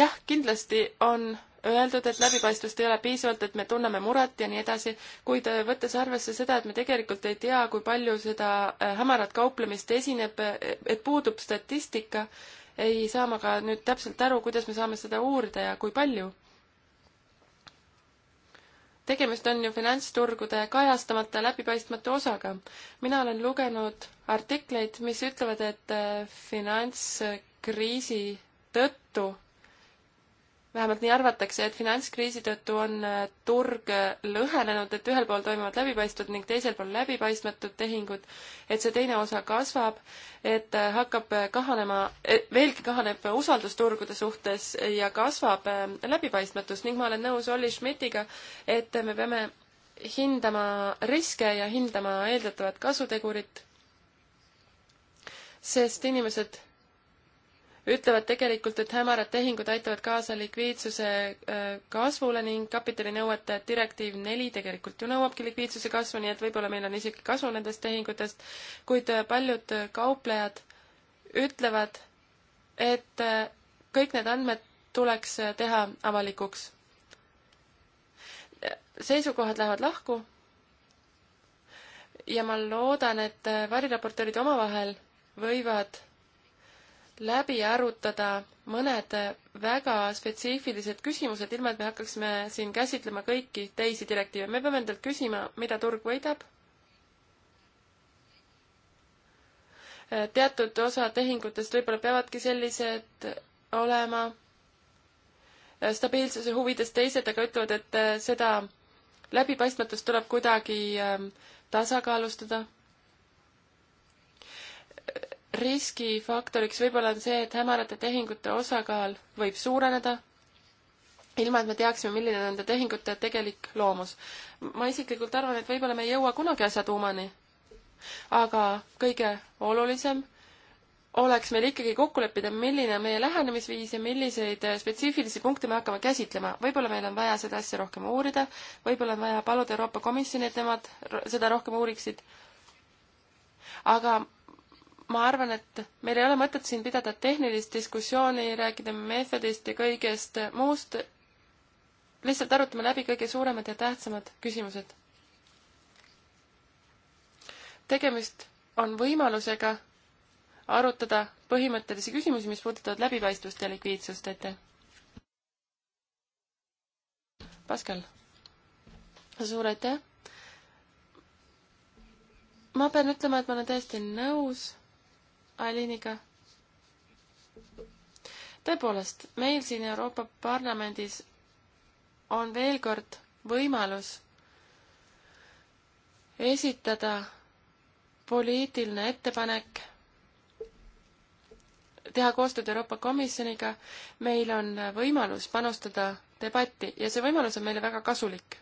jah, kindlasti on öeldud, et läbipaistvust ei ole piisavalt, et me tunneme muret ja nii edasi, kuid äh, võttes arvesse seda, et me tegelikult ei tea, kui palju seda äh, hämarat kauplemist esineb, äh, et puudub statistika, ei saa ma ka nüüd täpselt aru, kuidas me saame seda uurida ja kui palju. tegemist on ju finantsturgude kajastamata läbipaistmatu osaga. mina olen lugenud artikleid, mis ütlevad, et finantskriisi tõttu vähemalt nii arvatakse, et finantskriisi tõttu on äh, turg äh, lõhenenud, et ühel pool toimuvad läbipaistvad ning teisel pool läbipaistmatud tehingud, et see teine osa kasvab, et äh, hakkab kahanema, veelgi kahaneb usaldus turgude suhtes ja kasvab läbipaistmatus ning ma olen nõus Olli Schmidtiga, et me peame hindama riske ja hindama eeldatavat kasutegurit, sest inimesed ütlevad tegelikult, et hämarad tehingud aitavad kaasa likviidsuse äh, kasvule ning kapitalinõuete direktiiv neli tegelikult ju nõuabki likviidsuse kasvu, nii et võib-olla meil on isegi kasu nendest tehingutest, kuid äh, paljud äh, kauplejad ütlevad, et kõik need andmed tuleks teha avalikuks. seisukohad lähevad lahku ja ma loodan, et variraportöörid omavahel võivad läbi arutada mõned väga spetsiifilised küsimused, ilma et me hakkaksime siin käsitlema kõiki teisi direktiive. me peame endalt küsima, mida turg võidab. teatud osa tehingutest võib-olla peavadki sellised olema stabiilsuse huvides, teised aga ütlevad, et seda läbipaistmatust tuleb kuidagi ähm, tasakaalustada riskifaktoriks võib-olla on see, et hämarate tehingute osakaal võib suureneda, ilma et me teaksime, milline on nende tehingute tegelik loomus. ma isiklikult arvan, et võib-olla me ei jõua kunagi asja tuumani. aga kõige olulisem oleks meil ikkagi kokku leppida, milline on meie lähenemisviis ja milliseid spetsiifilisi punkte me hakkame käsitlema. võib-olla meil on vaja seda asja rohkem uurida, võib-olla on vaja paluda Euroopa Komisjoni, et nemad seda rohkem uuriksid. aga ma arvan, et meil ei ole mõtet siin pidada tehnilist diskussiooni, rääkida meetodist ja kõigest muust. lihtsalt arutame läbi kõige suuremad ja tähtsamad küsimused. tegemist on võimalusega arutada põhimõttelisi küsimusi, mis puudutavad läbipaistvust ja likviidsust, aitäh. Pascal, suur aitäh. ma pean ütlema, et ma olen täiesti nõus Aliniga. tõepoolest, meil siin Euroopa Parlamendis on veel kord võimalus esitada poliitiline ettepanek, teha koostööd Euroopa Komisjoniga, meil on võimalus panustada debatti ja see võimalus on meile väga kasulik.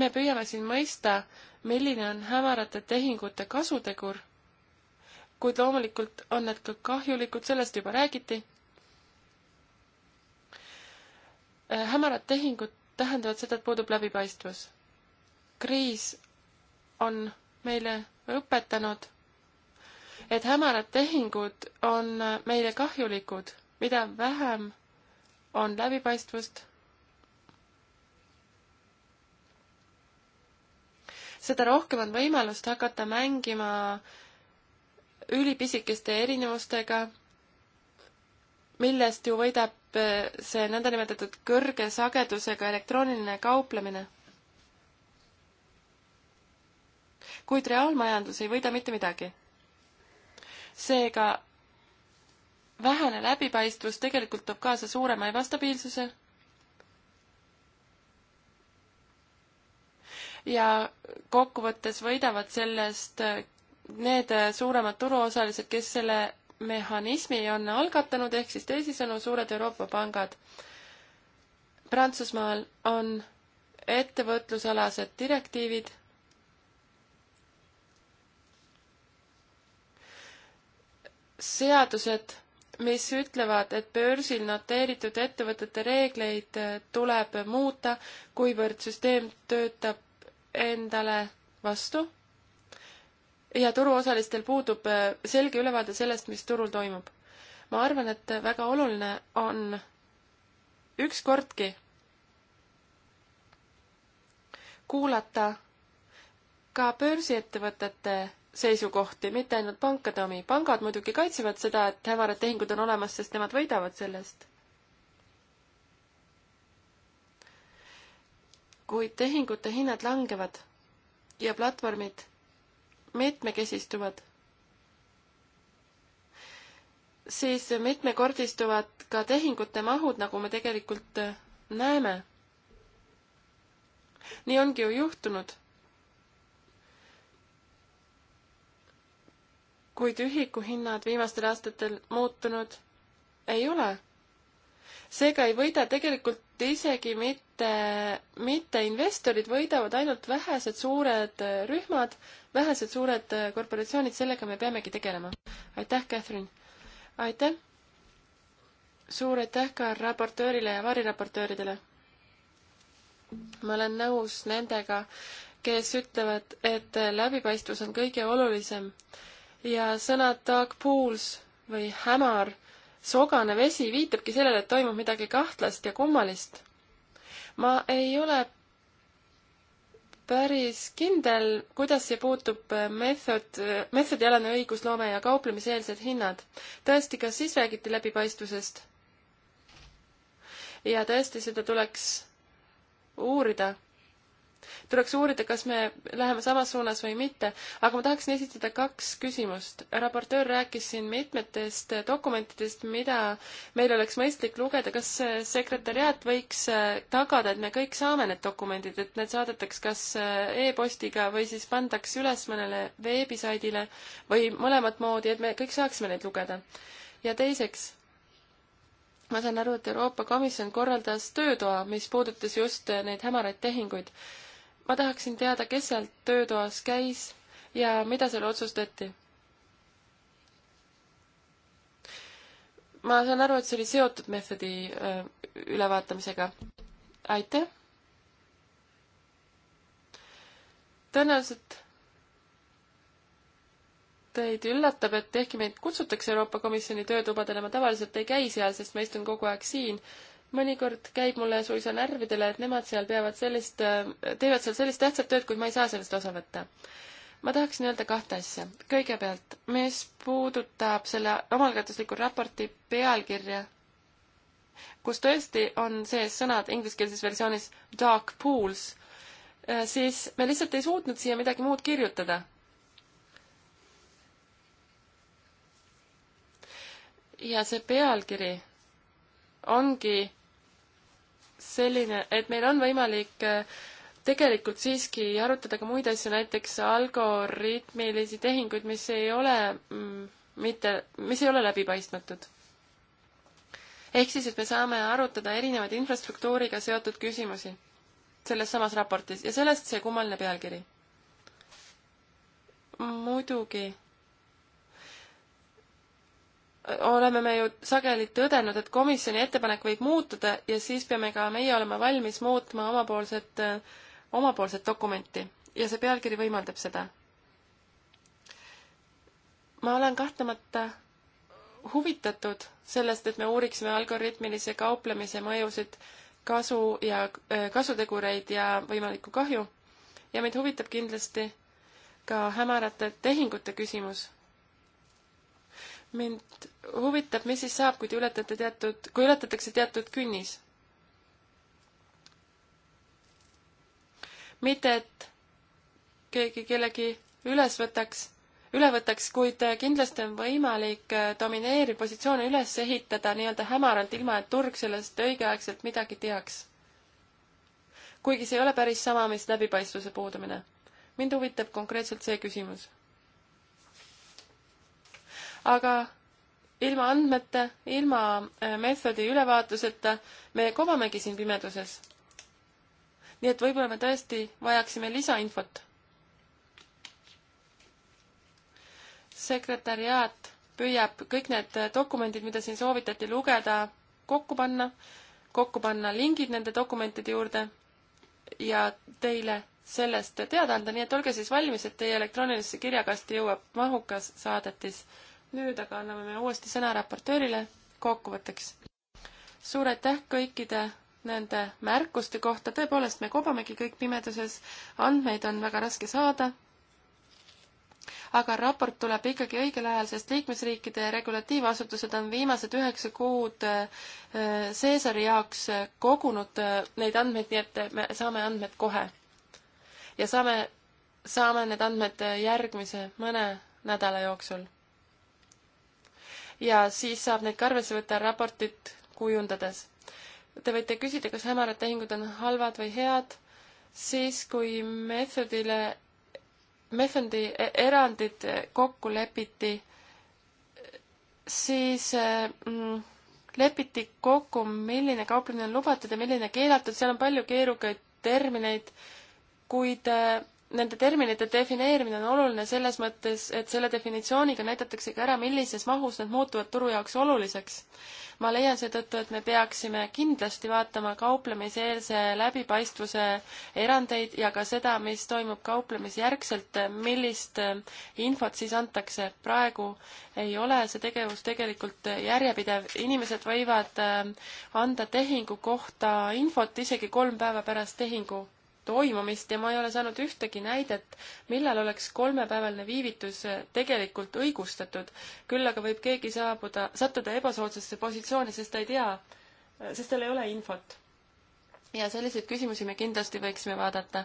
me püüame siin mõista, milline on hämarate tehingute kasutegur, kuid loomulikult on need ka kahjulikud, sellest juba räägiti. Äh, hämarad tehingud tähendavad seda, et puudub läbipaistvus. kriis on meile õpetanud, et hämarad tehingud on meile kahjulikud, mida vähem on läbipaistvust, seda rohkem on võimalust hakata mängima ülipisikeste erinevustega, millest ju võidab eh, see nõndanimetatud kõrge sagedusega elektrooniline kauplemine. kuid reaalmajandus ei võida mitte midagi. seega vähene läbipaistvus tegelikult toob kaasa suurema ebastabiilsuse ja kokkuvõttes võidavad sellest äh, need äh, suuremad turuosalised, kes selle mehhanismi on algatanud, ehk siis teisisõnu suured Euroopa pangad. Prantsusmaal on ettevõtlusalased direktiivid, seadused, mis ütlevad, et börsil noteeritud ettevõtete reegleid äh, tuleb muuta, kuivõrd süsteem töötab endale vastu ja turuosalistel puudub äh, selge ülevaade sellest, mis turul toimub. ma arvan, et väga oluline on ükskordki kuulata ka börsiettevõtete seisukohti, mitte ainult pankade omi. pangad muidugi kaitsevad seda, et hämarad tehingud on olemas, sest nemad võidavad sellest. kui tehingute hinnad langevad ja platvormid mitmekesistuvad, siis mitmekordistuvad ka tehingute mahud, nagu me tegelikult äh, näeme. nii ongi ju juhtunud. kuid ühikuhinnad viimastel aastatel muutunud ei ole seega ei võida tegelikult isegi mitte, mitte investorid, võidavad ainult vähesed suured rühmad, vähesed suured korporatsioonid, sellega me peamegi tegelema. aitäh, Catherine! aitäh! suur aitäh ka raportöörile ja variraportööridele! ma olen nõus nendega, kes ütlevad, et läbipaistvus on kõige olulisem ja sõnad dark pools või hämar sogane vesi viitabki sellele, et toimub midagi kahtlast ja kummalist. ma ei ole päris kindel, kuidas see puutub meetod, meetodialane õigusloome ja kauplemiseelsed hinnad. tõesti, kas siis räägiti läbipaistvusest? ja tõesti, seda tuleks uurida tuleks uurida, kas me läheme samas suunas või mitte, aga ma tahaksin esitada kaks küsimust. raportöör rääkis siin mitmetest dokumentidest, mida meil oleks mõistlik lugeda. kas sekretäriaat võiks äh, tagada, et me kõik saame need dokumendid, et need saadetaks kas äh, e-postiga või siis pandaks üles mõnele veebisaidile või mõlemat moodi, et me kõik saaksime neid lugeda? ja teiseks, ma saan aru, et Euroopa Komisjon korraldas töötoa, mis puudutas just neid hämaraid tehinguid ma tahaksin teada, kes seal töötoas käis ja mida seal otsustati. ma saan aru, et see oli seotud meetodi äh, ülevaatamisega. aitäh! tõenäoliselt teid üllatab, et ehkki meid kutsutakse Euroopa Komisjoni töötubadele, ma tavaliselt ei käi seal, sest ma istun kogu aeg siin mõnikord käib mulle suisa närvidele, et nemad seal peavad sellist, teevad seal sellist tähtsat tööd, kuid ma ei saa sellest osa võtta. ma tahaksin öelda kahte asja. kõigepealt, mis puudutab selle omalgatusliku raporti pealkirja, kus tõesti on sees sõnad ingliskeelses versioonis dark pools, eh, siis me lihtsalt ei suutnud siia midagi muud kirjutada ja see pealkiri ongi selline, et meil on võimalik äh, tegelikult siiski arutada ka muid asju, näiteks algoritmilisi tehinguid, mis ei ole mm, mitte, mis ei ole läbipaistmatud. ehk siis, et me saame arutada erinevaid infrastruktuuriga seotud küsimusi selles samas raportis ja sellest see kummaline pealkiri. muidugi oleme me ju sageli tõdenud, et komisjoni ettepanek võib muutuda ja siis peame ka meie olema valmis muutma omapoolset, omapoolset dokumenti ja see pealkiri võimaldab seda. ma olen kahtlemata huvitatud sellest, et me uuriksime algoritmilise kauplemise mõjusid, kasu ja äh, kasutegureid ja võimalikku kahju ja meid huvitab kindlasti ka hämarate tehingute küsimus mind huvitab, mis siis saab, kui te ületate teatud, kui ületatakse teatud künnis. mitte, et keegi kellegi üles võtaks, üle võtaks, kuid kindlasti on võimalik äh, domineeriv positsioon üles ehitada nii-öelda hämaralt, ilma et turg sellest õigeaegselt midagi teaks. kuigi see ei ole päris sama, mis läbipaistvuse puudumine. mind huvitab konkreetselt see küsimus aga ilma andmeta, ilma äh, meetodi ülevaatuseta me kobamegi siin pimeduses. nii et võib-olla me tõesti vajaksime lisainfot. sekretäriaat püüab kõik need äh, dokumendid, mida siin soovitati lugeda, kokku panna, kokku panna lingid nende dokumentide juurde ja teile sellest teada anda, nii et olge siis valmis, et teie elektroonilisse kirjakasti jõuab mahukas saadetis nüüd aga anname me uuesti sõna raportöörile kokkuvõtteks. suur aitäh kõikide nende märkuste kohta, tõepoolest, me kobamegi kõik pimeduses, andmeid on väga raske saada, aga raport tuleb ikkagi õigel ajal, sest liikmesriikide regulatiivasutused on viimased üheksa kuud Seesari äh, jaoks äh, kogunud äh, neid andmeid, nii et me saame andmed kohe. ja saame, saame need andmed järgmise mõne nädala jooksul ja siis saab neid ka arvesse võtta raportit kujundades. Te võite küsida, kas hämarad tehingud on halvad või head, siis kui meetodile, meetodi e-, erandid kokku lepiti, siis mm, lepiti kokku, milline kauplemine on lubatud ja milline keelatud, seal on palju keerukaid termineid, kuid äh, nende terminite defineerimine on oluline selles mõttes, et selle definitsiooniga näidatakse ka ära, millises mahus need muutuvad turu jaoks oluliseks. ma leian seetõttu, et me peaksime kindlasti vaatama kauplemiseelse läbipaistvuse erandeid ja ka seda, mis toimub kauplemisjärgselt, millist äh, infot siis antakse. praegu ei ole see tegevus tegelikult järjepidev, inimesed võivad äh, anda tehingu kohta infot isegi kolm päeva pärast tehingu toimumist ja ma ei ole saanud ühtegi näidet, millal oleks kolmepäevaline viivitus tegelikult õigustatud. küll aga võib keegi saabuda, sattuda ebasoodsasse positsiooni, sest ta ei tea, sest tal ei ole infot. ja selliseid küsimusi me kindlasti võiksime vaadata.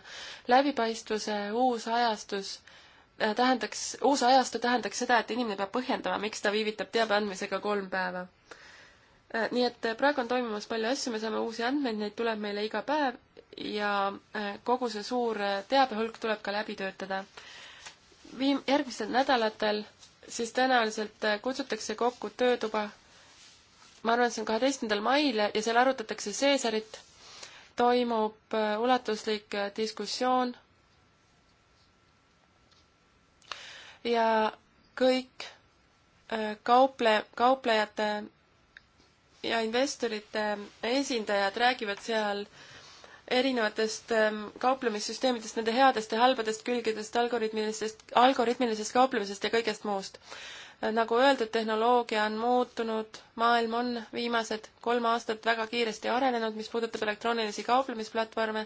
läbipaistvuse uus ajastus äh, tähendaks, uus ajastu tähendaks seda, et inimene peab põhjendama, miks ta viivitab teabe andmisega kolm päeva äh, nii et äh, praegu on toimumas palju asju, me saame uusi andmeid, neid tuleb meile iga päev ja äh, kogu see suur äh, teabehulk tuleb ka läbi töötada. Viim-, järgmistel nädalatel siis tõenäoliselt äh, kutsutakse kokku töötuba, ma arvan, et see on kaheteistkümnendal mail ja seal arutatakse Seesarit, toimub ulatuslik diskussioon ja kõik kauple, kauplejate ja investorite esindajad räägivad seal äh, erinevatest ähm, kauplemissüsteemidest, nende headest ja halbadest külgedest, algoritmilisest, algoritmilisest kauplemisest ja kõigest muust. Äh, nagu öeldud, tehnoloogia on muutunud, maailm on viimased kolm aastat väga kiiresti arenenud, mis puudutab elektroonilisi kauplemisplatvorme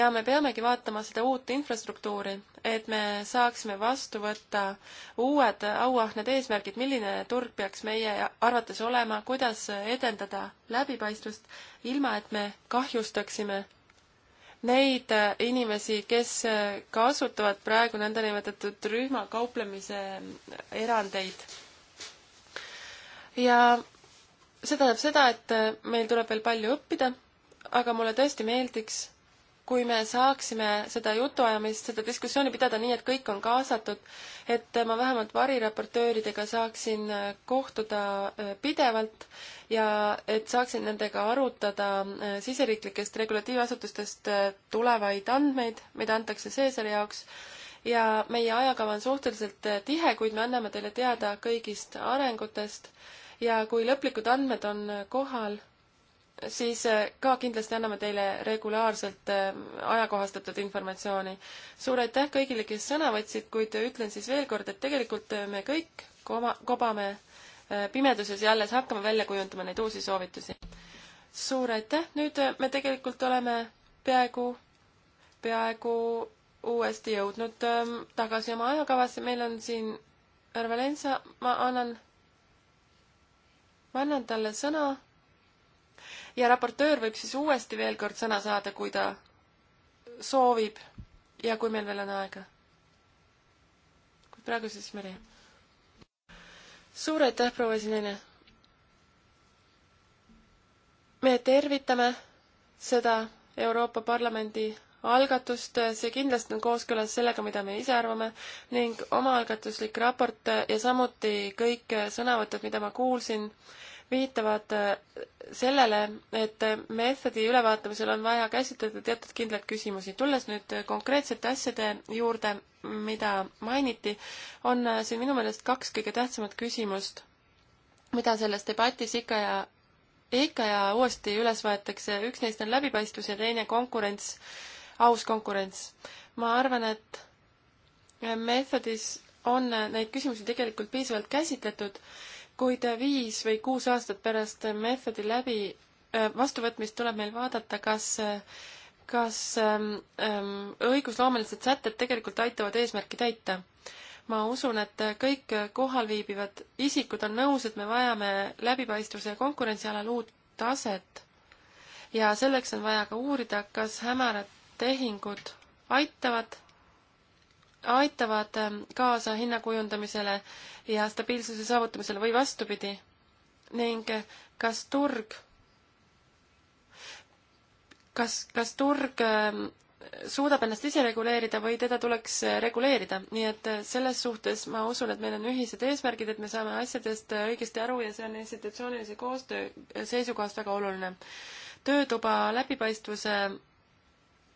ja me peamegi vaatama seda uut infrastruktuuri, et me saaksime vastu võtta uued auahned eesmärgid, milline turg peaks meie arvates olema, kuidas edendada läbipaistvust, ilma et me kahjustaksime neid äh, inimesi, kes äh, kasutavad praegu nõndanimetatud rühmakauplemise äh, erandeid. ja see tähendab seda, et meil tuleb veel palju õppida, aga mulle tõesti meeldiks, kui me saaksime seda jutuajamist, seda diskussiooni pidada nii, et kõik on kaasatud, et ma vähemalt variraportööridega saaksin äh, kohtuda äh, pidevalt ja et saaksin nendega arutada äh, siseriiklikest regulatiivasutustest tulevaid andmeid, mida antakse Seesari jaoks, ja meie ajakava on suhteliselt tihe, kuid me anname teile teada kõigist arengutest ja kui lõplikud andmed on kohal siis äh, ka kindlasti anname teile regulaarselt äh, ajakohastatud informatsiooni. suur aitäh kõigile, kes sõna võtsid, kuid ütlen siis veel kord, et tegelikult äh, me kõik koma, kobame pimeduses ja alles hakkame välja kujundama neid uusi soovitusi. suur aitäh, nüüd me tegelikult oleme peaaegu, peaaegu uuesti jõudnud ähm, tagasi oma ajakavasse, meil on siin härra Valensa, ma annan, ma annan talle sõna ja raportöör võib siis uuesti veel kord sõna saada, kui ta soovib ja kui meil veel on aega. kui praegu, siis Merje. suur aitäh, proua esineja. me tervitame seda Euroopa Parlamendi algatust, see kindlasti on kooskõlas sellega, mida me ise arvame ning omaalgatuslik raport ja samuti kõik sõnavõtud, mida ma kuulsin, viitavad äh, sellele, et äh, meetodi ülevaatamisel on vaja käsitleda teatud kindlaid küsimusi. tulles nüüd äh, konkreetsete asjade juurde, mida mainiti, on siin minu meelest kaks kõige tähtsamat küsimust, mida selles debatis ikka ja ikka ja uuesti üles võetakse, üks neist on läbipaistvus ja teine konkurents, aus konkurents. ma arvan, et meetodis on neid küsimusi tegelikult piisavalt käsitletud kuid viis või kuus aastat pärast meetodi läbi äh, vastuvõtmist tuleb meil vaadata, kas, kas ähm, ähm, õigusloomelised sätted tegelikult aitavad eesmärki täita. ma usun, et kõik kohalviibivad isikud on nõus, et me vajame läbipaistvuse ja konkurentsi alal uut taset. ja selleks on vaja ka uurida, kas hämarad tehingud aitavad aitavad ähm, kaasa hinnakujundamisele ja stabiilsuse saavutamisele või vastupidi ning äh, kas turg, kas, kas turg ähm, suudab ennast ise reguleerida või teda tuleks äh, reguleerida, nii et äh, selles suhtes ma usun, et meil on ühised eesmärgid, et me saame asjadest õigesti aru ja see on institutsioonilise koostöö seisukohast väga oluline. töötuba läbipaistvuse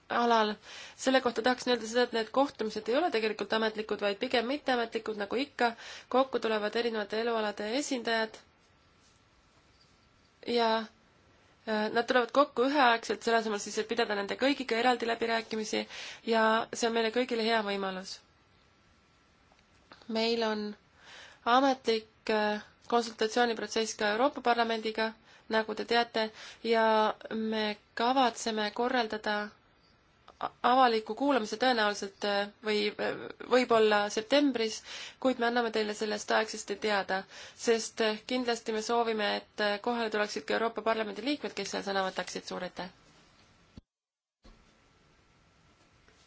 alal. selle kohta tahaksin öelda seda, et need kohtumised ei ole tegelikult ametlikud, vaid pigem mitteametlikud, nagu ikka. kokku tulevad erinevate elualade esindajad. ja äh, nad tulevad kokku üheaegselt, selle asemel siis, et pidada nende kõigiga eraldi läbirääkimisi ja see on meile kõigile hea võimalus. meil on ametlik äh, konsultatsiooniprotsess ka Euroopa Parlamendiga nagu te teate, ja me kavatseme korraldada avaliku kuulamise tõenäoliselt eh, või eh, võib-olla septembris, kuid me anname teile sellest aegsasti teada, sest eh, kindlasti me soovime, et kohale tuleksid ka Euroopa Parlamendi liikmed, kes seal sõna võtaksid, suur aitäh!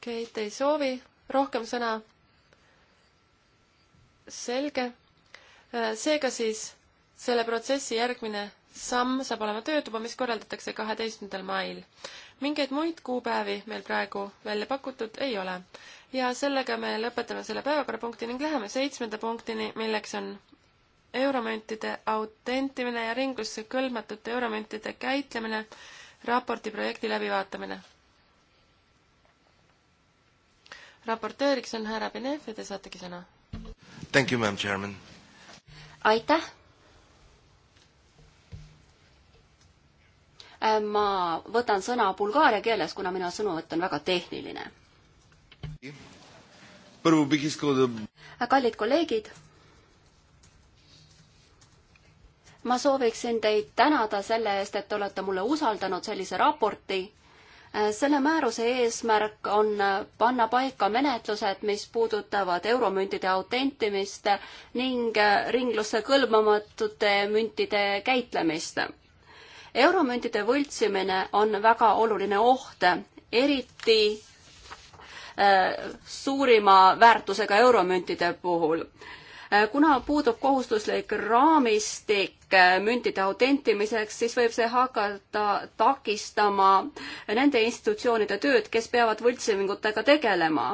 Keit ei soovi rohkem sõna? selge. seega siis selle protsessi järgmine samm saab olema töötuba, mis korraldatakse kaheteistkümnendal mail mingeid muid kuupäevi meil praegu välja pakutud ei ole. ja sellega me lõpetame selle päevakorrapunkti ning läheme seitsmenda punktini, milleks on euromüntide autentimine ja ringlusse kõlbmatute euromüntide käitlemine, raporti projekti läbivaatamine. raportööriks on härra Benefi, te saategi sõna. Thank you, ma'am chairman. aitäh Äh, ma võtan sõna bulgaaria keeles, kuna minu sõnavõtt on väga tehniline. Äh, kallid kolleegid, ma sooviksin teid tänada selle eest, et te olete mulle usaldanud sellise raporti. Äh, selle määruse eesmärk on panna paika menetlused, mis puudutavad euromüntide autentimist ning ringlusse kõlbamatute müntide käitlemist euromüntide võltsimine on väga oluline oht, eriti äh, suurima väärtusega euromüntide puhul äh, kuna puudub kohustuslik raamistik äh, müntide autentimiseks, siis võib see hakata takistama nende institutsioonide tööd, kes peavad võltsingutega tegelema.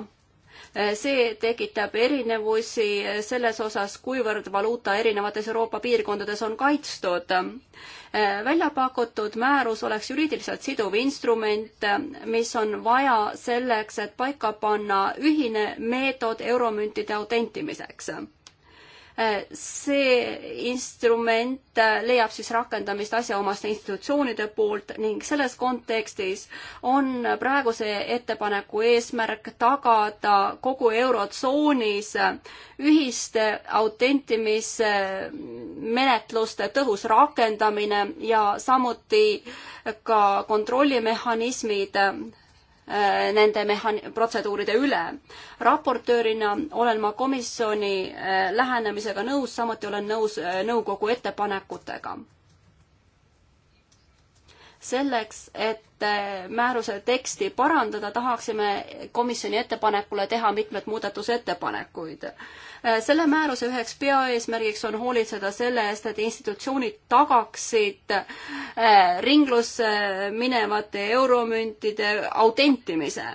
Äh, see tekitab erinevusi selles osas, kuivõrd valuuta erinevates Euroopa piirkondades on kaitstud. Äh, välja pakutud määrus oleks juriidiliselt siduv instrument, äh, mis on vaja selleks, et paika panna ühine meetod euromüntide autentimiseks Äh, see instrument äh, leiab siis rakendamist asjaomaste institutsioonide poolt ning selles kontekstis on praeguse ettepaneku eesmärk tagada kogu Eurotsoonis äh, ühiste autentimismenetluste tõhus rakendamine ja samuti ka kontrollimehhanismid Äh, nende mehan-, protseduuride üle. raportöörina olen ma komisjoni äh, lähenemisega nõus, samuti olen nõus äh, nõukogu ettepanekutega selleks, et äh, määruse teksti parandada, tahaksime komisjoni ettepanekule teha mitmed muudatusettepanekuid. Äh, selle määruse üheks peaeesmärgiks on hoolitseda selle eest, et institutsioonid tagaksid äh, ringlusse minevate euromüntide autentimise.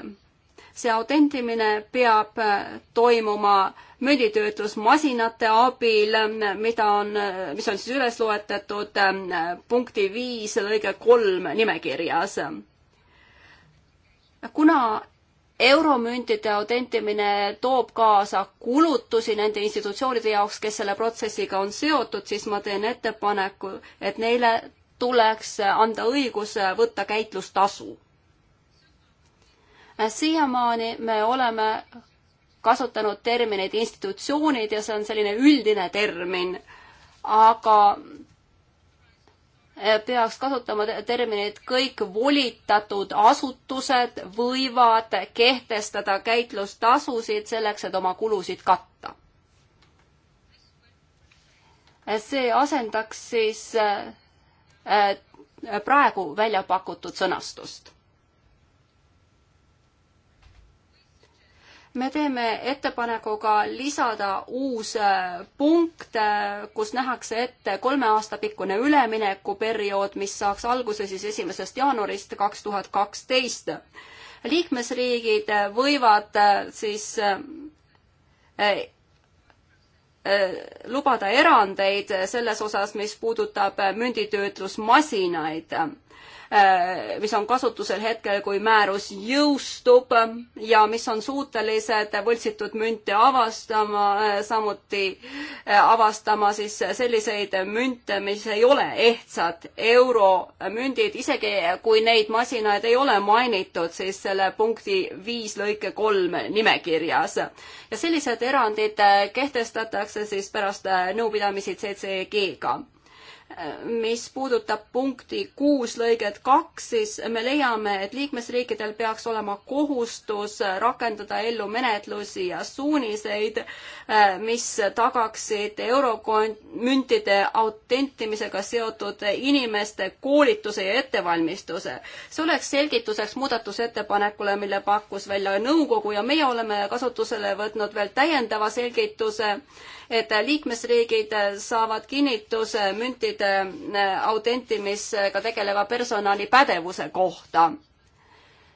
see autentimine peab toimuma münditöötlusmasinate abil, mida on, mis on siis üles loetletud ähm, punkti viis lõige kolm nimekirjas. kuna euromüntide autentimine toob kaasa kulutusi nende institutsioonide jaoks, kes selle protsessiga on seotud, siis ma teen ettepaneku, et neile tuleks anda õigus võtta käitlustasu. siiamaani me oleme kasutanud termineid institutsioonid ja see on selline üldine termin, aga eh, peaks kasutama terminit kõik volitatud asutused võivad kehtestada käitlustasusid selleks, et oma kulusid katta. see asendaks siis eh, eh, praegu välja pakutud sõnastust me teeme ettepaneku ka lisada uus äh, punkt, äh, kus nähakse ette kolme aasta pikkune üleminekuperiood, mis saaks alguse siis esimesest jaanuarist kaks tuhat kaksteist. liikmesriigid võivad äh, siis lubada erandeid selles osas, mis puudutab münditöötlusmasinaid Äh, mis on kasutusel hetkel, kui määrus jõustub ja mis on suutelised võltsitud münte avastama, äh, samuti äh, avastama siis selliseid münte, mis ei ole ehtsad euromündid, isegi kui neid masinaid ei ole mainitud siis selle punkti viis lõike kolm nimekirjas. ja sellised erandid kehtestatakse siis pärast nõupidamisi CCG-ga mis puudutab punkti kuus lõiget kaks, siis me leiame, et liikmesriikidel peaks olema kohustus rakendada ellu menetlusi ja suuniseid, äh, mis tagaksid euromüntide autentimisega seotud inimeste koolituse ja ettevalmistuse. see oleks selgituseks muudatusettepanekule, mille pakkus välja nõukogu ja meie oleme kasutusele võtnud veel täiendava selgituse et liikmesriigid saavad kinnituse müntide äh, autentimisega tegeleva personali pädevuse kohta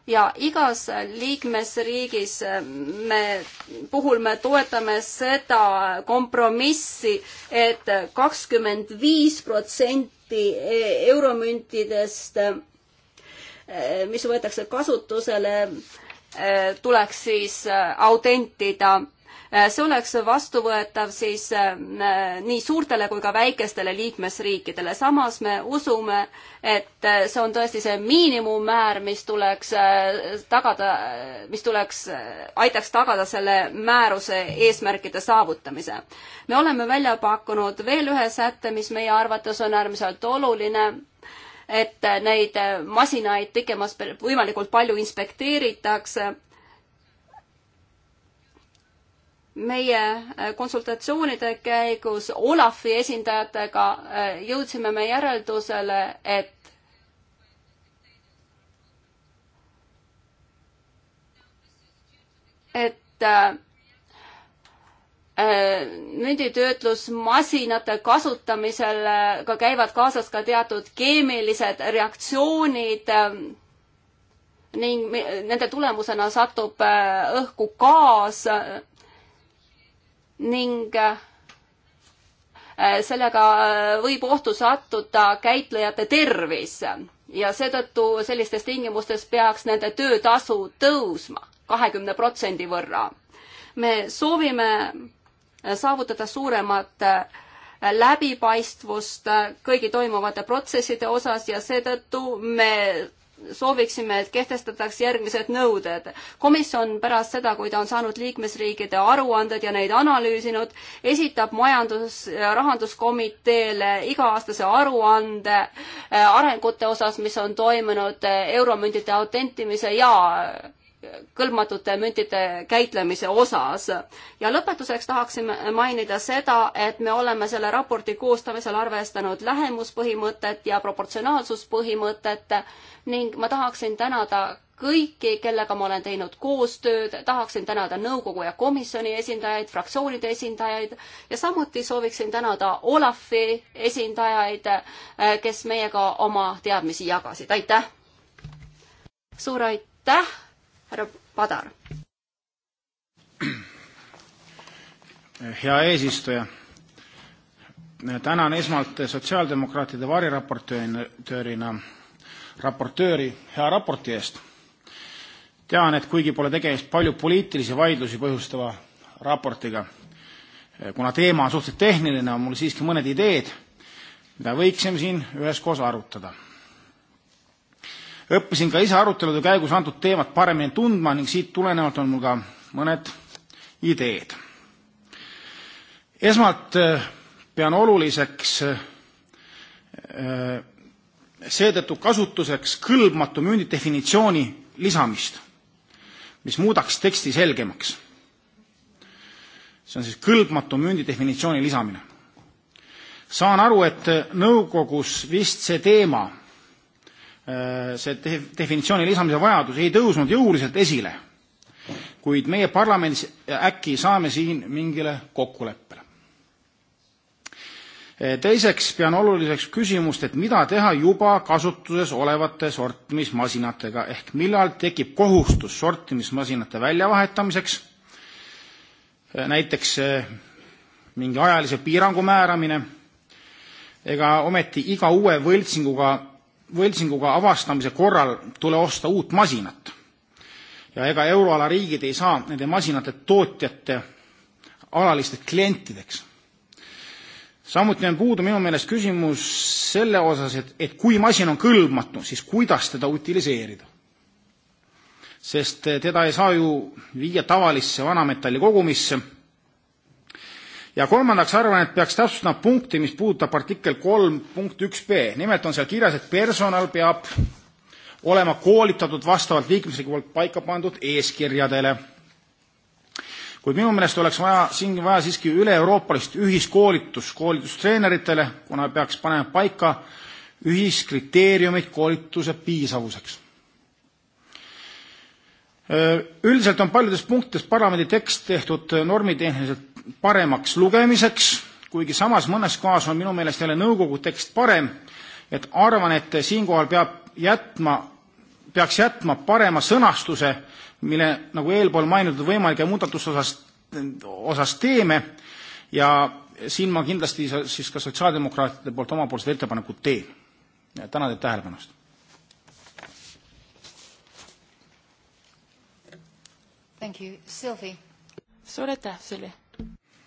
ja igas liikmesriigis äh, me, puhul me toetame seda kompromissi et, et kakskümmend viis protsenti e-, euromüntidest, äh, mis võetakse kasutusele, tuleks siis autentida Eh, see oleks vastuvõetav siis eh, nii suurtele kui ka väikestele liikmesriikidele. samas me usume, et eh, see on tõesti see miinimummäär, mis tuleks tagada, mis tuleks, aitaks tagada selle määruse eesmärkide saavutamise. me oleme välja pakkunud veel ühe sätte, mis meie arvates on äärmiselt oluline et neid masinaid pikemas, võimalikult palju inspekteeritakse meie äh, konsultatsioonide käigus Olafi esindajatega äh, jõudsime me järeldusele, et et äh, münditöötlusmasinate kasutamisel ka käivad kaasas ka teatud keemilised reaktsioonid ning nende tulemusena satub õhku gaas ning äh, sellega äh, võib ohtu sattuda käitlejate tervis ja seetõttu sellistes tingimustes peaks nende töötasu tõusma kahekümne protsendi võrra. me soovime äh, saavutada suuremat läbipaistvust kõigi toimuvate protsesside osas ja seetõttu me sooviksime, et kehtestataks järgmised nõuded. komisjon pärast seda, kui ta on saanud liikmesriikide aruanded ja neid analüüsinud, esitab majandus- ja rahanduskomiteele iga-aastase aruande äh, arengute osas, mis on toimunud äh, euromündide autentimise ja kõlbmatute müntide käitlemise osas. ja lõpetuseks tahaksime mainida seda, et me oleme selle raporti koostamisel arvestanud lähemuspõhimõtet ja proportsionaalsuspõhimõtet ning ma tahaksin tänada kõiki, kellega ma olen teinud koostööd, tahaksin tänada nõukogu ja komisjoni esindajaid, fraktsioonide esindajaid ja samuti sooviksin tänada Olafi esindajaid, eh, kes meiega oma teadmisi jagasid, aitäh! suur aitäh! härra Padar. hea eesistuja, tänan esmalt sotsiaaldemokraatide variraportöörina raportööri hea raporti eest. tean, et kuigi pole tegemist palju poliitilisi vaidlusi põhjustava raportiga, kuna teema on suhteliselt tehniline, on mul siiski mõned ideed, mida võiksime siin üheskoos arutada õppisin ka ise arutelude käigus antud teemat paremini tundma ning siit tulenevalt on mul ka mõned ideed. esmalt äh, pean oluliseks äh, seetõttu kasutuseks kõlbmatu müündi definitsiooni lisamist, mis muudaks teksti selgemaks. see on siis kõlbmatu müündi definitsiooni lisamine. saan aru, et nõukogus vist see teema Äh, see definitsiooni lisamise vajadus ei tõusnud jõuliselt esile, kuid meie parlamendis äkki saame siin mingile kokkuleppele. Äh, teiseks pean oluliseks küsimust, et mida teha juba kasutuses olevate sortimismasinatega ehk millal tekib kohustus sortimismasinate väljavahetamiseks, äh, näiteks mingi ajalise piirangu määramine, ega ometi iga uue võltsinguga võltsinguga avastamise korral tule osta uut masinat. ja ega euroala riigid ei saa nende masinate tootjate alalisteks klientideks. samuti on puudu minu meelest küsimus selle osas, et, et kui masin on kõlbmatu, siis kuidas teda utiliseerida. sest teda ei saa ju viia tavalisse vanametalli kogumisse ja kolmandaks arvan, et peaks täpsustama punkti, mis puudutab artikkel kolm punkt üks B. nimelt on seal kirjas, et personal peab olema koolitatud vastavalt liikmesriigi poolt paika pandud eeskirjadele. kuid minu meelest oleks vaja, siin vaja siiski üle-euroopalist ühiskoolitust koolitustreeneritele, kuna peaks panema paika ühiskriteeriumid koolituse piisavuseks. Üldiselt on paljudes punktides parlamendi tekst tehtud normitehniliselt paremaks lugemiseks, kuigi samas mõnes kohas on minu meelest jälle nõukogu tekst parem, et arvan, et siinkohal peab jätma, peaks jätma parema sõnastuse, mille, nagu eelpool mainitud, võimalike muudatuste osas, osas teeme ja siin ma kindlasti siis ka sotsiaaldemokraatide poolt omapoolsed ettepanekud teen. tänan teid tähelepanu eest! Thank you. Sylvie. Suur aitäh, Sylvie.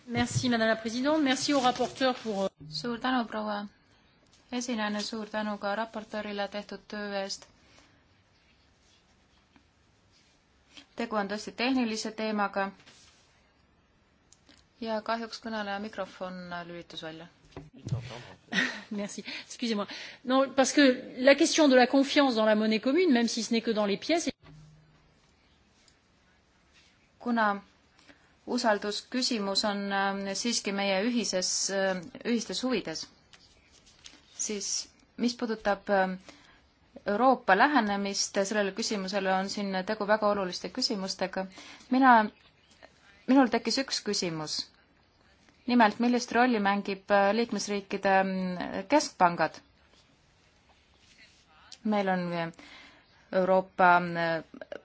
Merci, madame la présidente, merci au rapporteur pour... Euh, suur tänu, proua esinejana, suur tänu ka raportöörile tehtud töö eest. tegu on tõesti tehnilise teemaga ja kahjuks kõneleja mikrofon lülitus välja. Merci. Excusez-moi. Non, parce que la question de la confiance dans la monnaie commune, même si ce n'est que dans les pièces. kuna usaldusküsimus on ähm, siiski meie ühises, ähm, ühistes huvides. siis mis puudutab ähm, Euroopa lähenemist sellele küsimusele, on siin tegu väga oluliste küsimustega. mina, minul tekkis üks küsimus. nimelt, millist rolli mängib äh, liikmesriikide mm, keskpangad? meil on äh, Euroopa mm,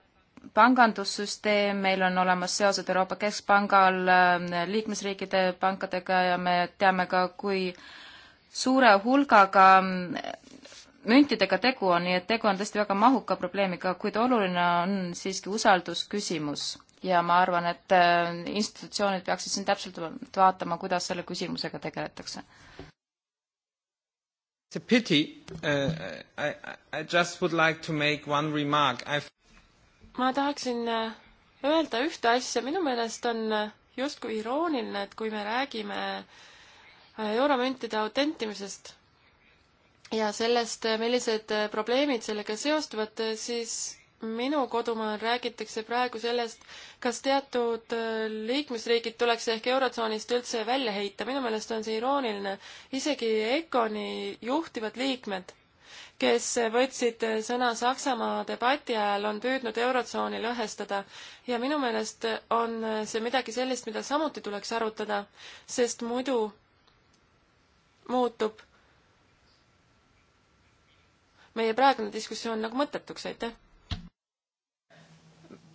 pangandussüsteem, meil on olemas seosed Euroopa Keskpangal ähm, liikmesriikide pankadega ja me teame ka, kui suure hulgaga ähm, müntidega tegu on, nii et tegu on tõesti väga mahuka probleemiga, kuid oluline on siiski usaldusküsimus ja ma arvan, et äh, institutsioonid peaksid siin täpselt vaatama, kuidas selle küsimusega tegeletakse. It's a pity uh,. I, I just would like to make one remark. I've ma tahaksin äh, öelda ühte asja, minu meelest on äh, justkui irooniline, et kui me räägime äh, euromüntide autentimisest ja sellest, millised probleemid sellega seostuvad, siis minu kodumaal räägitakse praegu sellest, kas teatud liikmesriigid tuleks ehk Eurotsoonist üldse välja heita. minu meelest on see irooniline. isegi ECONi juhtivad liikmed kes võtsid sõna Saksamaa debati ajal, on püüdnud Eurotsooni lõhestada ja minu meelest on see midagi sellist, mida samuti tuleks arutada, sest muidu muutub meie praegune diskussioon nagu mõttetuks, aitäh!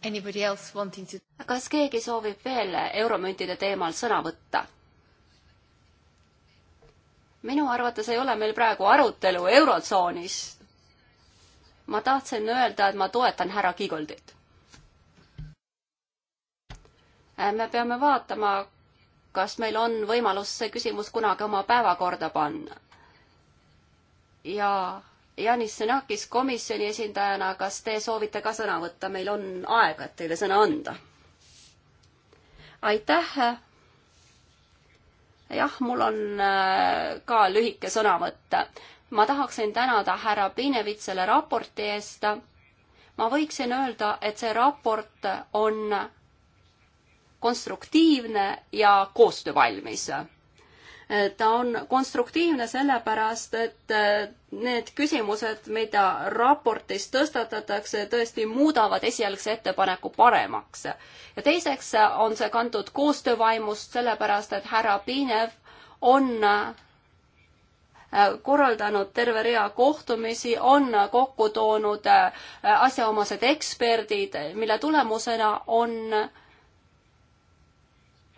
To... kas keegi soovib veel euromüntide teemal sõna võtta? minu arvates ei ole meil praegu arutelu Eurotsoonis. ma tahtsin öelda, et ma toetan härra Kiigoldit. Äh, me peame vaatama, kas meil on võimalus see küsimus kunagi oma päevakorda panna. ja Janis Sõnakis komisjoni esindajana, kas te soovite ka sõna võtta, meil on aega, et teile sõna anda. aitäh jah, mul on äh, ka lühike sõnavõtt. ma tahaksin tänada härra Pinevit selle raporti eest. ma võiksin öelda, et see raport on konstruktiivne ja koostöövalmis ta on konstruktiivne sellepärast, et eh, need küsimused, mida raportis tõstatatakse, tõesti muudavad esialgse ettepaneku paremaks. ja teiseks on see kantud koostöövaimust, sellepärast et härra Piinev on eh, korraldanud terve rea kohtumisi, on kokku toonud eh, asjaomased eksperdid, mille tulemusena on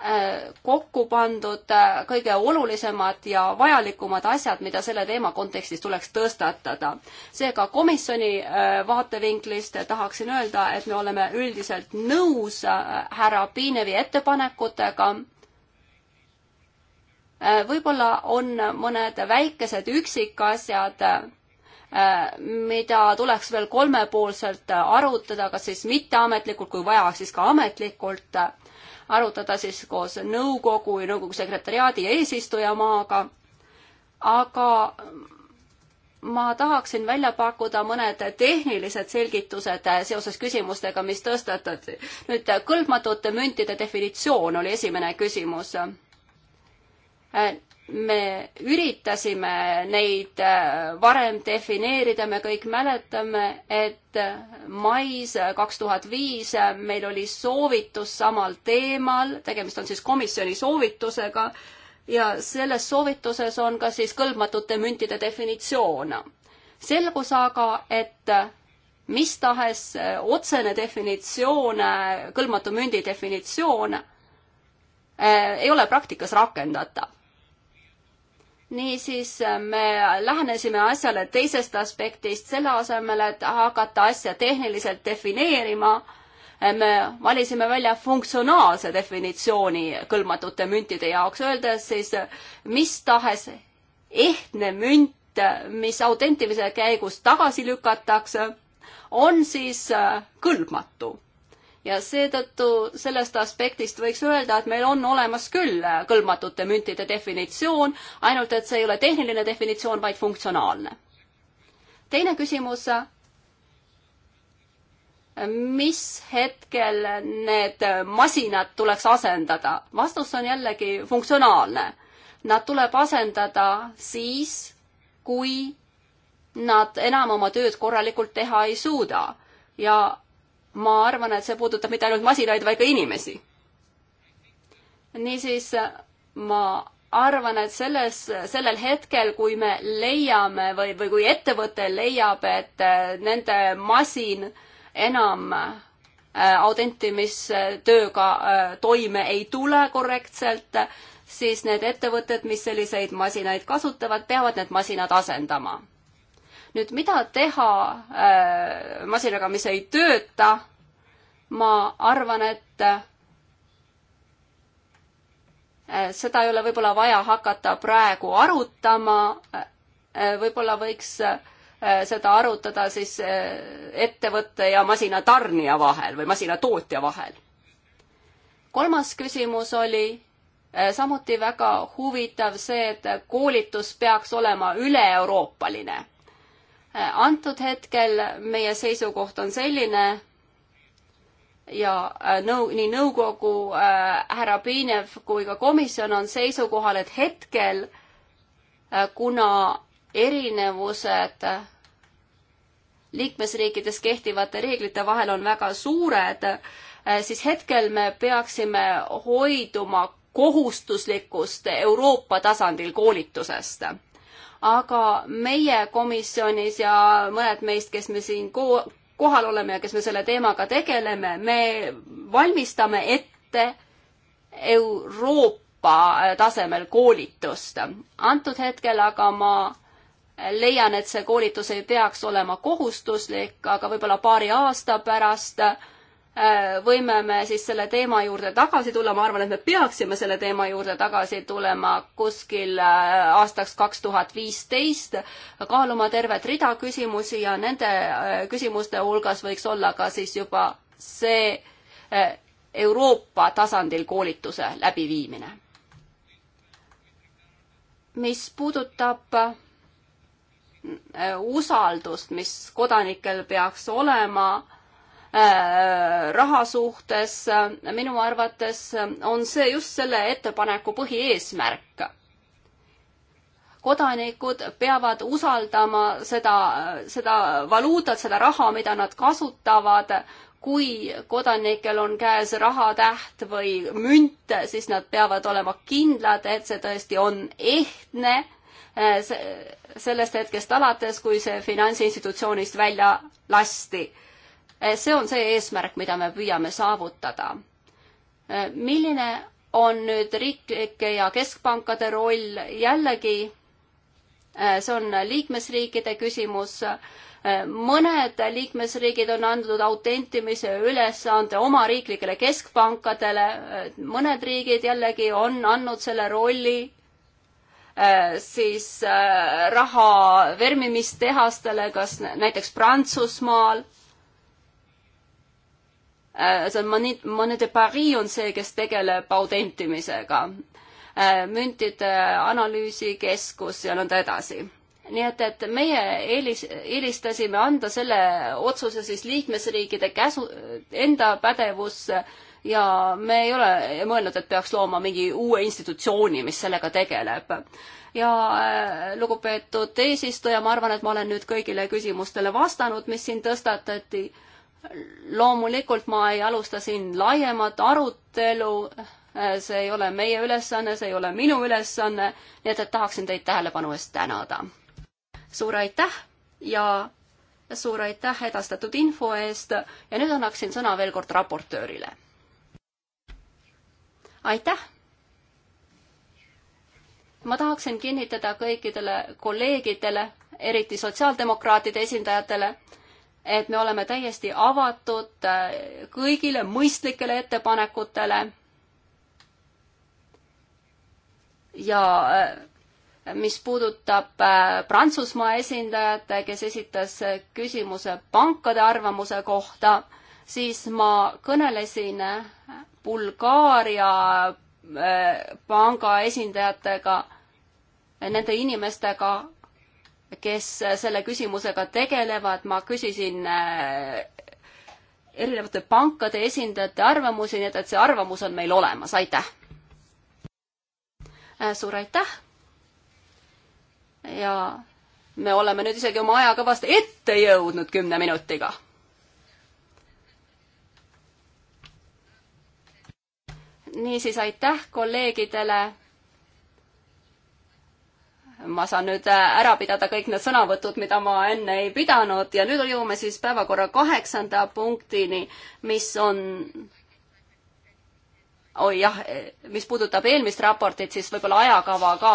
Äh, kokku pandud äh, kõige olulisemad ja vajalikumad asjad, mida selle teema kontekstis tuleks tõstatada. seega komisjoni äh, vaatevinklist tahaksin öelda, et me oleme üldiselt nõus härra Piinevi ettepanekutega. võib-olla on mõned väikesed üksikasjad, mida tuleks veel kolmepoolselt arutada, kas siis mitteametlikult, kui vaja, siis ka ametlikult arutada siis koos nõukogu ja nõukogu sekretäriaadi ja eesistujamaaga. aga ma tahaksin välja pakkuda mõned tehnilised selgitused seoses küsimustega, mis tõstatati. nüüd kõlbmatute müntide definitsioon oli esimene küsimus me üritasime neid äh, varem defineerida, me kõik mäletame, et äh, mais kaks tuhat viis äh, meil oli soovitus samal teemal, tegemist on siis komisjoni soovitusega ja selles soovituses on ka siis kõlbmatute müntide definitsioon. selgus aga, et mis tahes otsene definitsioon, kõlbmatu mündi definitsioon ei ole praktikas rakendatav niisiis me lähenesime asjale teisest aspektist, selle asemel, et hakata asja tehniliselt defineerima, me valisime välja funktsionaalse definitsiooni kõlbmatute müntide jaoks, öeldes siis mis tahes ehtne münt, mis autentimise käigus tagasi lükatakse, on siis äh, kõlbmatu ja seetõttu sellest aspektist võiks öelda, et meil on olemas küll kõlbmatute müntide definitsioon, ainult et see ei ole tehniline definitsioon, vaid funktsionaalne. teine küsimus. mis hetkel need masinad tuleks asendada? vastus on jällegi funktsionaalne. Nad tuleb asendada siis, kui nad enam oma tööd korralikult teha ei suuda ja ma arvan, et see puudutab mitte ainult masinaid, vaid ka inimesi. niisiis ma arvan, et selles, sellel hetkel, kui me leiame või, või kui ettevõte leiab, et äh, nende masin enam äh, autentimistööga äh, toime ei tule korrektselt, siis need ettevõtted, mis selliseid masinaid kasutavad, peavad need masinad asendama nüüd mida teha äh, masinaga, mis ei tööta? ma arvan, et äh, seda ei ole võib-olla vaja hakata praegu arutama äh,. võib-olla võiks äh, seda arutada siis äh, ettevõtte ja masinatarnija vahel või masinatootja vahel. kolmas küsimus oli äh, samuti väga huvitav see, et koolitus peaks olema üle-euroopaline Äh, antud hetkel meie seisukoht on selline ja äh, nõu-, nii nõukogu äh, härra Piinev kui ka komisjon on seisukohal, et hetkel äh, kuna erinevused liikmesriikides kehtivate reeglite vahel on väga suured äh,, siis hetkel me peaksime hoiduma kohustuslikust Euroopa tasandil koolitusest aga meie komisjonis ja mõned meist, kes me siin ko kohal oleme ja kes me selle teemaga tegeleme, me valmistame ette Euroopa tasemel koolitust. antud hetkel aga ma leian, et see koolitus ei peaks olema kohustuslik, aga võib-olla paari aasta pärast äh, Äh, võime me siis selle teema juurde tagasi tulla, ma arvan, et me peaksime selle teema juurde tagasi tulema kuskil äh, aastaks kaks tuhat viisteist, kaaluma tervet rida küsimusi ja nende äh, küsimuste hulgas võiks olla ka siis juba see Euroopa tasandil koolituse läbiviimine. mis puudutab usaldust, mis kodanikel peaks olema Äh, raha suhtes, äh, minu arvates on see just selle ettepaneku põhieesmärk. kodanikud peavad usaldama seda, seda valuutat, seda raha, mida nad kasutavad, kui kodanikel on käes rahatäht või münt, siis nad peavad olema kindlad, et see tõesti on ehtne äh, sellest hetkest alates, kui see finantsinstitutsioonist välja lasti Eh, see on see eesmärk, mida me püüame saavutada. Eh, milline on nüüd riiklike ja keskpankade roll, jällegi eh, see on liikmesriikide küsimus, mõned liikmesriigid on andnud autentimise ülesande oma riiklikele keskpankadele, mõned riigid jällegi on andnud selle rolli siis raha vermimistehastele, kas näiteks Prantsusmaal Äh, see on Monet, Monet de Paris on see, kes tegeleb autentimisega, äh, müntide analüüsikeskus ja nõnda edasi nii et, et meie eelis, eelistasime anda selle otsuse siis liikmesriikide käsu, enda pädevusse ja me ei ole mõelnud, et peaks looma mingi uue institutsiooni, mis sellega tegeleb. ja äh, lugupeetud eesistuja, ma arvan, et ma olen nüüd kõigile küsimustele vastanud, mis siin tõstatati loomulikult ma ei alusta siin laiemat arutelu, see ei ole meie ülesanne, see ei ole minu ülesanne, nii et, et tahaksin teid tähelepanu eest tänada. suur aitäh ja suur aitäh edastatud info eest ja nüüd annaksin sõna veel kord raportöörile. aitäh! ma tahaksin kinnitada kõikidele kolleegidele, eriti sotsiaaldemokraatide esindajatele, et me oleme täiesti avatud äh, kõigile mõistlikele ettepanekutele. ja äh, mis puudutab äh, Prantsusmaa esindajat, kes esitas küsimuse pankade arvamuse kohta, siis ma kõnelesin Bulgaaria panga esindajatega, nende inimestega, kes äh, selle küsimusega tegelevad, ma küsisin äh, erinevate pankade esindajate arvamusi, nii et, et see arvamus on meil olemas, aitäh! Äh, suur aitäh! ja me oleme nüüd isegi oma aja kõvasti ette jõudnud kümne minutiga. niisiis, aitäh kolleegidele ma saan nüüd äh, ära pidada kõik need sõnavõtud, mida ma enne ei pidanud ja nüüd jõuame siis päevakorra kaheksanda punktini, mis on oi oh, jah, mis puudutab eelmist raportit, siis võib-olla ajakava ka.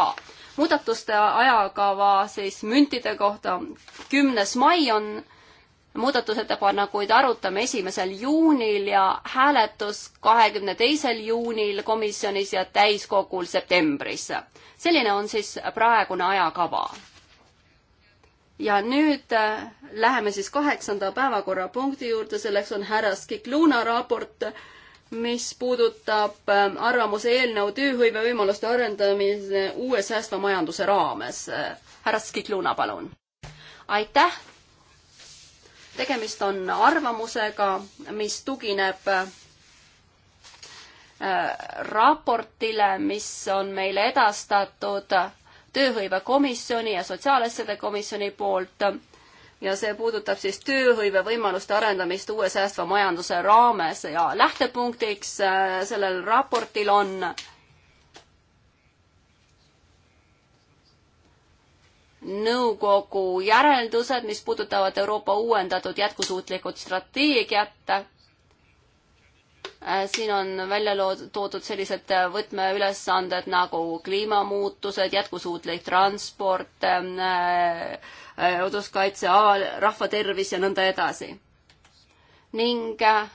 muudatuste ajakava siis müntide kohta kümnes mai on muudatusettepanekuid arutame esimesel juunil ja hääletus kahekümne teisel juunil komisjonis ja täiskogul septembris. selline on siis praegune ajakava. ja nüüd äh, läheme siis kaheksanda päevakorrapunkti juurde, selleks on härra Skikluna raport, mis puudutab äh, arvamuse eelnõu tööhõive võimaluste arendamise uue säästva majanduse raames. Äh, härra Skikluna, palun. aitäh tegemist on arvamusega, mis tugineb äh, raportile, mis on meile edastatud tööhõivekomisjoni ja sotsiaalasjade komisjoni poolt ja see puudutab siis tööhõive võimaluste arendamist uue säästva majanduse raames ja lähtepunktiks äh, sellel raportil on äh, nõukogu järeldused, mis puudutavad Euroopa uuendatud jätkusuutlikud strateegiat. Äh, siin on välja lood-, toodud sellised võtmeülesanded nagu kliimamuutused, jätkusuutlik transport, looduskaitse, ähm, äh, rahvatervis ja nõnda edasi. ning äh,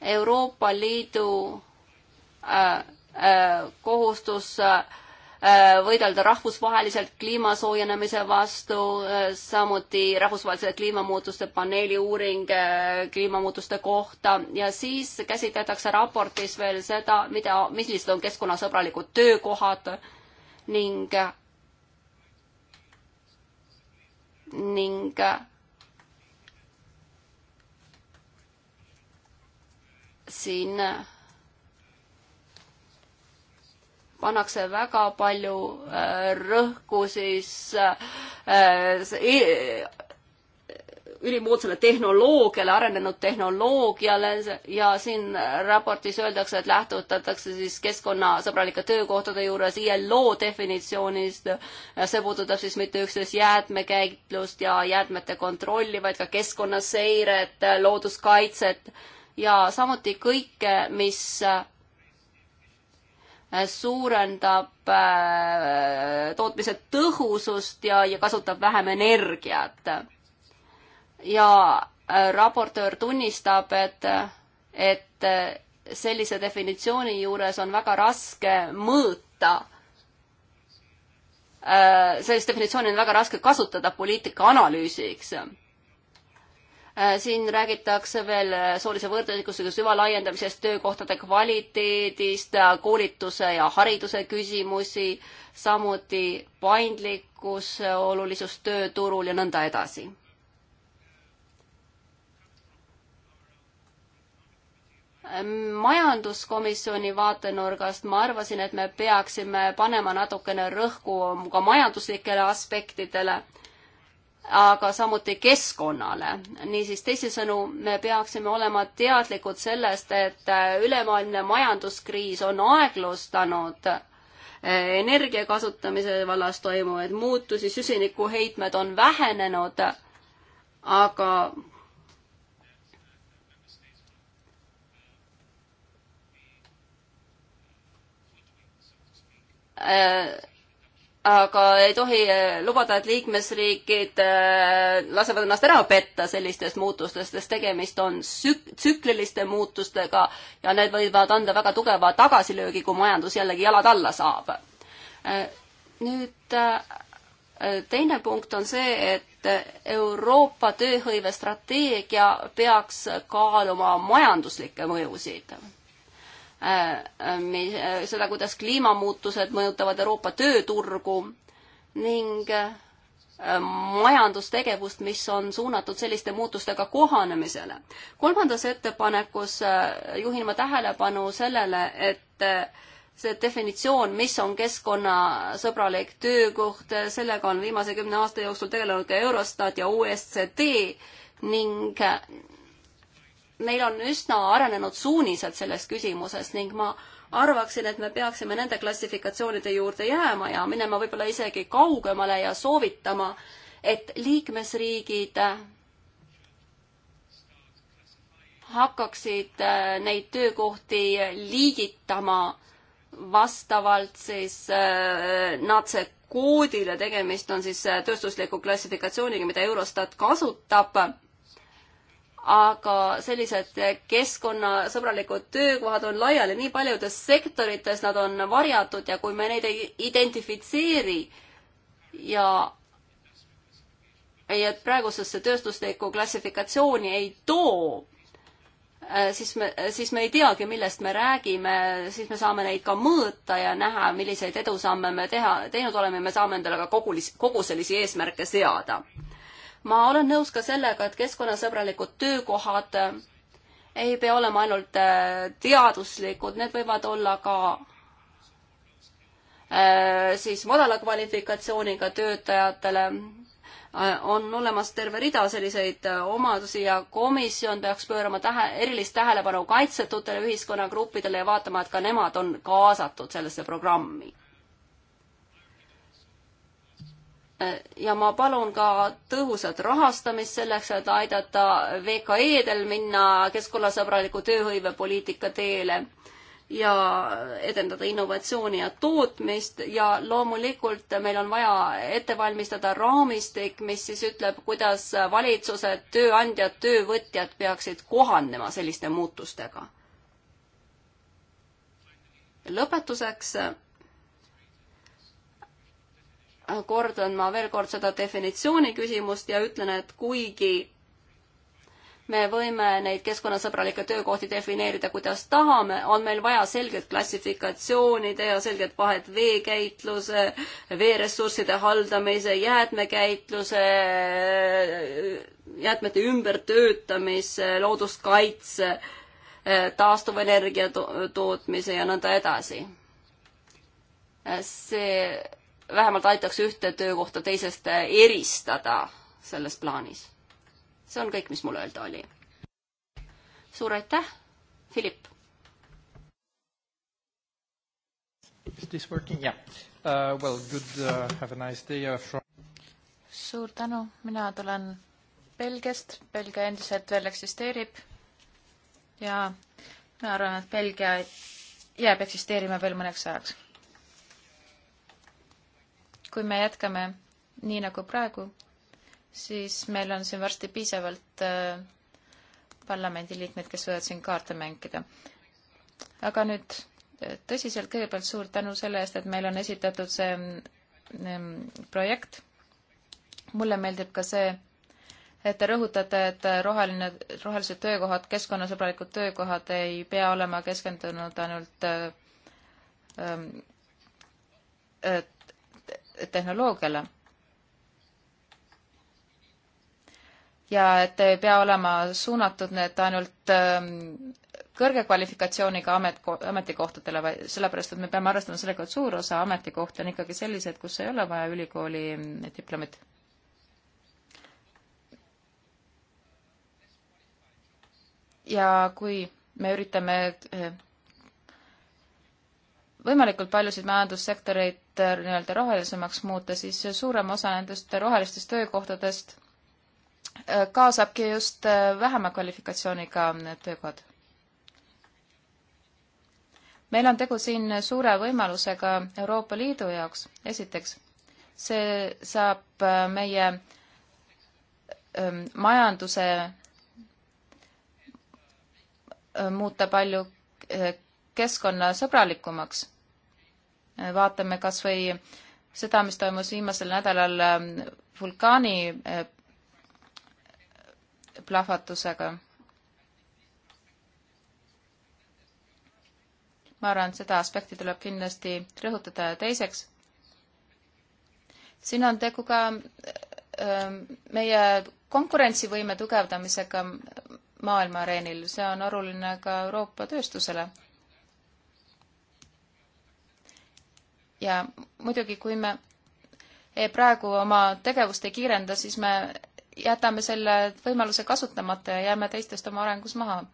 Euroopa Liidu kohustus äh, Äh, võidelda rahvusvaheliselt kliima soojenemise vastu, äh, samuti rahvusvahelise kliimamuutuste paneeli uuring äh, kliimamuutuste kohta ja siis käsitletakse raportis veel seda, mida, millised on keskkonnasõbralikud töökohad ning ning siin pannakse väga palju äh, rõhku siis äh, äh, ülimoodsale tehnoloogiale, arenenud tehnoloogiale ja siin raportis öeldakse, et lähtutatakse siis keskkonnasõbralike töökohtade juures ILO definitsioonist. see puudutab siis mitte üksnes jäätmekäitlust ja jäätmete kontrolli, vaid ka keskkonnaseiret, looduskaitset ja samuti kõike, mis suurendab äh, tootmise tõhusust ja, ja kasutab vähem energiat. ja äh, raportöör tunnistab, et, et sellise definitsiooni juures on väga raske mõõta, äh, sellist definitsiooni on väga raske kasutada poliitika analüüsiks Äh, siin räägitakse veel äh, soolise võrdõiguslikkuse süvalaiendamisest, töökohtade kvaliteedist, äh, koolituse ja hariduse küsimusi, samuti paindlikkuse olulisus tööturul ja nõnda edasi. majanduskomisjoni vaatenurgast ma arvasin, et me peaksime panema natukene rõhku ka majanduslikele aspektidele aga samuti keskkonnale. niisiis, teisisõnu, me peaksime olema teadlikud sellest, et äh, ülemaailmne majanduskriis on aeglustanud äh, energia kasutamise vallas toimuvaid muutusi, süsinikuheitmed on vähenenud, aga äh, aga ei tohi eh, lubada, et liikmesriigid eh, lasevad ennast ära petta sellistest muutustest, sest tegemist on sük-, tsükliliste muutustega ja need võivad anda väga tugeva tagasilöögi, kui majandus jällegi jalad alla saab. Eh, nüüd teine punkt on see, et Euroopa tööhõivestrateegia peaks kaaluma majanduslikke mõjusid Äh, äh, äh, seda, kuidas kliimamuutused mõjutavad Euroopa tööturgu ning majandustegevust, mis on suunatud selliste muutustega kohanemisele. kolmandas ettepanekus juhin ma tähelepanu sellele, et see definitsioon, mis on keskkonnasõbralik töökoht, sellega on viimase kümne aasta jooksul tegelenud ka Eurostat ja OSCD ning neil on üsna arenenud suunised selles küsimuses ning ma arvaksin, et me peaksime nende klassifikatsioonide juurde jääma ja minema võib-olla isegi kaugemale ja soovitama, et liikmesriigid äh, hakkaksid äh, neid töökohti liigitama vastavalt siis äh, NATSE koodile, tegemist on siis tööstusliku klassifikatsiooniga, mida Eurostat kasutab aga sellised keskkonnasõbralikud töökohad on laiali nii paljudes sektorites, nad on varjatud ja kui me neid ei identifitseeri ja ei, et praegusesse tööstuslikku klassifikatsiooni ei too, äh, siis me, siis me ei teagi, millest me räägime, siis me saame neid ka mõõta ja näha, milliseid edusamme me teha, teinud oleme, me saame endale ka kogulis-, koguselisi eesmärke seada ma olen nõus ka sellega, et keskkonnasõbralikud töökohad äh, ei pea olema ainult äh, teaduslikud, need võivad olla ka äh, siis madala kvalifikatsiooniga töötajatele on olemas terve rida selliseid omadusi ja komisjon peaks pöörama tähe, erilist tähelepanu kaitsetutele ühiskonnagruppidele ja vaatama, et ka nemad on kaasatud sellesse programmi ja ma palun ka tõhusat rahastamist selleks, et aidata VKE-del minna keskkonnasõbraliku tööhõivepoliitika teele ja edendada innovatsiooni ja tootmist ja loomulikult meil on vaja ette valmistada raamistik, mis siis ütleb, kuidas valitsused, tööandjad, töövõtjad peaksid kohanema selliste muutustega. lõpetuseks kordan ma veel kord seda definitsiooni küsimust ja ütlen, et kuigi me võime neid keskkonnasõbralikke töökohti defineerida, kuidas tahame, on meil vaja selget klassifikatsiooni teha, selget vahet veekäitluse, veeressursside haldamise, jäätmekäitluse, jäätmete ümbertöötamise, looduskaitse, taastuvenergia to tootmise ja nõnda edasi. see vähemalt aitaks ühte töökohta teisest eristada selles plaanis. see on kõik, mis mul öelda oli. suur aitäh, Philipp. Is this working? Yeah. Uh, well, good. Uh, have a nice day uh, from. Suur tänu. Mina tulen Belgiast. Belgia endiselt veel eksisteerib. Ja ma arvan, et Belgia jääb eksisteerima veel mõneks ajaks kui me jätkame nii nagu praegu, siis meil on siin varsti piisavalt äh, parlamendiliikmeid, kes võivad siin kaarte mängida. aga nüüd äh, tõsiselt kõigepealt suur tänu selle eest, et meil on esitatud see ähm, projekt. mulle meeldib ka see, et te rõhutate, et roheline, rohelised töökohad, keskkonnasõbralikud töökohad ei pea olema keskendunud ainult äh, ähm, et tehnoloogiale. ja et ei pea olema suunatud need ainult ähm, kõrge kvalifikatsiooniga amet, ametikohtadele, vaid sellepärast, et me peame arvestama sellega, et suur osa ametikohti on ikkagi sellised, kus ei ole vaja ülikooli mm, diplomit ja kui me üritame äh, võimalikult paljusid majandussektoreid äh, nii-öelda rohelisemaks muuta, siis suurem osa nendest rohelistest töökohtadest äh, kaasabki just äh, vähema kvalifikatsiooniga töökohad. meil on tegu siin suure võimalusega Euroopa Liidu jaoks, esiteks, see saab meie ähm, majanduse muuta palju keskkonnasõbralikumaks. vaatame kas või seda, mis toimus viimasel nädalal ähm, vulkaani äh, plahvatusega. ma arvan, et seda aspekti tuleb kindlasti rõhutada ja teiseks, siin on tegu ka ähm, meie konkurentsivõime tugevdamisega maailma areenil, see on oluline ka Euroopa tööstusele ja muidugi, kui me e, praegu oma tegevust ei kiirenda, siis me jätame selle võimaluse kasutamata ja jääme teistest oma arengus maha.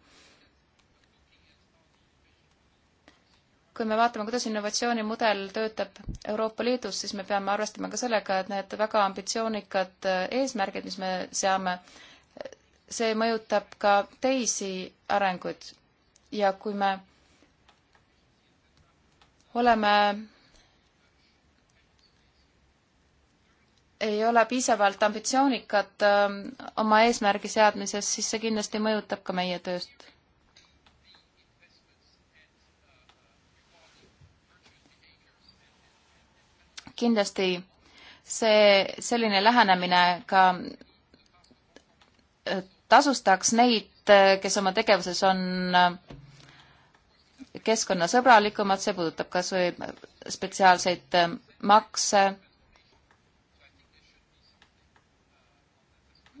kui me vaatame, kuidas innovatsioonimudel töötab Euroopa Liidus, siis me peame arvestama ka sellega, et need väga ambitsioonikad e, eesmärgid, mis me seame, see mõjutab ka teisi arenguid ja kui me oleme ei ole piisavalt ambitsioonikad öö, ähm, oma eesmärgi seadmises, siis see kindlasti mõjutab ka meie tööst. kindlasti see selline lähenemine ka äh, tasustaks neid, äh, kes oma tegevuses on äh, keskkonnasõbralikumad, see puudutab kas või spetsiaalseid makse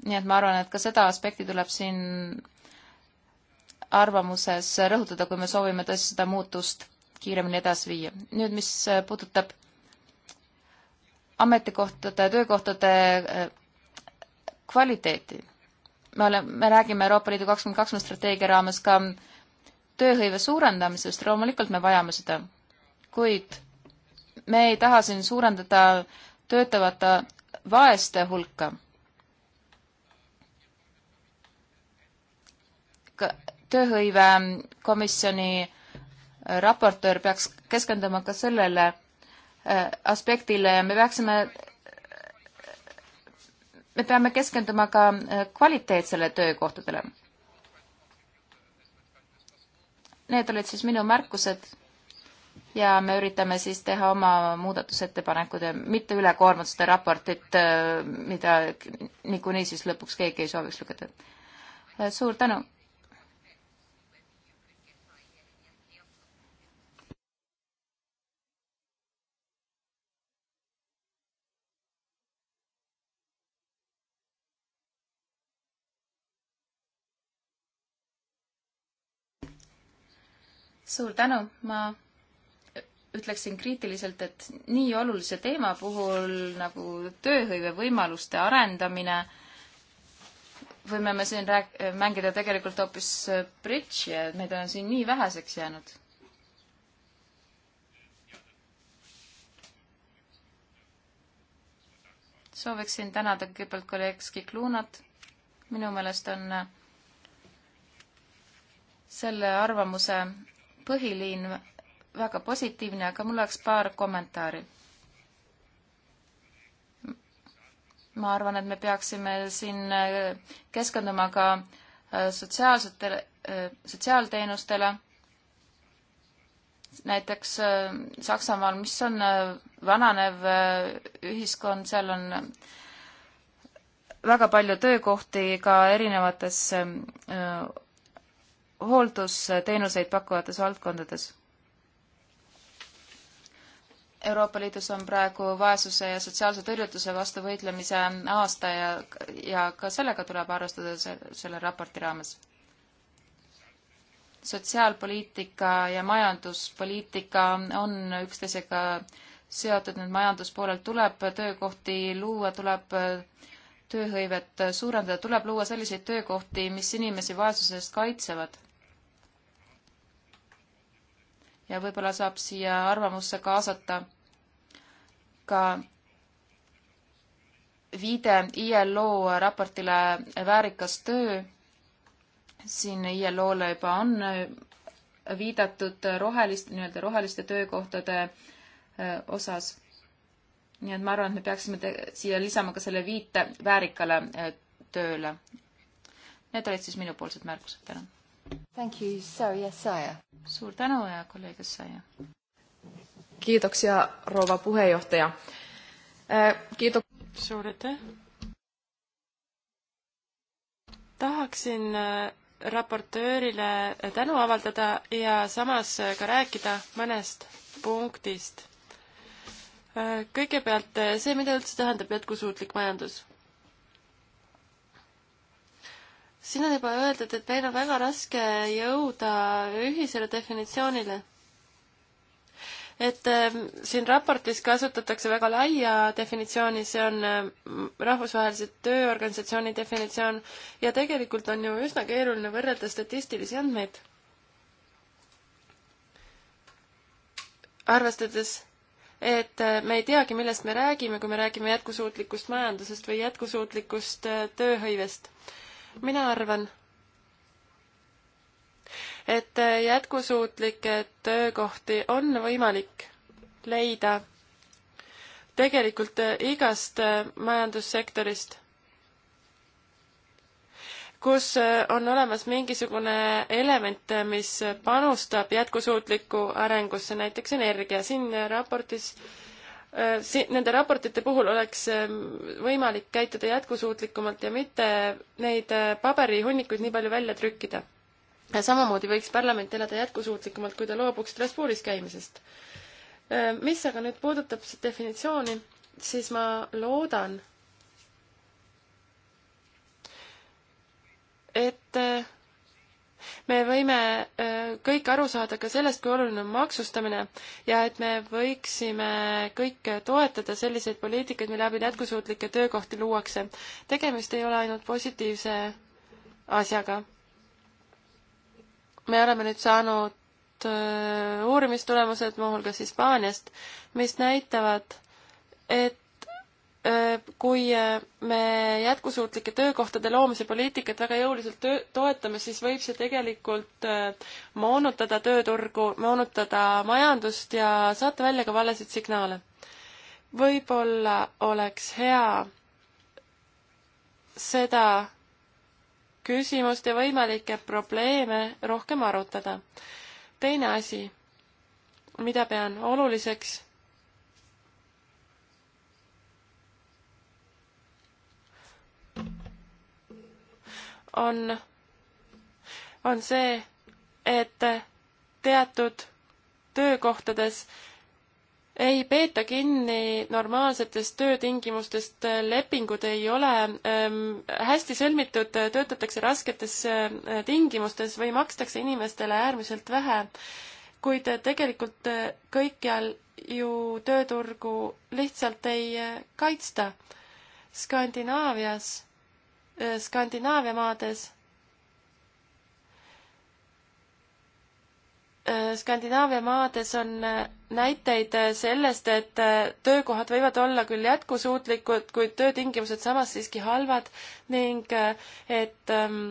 nii et ma arvan, et ka seda aspekti tuleb siin arvamuses rõhutada, kui me soovime tõesti seda muutust kiiremini edasi viia. nüüd, mis puudutab ametikohtade, töökohtade äh, kvaliteeti. me oleme, me räägime Euroopa Liidu kakskümmend kakskümmend strateegia raames ka tööhõive suurendamisest, loomulikult me vajame seda, kuid me ei taha siin suurendada töötavate vaeste hulka tööhõive komisjoni raportöör peaks keskenduma ka sellele äh, aspektile ja me peaksime, me peame keskenduma ka äh, kvaliteetsele töökohtadele. Need olid siis minu märkused ja me üritame siis teha oma muudatusettepanekud ja mitte üle koormata seda raportit, äh, mida niikuinii siis lõpuks keegi ei sooviks lugeda. suur tänu! suur tänu, ma ütleksin kriitiliselt, et nii olulise teema puhul nagu tööhõive võimaluste arendamine võime me siin rääk-, mängida tegelikult hoopis äh, bridži ja meid on siin nii väheseks jäänud. sooviksin tänada kõigepealt kolleeg Skiklunat. minu meelest on äh, selle arvamuse põhiliin väga positiivne, aga mul oleks paar kommentaari. ma arvan, et me peaksime siin äh, keskenduma ka äh, sotsiaalsetele, äh, sotsiaalteenustele, näiteks Saksamaal, mis on vananev ühiskond, seal on väga palju töökohti ka erinevates hooldusteenuseid pakkuvates valdkondades. Euroopa Liidus on praegu vaesuse ja sotsiaalse tõrjutuse vastu võitlemise aasta ja, ja ka sellega tuleb arvestada selle raporti raames. sotsiaalpoliitika ja majanduspoliitika on üksteisega seotud, nüüd majanduspoolelt tuleb töökohti luua, tuleb äh, tööhõivet suurendada, tuleb luua selliseid töökohti, mis inimesi vaesusest kaitsevad ja võib-olla saab siia arvamusse kaasata ka viide ILO raportile Väärikas töö. siin ILO-le juba on äh, viidatud rohelist, nii-öelda roheliste töökohtade äh, osas. nii et ma arvan, et me peaksime siia lisama ka selle viite väärikale äh, tööle. Need olid siis minupoolsed märkused, tänan. Thank you, Sari Essaja. suur tänu ja kolleeg Essaja. kiitoksia, rouva puhejuhataja. Äh, Kiitok-. suur aitäh. tahaksin äh, raportöörile äh, tänu avaldada ja samas ka rääkida mõnest punktist. kõigepealt see, mida üldse tähendab jätkusuutlik majandus siin on juba öeldud, et meil on väga raske jõuda ühisele definitsioonile. et äh, siin raportis kasutatakse väga laia definitsiooni, see on äh, rahvusvahelise tööorganisatsiooni definitsioon ja tegelikult on ju üsna keeruline võrrelda statistilisi andmeid. arvestades et äh, me ei teagi, millest me räägime, kui me räägime jätkusuutlikust majandusest või jätkusuutlikust äh, tööhõivest mina arvan, et jätkusuutlikke töökohti on võimalik leida tegelikult igast majandussektorist, kus on olemas mingisugune element, mis panustab jätkusuutlikku arengusse, näiteks energia. siin raportis äh, Äh, nende raportite puhul oleks ähm, võimalik käituda jätkusuutlikumalt ja mitte neid äh, paberihunnikuid nii palju välja trükkida. samamoodi võiks parlament elada jätkusuutlikumalt, kui ta loobuks Strasbourgis käimisest. Äh, mis aga nüüd puudutab seda definitsiooni, siis ma loodan, et me võime äh, kõik aru saada ka sellest, kui oluline on maksustamine ja et me võiksime kõik toetada selliseid poliitikaid, mille abil jätkusuutlikke töökohti luuakse. tegemist ei ole ainult positiivse asjaga. me oleme nüüd saanud äh, uurimistulemused muuhulgas Hispaaniast, mis näitavad, et Äh, kui äh, me jätkusuutlike töökohtade loomise poliitikat väga jõuliselt töö, toetame, siis võib see tegelikult äh, moonutada tööturgu, moonutada majandust ja saata välja ka valesid signaale. võib-olla oleks hea seda küsimust ja võimalikke probleeme rohkem arutada. teine asi, mida pean oluliseks on, on see, et teatud töökohtades ei peeta kinni normaalsetest töötingimustest, lepingud ei ole ähm, hästi sõlmitud, töötatakse rasketes äh, tingimustes või makstakse inimestele äärmiselt vähe. kuid tegelikult äh, kõikjal ju tööturgu lihtsalt ei äh, kaitsta. Skandinaavias Äh, Skandinaavia maades äh, Skandinaavia maades on äh, näiteid sellest, et töökohad võivad olla küll jätkusuutlikud, kuid töötingimused samas siiski halvad ning et ähm,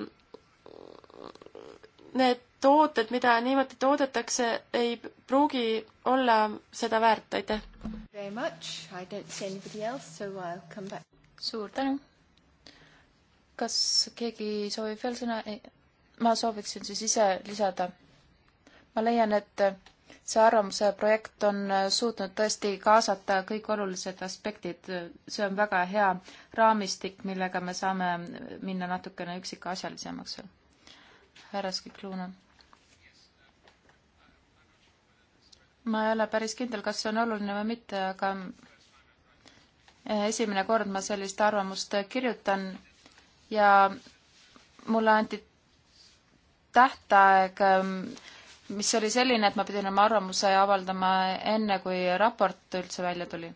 need tooted, mida niimoodi toodetakse, ei pruugi olla seda väärt, aitäh! suur tänu! kas keegi soovib veel sõna? ma sooviksin siis ise lisada. ma leian, et see arvamuse projekt on suutnud tõesti kaasata kõik olulised aspektid. see on väga hea raamistik, millega me saame minna natukene üksikasjalisemaks. härra Skikluuna. ma ei ole päris kindel, kas see on oluline või mitte, aga esimene kord ma sellist arvamust kirjutan ja mulle anti tähtaeg, ähm, mis oli selline, et ma pidin oma arvamuse avaldama enne, kui raport üldse välja tuli.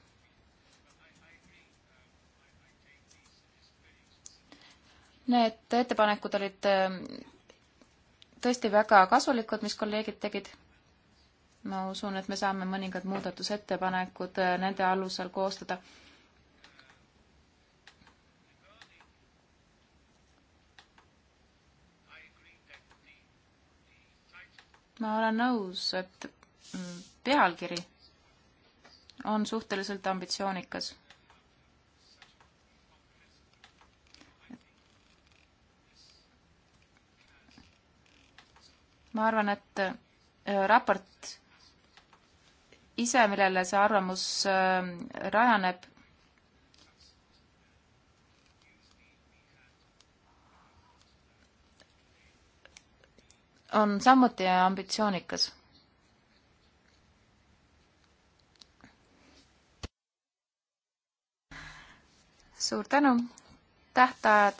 Need ettepanekud olid ähm, tõesti väga kasulikud, mis kolleegid tegid. ma usun, et me saame mõningad muudatusettepanekud äh, nende alusel koostada ma olen nõus, et mm, pealkiri on suhteliselt ambitsioonikas. ma arvan, et äh, raport ise, millele see arvamus äh, rajaneb, on samuti ambitsioonikas. suur tänu, tähtajad.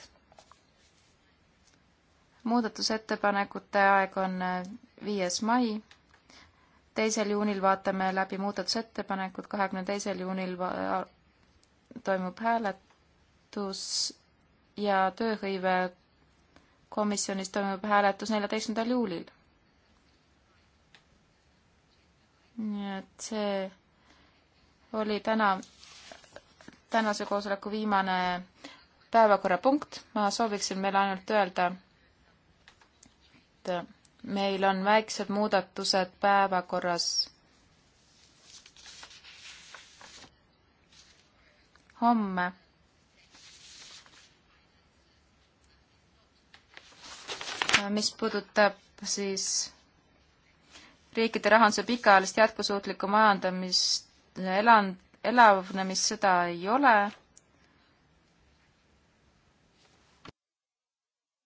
muudatusettepanekute aeg on äh, viies mai. teisel juunil vaatame läbi muudatusettepanekud, kahekümne teisel juunil toimub hääletus ja tööhõive komisjonis toimub hääletus neljateistkümnendal juulil. nii et see oli täna, tänase koosoleku viimane päevakorrapunkt. ma sooviksin meile ainult öelda, et meil on väiksed muudatused päevakorras homme mis puudutab siis riikide rahanduse pikaajalist jätkusuutlikku majandamist, elan-, elavnemist, seda ei ole